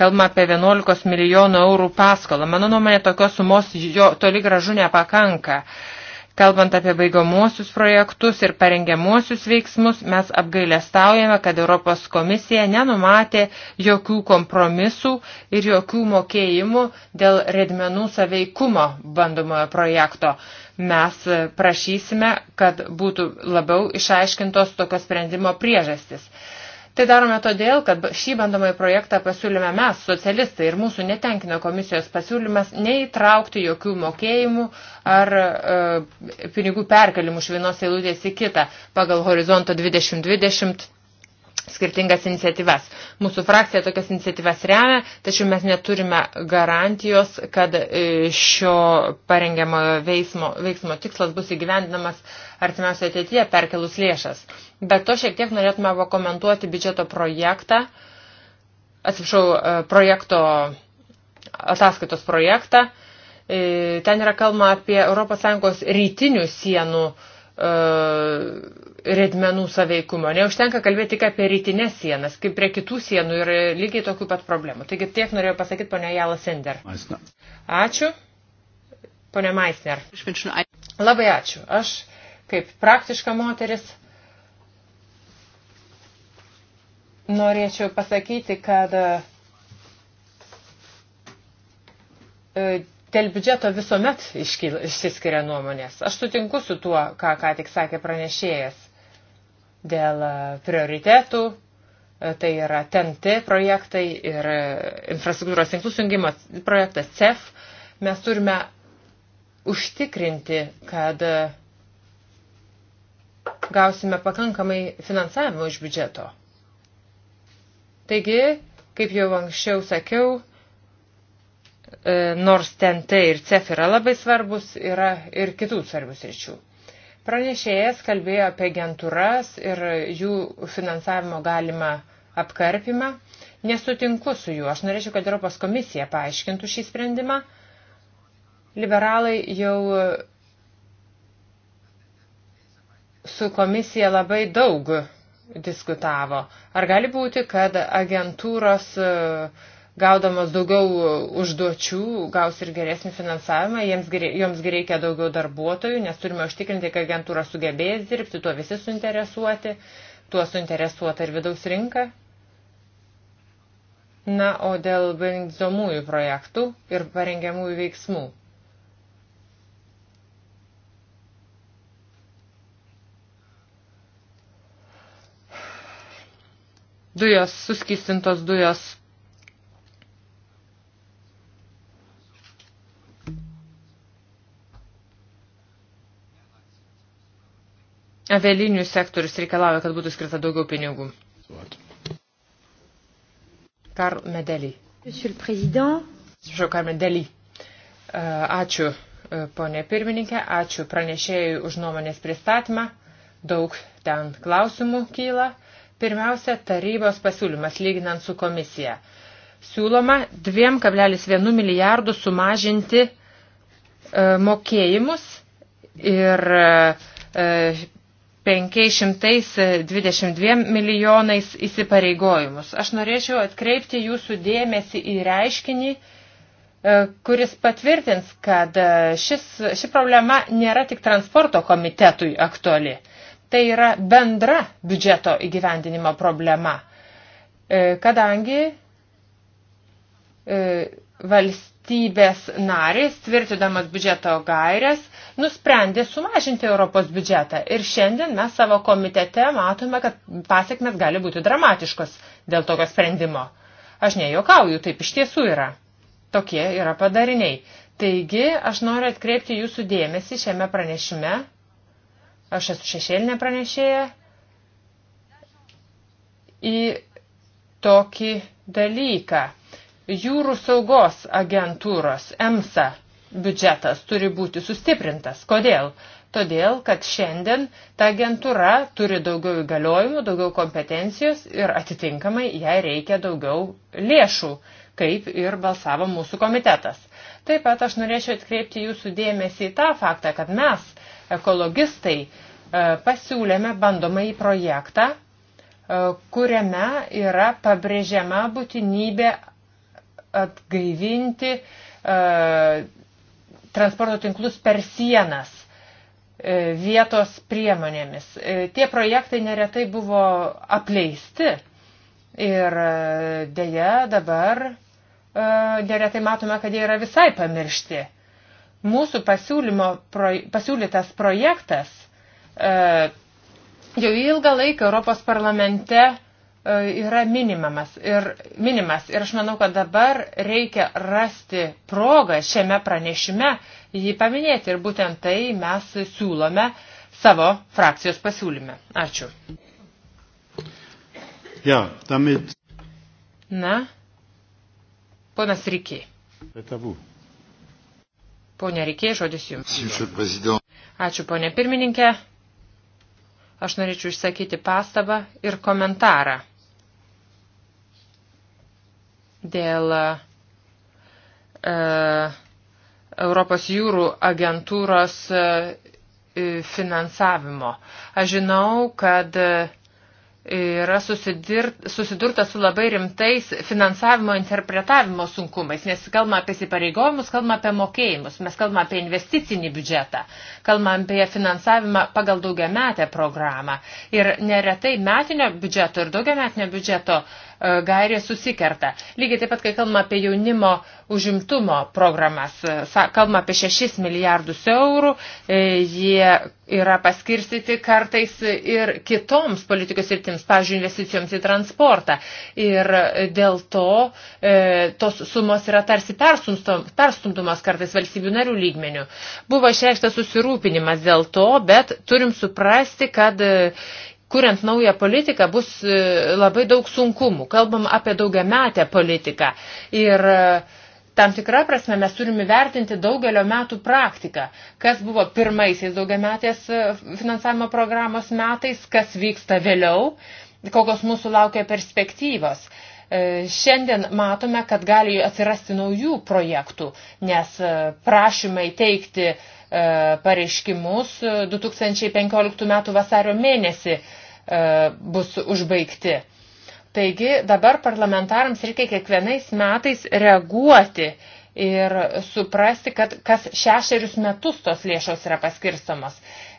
Kalbama apie 11 milijonų eurų paskolą. Mano nuomonė, tokios sumos jo toli gražu nepakanka. Uh, Kalbant apie baigomuosius projektus ir parengiamuosius veiksmus, mes apgailestaujame, kad Europos komisija nenumatė jokių kompromisų ir jokių mokėjimų dėl redmenų saveikumo bandomojo projekto. Mes prašysime, kad būtų labiau išaiškintos tokio sprendimo priežastis. Tai darome todėl, kad šį bandomąjį projektą pasiūlėme mes, socialistai, ir mūsų netenkino komisijos pasiūlymas neįtraukti jokių mokėjimų ar e, pinigų perkelimų iš vienos eilutės į kitą pagal horizonto 2020 skirtingas iniciatyvas. Mūsų frakcija tokias iniciatyvas remia, tačiau mes neturime garantijos, kad e, šio parengiamojo veiksmo, veiksmo tikslas bus įgyvendinamas artimiausioje ateityje perkelus lėšas. Bet to šiek tiek norėtume pakomentuoti biudžeto projektą, atsiprašau, e, projekto ataskaitos projektą. E, ten yra kalba apie ES rytinių sienų redmenų saveikumo. Neužtenka kalbėti tik apie rytinės sienas, kaip prie kitų sienų ir lygiai tokių pat problemų. Taigi tiek norėjau pasakyti ponia Jala Sender. Ačiū. Pone Maisner. Labai ačiū. Aš kaip praktiška moteris norėčiau pasakyti, kad e, dėl biudžeto visuomet išsiskiria nuomonės. Aš sutinku su tuo, ką ką tik sakė pranešėjas dėl e, prioritetų, e, tai yra TNT projektai ir e, infrastruktūros tinklų sujungimo projektas CEF. Mes turime užtikrinti, kad gausime pakankamai finansavimo iš biudžeto. Taigi, kaip jau anksčiau sakiau, nors TNT ir CEF yra labai svarbus, yra ir kitų svarbių sričių. Pranešėjas kalbėjo apie agentūras ir jų finansavimo galimą apkarpimą. Nesutinku su juo. Aš norėčiau, kad Europos komisija paaiškintų šį sprendimą. Liberalai jau su komisija labai daug diskutavo. Ar gali būti, kad agentūros uh, gaudamos daugiau užduočių, gaus ir geresnį finansavimą, jiems, joms reikia daugiau darbuotojų, nes turime užtikrinti, kad agentūra sugebės dirbti, tuo visi suinteresuoti, tuo suinteresuota ir vidaus rinka. Na, o dėl benzomųjų projektų ir parengiamųjų veiksmų. Dujos, suskistintos dujos avelinių sektorius reikalauja, kad būtų skirta daugiau pinigų. Karl Medeli. Monsieur le Président. Atsiprašau, Karl Medeli. E, ačiū, e, ponė pirmininkė, ačiū pranešėjai už nuomonės pristatymą. Daug ten klausimų kyla. Pirmiausia, tarybos pasiūlymas lyginant su komisija. Siūloma 2,1 milijardų sumažinti e, mokėjimus ir 522 milijonais įsipareigojimus. Aš norėčiau atkreipti jūsų dėmesį į reiškinį, e, kuris patvirtins, kad e, šis, ši problema nėra tik transporto komitetui aktuali. Tai yra bendra biudžeto įgyvendinimo problema, e, kadangi valstybės narės, tvirtidamas biudžeto gairias, nusprendė sumažinti Europos biudžetą. Ir šiandien mes savo komitete matome, kad pasiekmes gali būti dramatiškos dėl tokio sprendimo. Aš nejuokauju, taip iš tiesų yra. Tokie yra padariniai. Taigi, aš noriu atkreipti jūsų dėmesį šiame pranešime. Aš esu šešėlinė pranešėja. Į tokį dalyką. Jūrų saugos agentūros EMSA biudžetas turi būti sustiprintas. Kodėl? Todėl, kad šiandien ta agentūra turi daugiau įgaliojimų, daugiau kompetencijos ir atitinkamai jai reikia daugiau lėšų, kaip ir balsavo mūsų komitetas. Taip pat aš norėčiau atkreipti jūsų dėmesį į tą faktą, kad mes, ekologistai, e, pasiūlėme bandomąjį projektą, e, kuriame yra pabrėžiama būtinybė atgaivinti e, transporto tinklus per sienas e, vietos priemonėmis. E, tie projektai neretai buvo apleisti ir e, dėja dabar neretai matome, kad jie yra visai pamiršti. Mūsų proj, pasiūlytas projektas jau ilgą laiką Europos parlamente E, yra minimamas ir, minimas. Ir aš manau, kad dabar reikia rasti progą šiame pranešime jį paminėti. Ir būtent tai mes siūlome savo frakcijos pasiūlyme. Ačiū. Ja, damit... Na, ponas Rikiai. Pone Rikiai, žodis jums. Ačiū, ponė pirmininkė. Aš norėčiau išsakyti pastabą ir komentarą dėl e, Europos jūrų agentūros e, finansavimo. Aš žinau, kad e, yra susidir, susidurta su labai rimtais finansavimo interpretavimo sunkumais, nes kalbame apie įsipareigojimus, kalbame apie mokėjimus, mes kalbame apie investicinį biudžetą kalbam apie finansavimą pagal daugiametę programą. Ir neretai metinio biudžeto ir daugiametinio biudžeto e, gairė susikerta. Lygiai taip pat, kai kalbam apie jaunimo užimtumo programas, e, kalbam apie 6 milijardus eurų, e, jie yra paskirstyti kartais ir kitoms politikos rytims, pavyzdžiui, investicijoms į transportą. Ir dėl to e, tos sumos yra tarsi perstumdomos kartais valstybių narių lygmenių. Buvo išreikštas susirūpinimas susirūpinimas dėl to, bet turim suprasti, kad e, kuriant naują politiką bus e, labai daug sunkumų. Kalbam apie daugiametę politiką. Ir e, tam tikrą prasme mes turime vertinti daugelio metų praktiką, kas buvo pirmaisiais daugiametės finansavimo programos metais, kas vyksta vėliau, kokios mūsų laukia perspektyvos. E, šiandien matome, kad gali atsirasti naujų projektų, nes e, prašymai teikti e, pareiškimus 2015 m. vasario mėnesį bus užbaigti. Taigi dabar parlamentarams reikia kiekvienais metais reaguoti ir suprasti, kad kas šešerius metus tos lėšos yra paskirstamos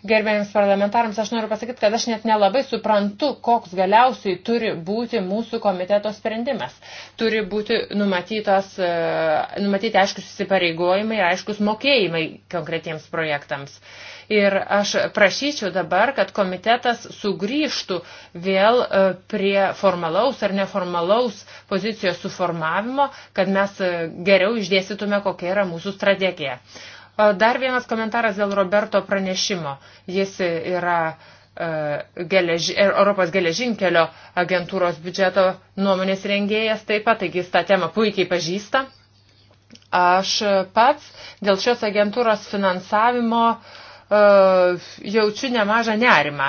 gerbėjams parlamentarams, aš noriu pasakyti, kad aš net nelabai suprantu, koks galiausiai turi būti mūsų komiteto sprendimas. Turi būti numatytos, e, numatyti aiškus įsipareigojimai ir aiškus mokėjimai konkretiems projektams. Ir aš prašyčiau dabar, kad komitetas sugrįžtų vėl e, prie formalaus ar neformalaus pozicijos suformavimo, kad mes e, geriau išdėstytume, kokia yra mūsų strategija. Dar vienas komentaras dėl Roberto pranešimo. Jis yra e, geleži, e, Europos geležinkelio agentūros biudžeto nuomonės rengėjas taip pat, taigi jis tą temą puikiai pažįsta. Aš pats dėl šios agentūros finansavimo uh, jaučiu nemažą nerimą,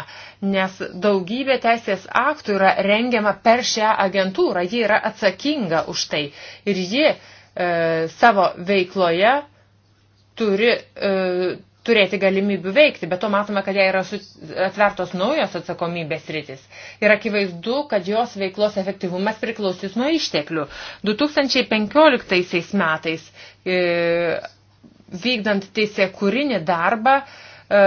nes daugybė teisės aktų yra rengiama per šią agentūrą, ji yra atsakinga už tai ir ji e, savo veikloje e, turi e, turėti galimybių veikti, bet to matome, kad jai yra atvertos naujos atsakomybės rytis. Ir akivaizdu, kad jos veiklos efektyvumas priklausys nuo išteklių. 2015 metais e, vykdant teisė kūrinį darbą, e,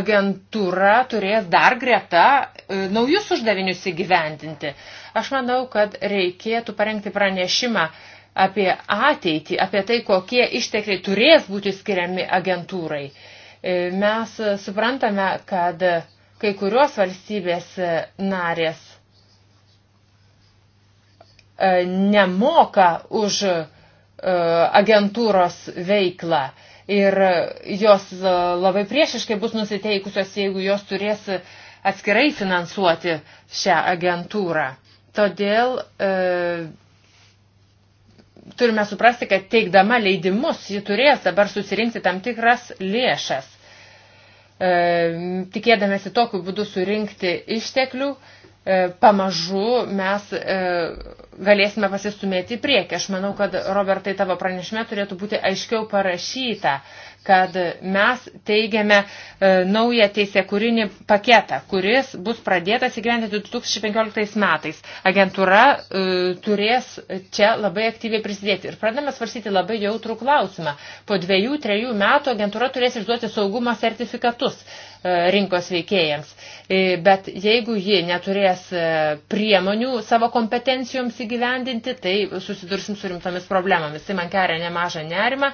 agentūra turės dar greta e, naujus uždavinius įgyvendinti. Aš manau, kad reikėtų parengti pranešimą apie ateitį, apie tai, kokie ištekliai turės būti skiriami agentūrai. E, mes suprantame, kad kai kurios valstybės narės e, nemoka už e, agentūros veiklą ir jos labai priešiškai bus nusiteikusios, jeigu jos turės atskirai finansuoti šią agentūrą. Todėl e, turime suprasti, kad teikdama leidimus ji turės dabar susirinkti tam tikras lėšas. E, tikėdamėsi tokiu būdu surinkti išteklių, e, pamažu mes e, galėsime pasistumėti į priekį. Aš manau, kad Robertai tavo pranešime turėtų būti aiškiau parašyta. E, kad mes teigiame e, naują teisėkūrinį paketą, kuris bus pradėtas įgyvendinti 2015 metais. Agentūra e, turės čia labai aktyviai prisidėti. Ir pradame svarstyti labai jautrų klausimą. Po dviejų, trejų metų agentūra turės išduoti saugumo sertifikatus. E, rinkos veikėjams. E, bet jeigu ji neturės e, priemonių savo kompetencijoms įgyvendinti, tai susidursim su rimtomis problemomis. Tai man kelia nemažą nerimą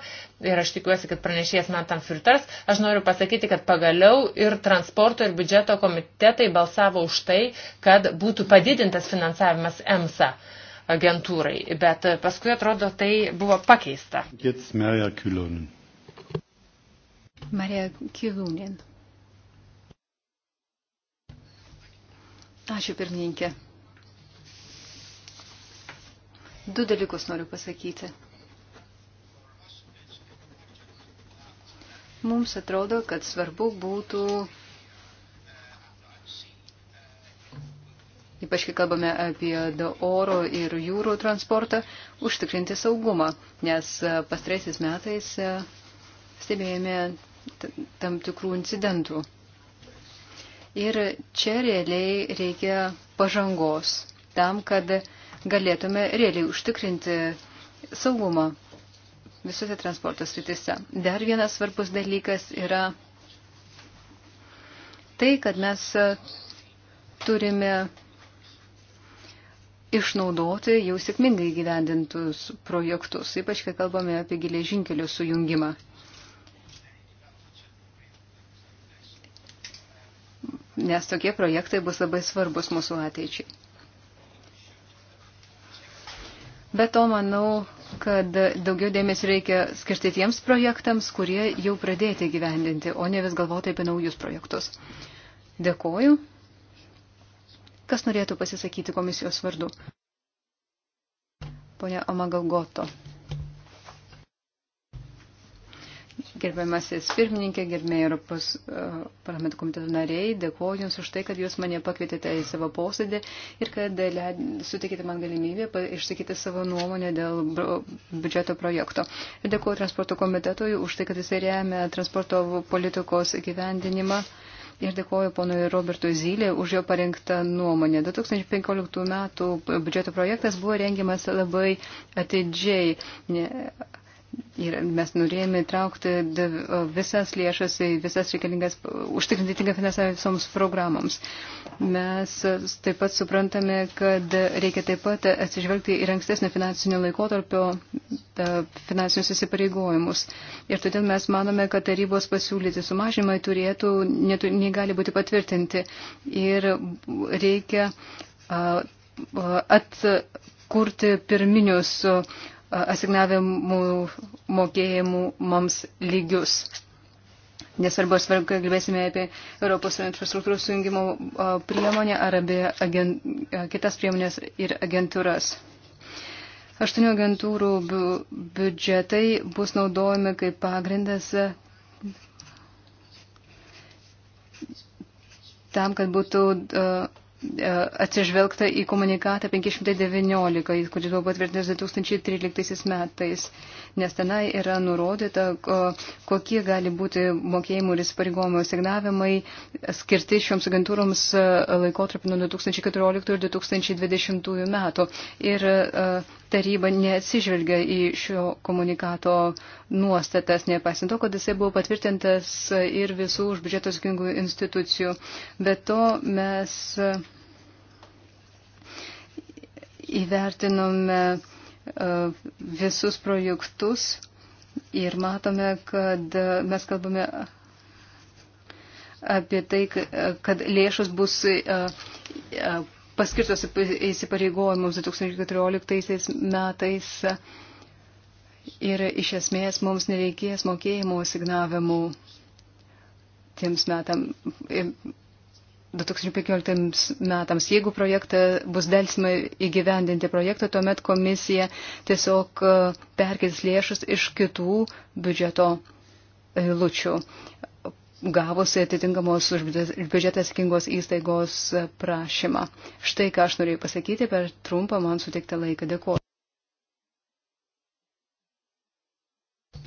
ir aš tikiuosi, kad pranešėjas man tam pritars. Aš noriu pasakyti, kad pagaliau ir transporto ir biudžeto komitetai balsavo už tai, kad būtų padidintas finansavimas EMSA agentūrai, bet paskui atrodo tai buvo pakeista. Jetzt Marija Kylunin. Marija Kylunin. Ačiū pirmininkė. Du dalykus noriu pasakyti. Mums atrodo, kad svarbu būtų, ypač kai kalbame apie oro ir jūrų transportą, užtikrinti saugumą, nes pastraisiais metais stebėjome tam tikrų incidentų. Ir čia realiai reikia pažangos tam, kad galėtume realiai užtikrinti saugumą visose transporto sritise. Dar vienas svarbus dalykas yra tai, kad mes turime išnaudoti jau sėkmingai gyvendintus projektus, ypač kai kalbame apie geležinkelio sujungimą. nes tokie projektai bus labai svarbus mūsų ateičiai. Bet to manau, kad daugiau dėmesio reikia skirti tiems projektams, kurie jau pradėti gyvendinti, o ne vis galvoti apie naujus projektus. Dėkoju. Kas norėtų pasisakyti komisijos vardu? Pone Amagalgoto. Gerbiamasis pirmininkė, gerbėjai Europos uh, parlamento komiteto nariai, dėkuoju Jums už tai, kad Jūs mane pakvietėte į savo posėdį ir kad leid, sutikite man galimybę išsakyti savo nuomonę dėl biudžeto projekto. Ir dėkuoju transporto komitetui už tai, kad jis remia transporto politikos gyvendinimą. Ir dėkuoju ponui Robertui Zylė už jo parengtą nuomonę. 2015 metų biudžeto projektas buvo rengiamas labai atidžiai. Ne, Ir mes norėjome traukti visas lėšas į visas reikalingas, užtikrinti tinką finansavimą visoms programoms. Mes taip pat suprantame, kad reikia taip pat atsižvelgti ir ankstesnio finansinio laikotarpio finansinius įsipareigojimus. Ir todėl mes manome, kad tarybos pasiūlyti sumažimai turėtų, netu, negali būti patvirtinti. Ir reikia at kurti pirminius uh, asignavimų mokėjimų mums lygius. Nesvarbu, ar kalbėsime apie Europos infrastruktūros sujungimo priemonę ar apie agent, kitas priemonės ir agentūras. Aštuonių agentūrų bi biudžetai bus naudojami kaip pagrindas tam, kad būtų uh, E, atsižvelgta į komunikatą 519, kuris buvo patvirtintas 2013 metais, nes tenai yra nurodyta, kokie gali būti mokėjimų ir įsipareigojimų signavimai skirti šioms agentūroms e, laikotarpį nuo 2014 ir 2020 metų. Ir e, taryba neatsižvelgia į šio komunikato nuostatas, nepaisant to, kad jisai buvo patvirtintas ir visų už biudžeto skingų institucijų. Be to mes įvertinome e, visus projektus ir matome, kad e, mes kalbame apie tai, e, kad lėšos bus paskirtos įsipareigojimus 2014 metais ir iš esmės mums nereikės mokėjimo signavimų tiems metam. 2015 metams. Jeigu projektą bus dėlsima įgyvendinti projektą, tuomet komisija tiesiog e, perkės lėšas iš kitų biudžeto lučių gavusi atitinkamos už biudžetą atsakingos įstaigos prašymą. Štai ką aš norėjau pasakyti per trumpą man suteiktą laiką. Dėkuoju.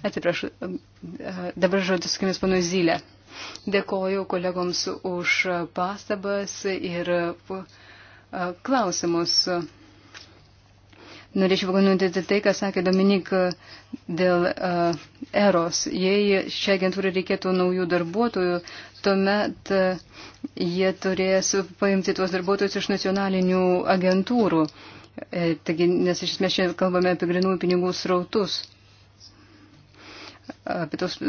Atsiprašau, dabar žodis su jumis panu Zylė. Dėkoju kolegoms už pastabas ir klausimus. Norėčiau pagalvoti tai, ką sakė Dominik e, dėl uh, eros. Jei šią agentūrą reikėtų naujų darbuotojų, tuomet uh, jie turės paimti tuos darbuotojus iš nacionalinių agentūrų. E, taigi, nes iš esmės čia kalbame apie grinųjų pinigų srautus apie tos,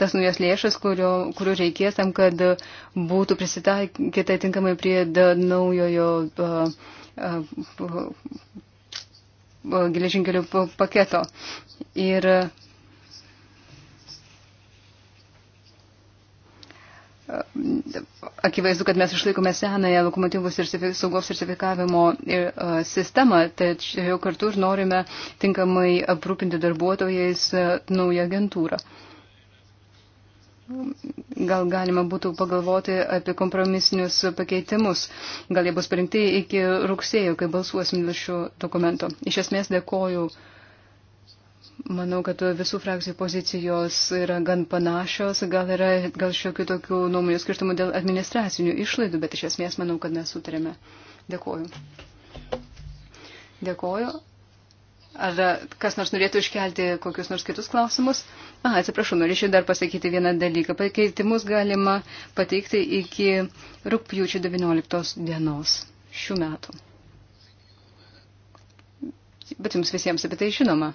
tas naujas lėšas, kurio, kurio reikės tam, kad būtų prisitaikyta tinkamai prie naujojo geležinkelių paketo. Ir akivaizdu, kad mes išlaikome senąją lokomotyvų saugos sertifikavimo e, sistemą, tačiau kartu ir norime tinkamai aprūpinti darbuotojais naują agentūrą. Gal galima būtų pagalvoti apie kompromisinius pakeitimus. Gal jie bus parinkti iki rugsėjo, kai balsuosim dėl šio dokumento. Iš esmės dėkoju. Manau, kad visų frakcijų pozicijos yra gan panašios. Gal yra gal šiokių tokių nuomonių skirtumų dėl administracinių išlaidų, bet iš esmės manau, kad mes sutarėme. Dėkoju. Dėkoju. Ar kas nors norėtų iškelti kokius nors kitus klausimus? A, atsiprašau, norėčiau dar pasakyti vieną dalyką. Pakeitimus galima pateikti iki rūpjūčio 19 dienos šių metų. Bet jums visiems apie tai žinoma.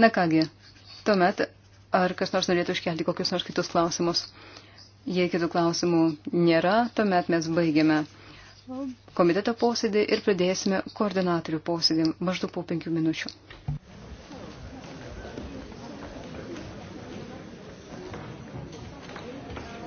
Na kągi, tuomet ar kas nors norėtų iškelti kokius nors kitus klausimus? Jei kitų klausimų nėra, tuomet mes baigiame komiteto posėdį ir pradėsime koordinatorių posėdį maždaug po penkių minučių.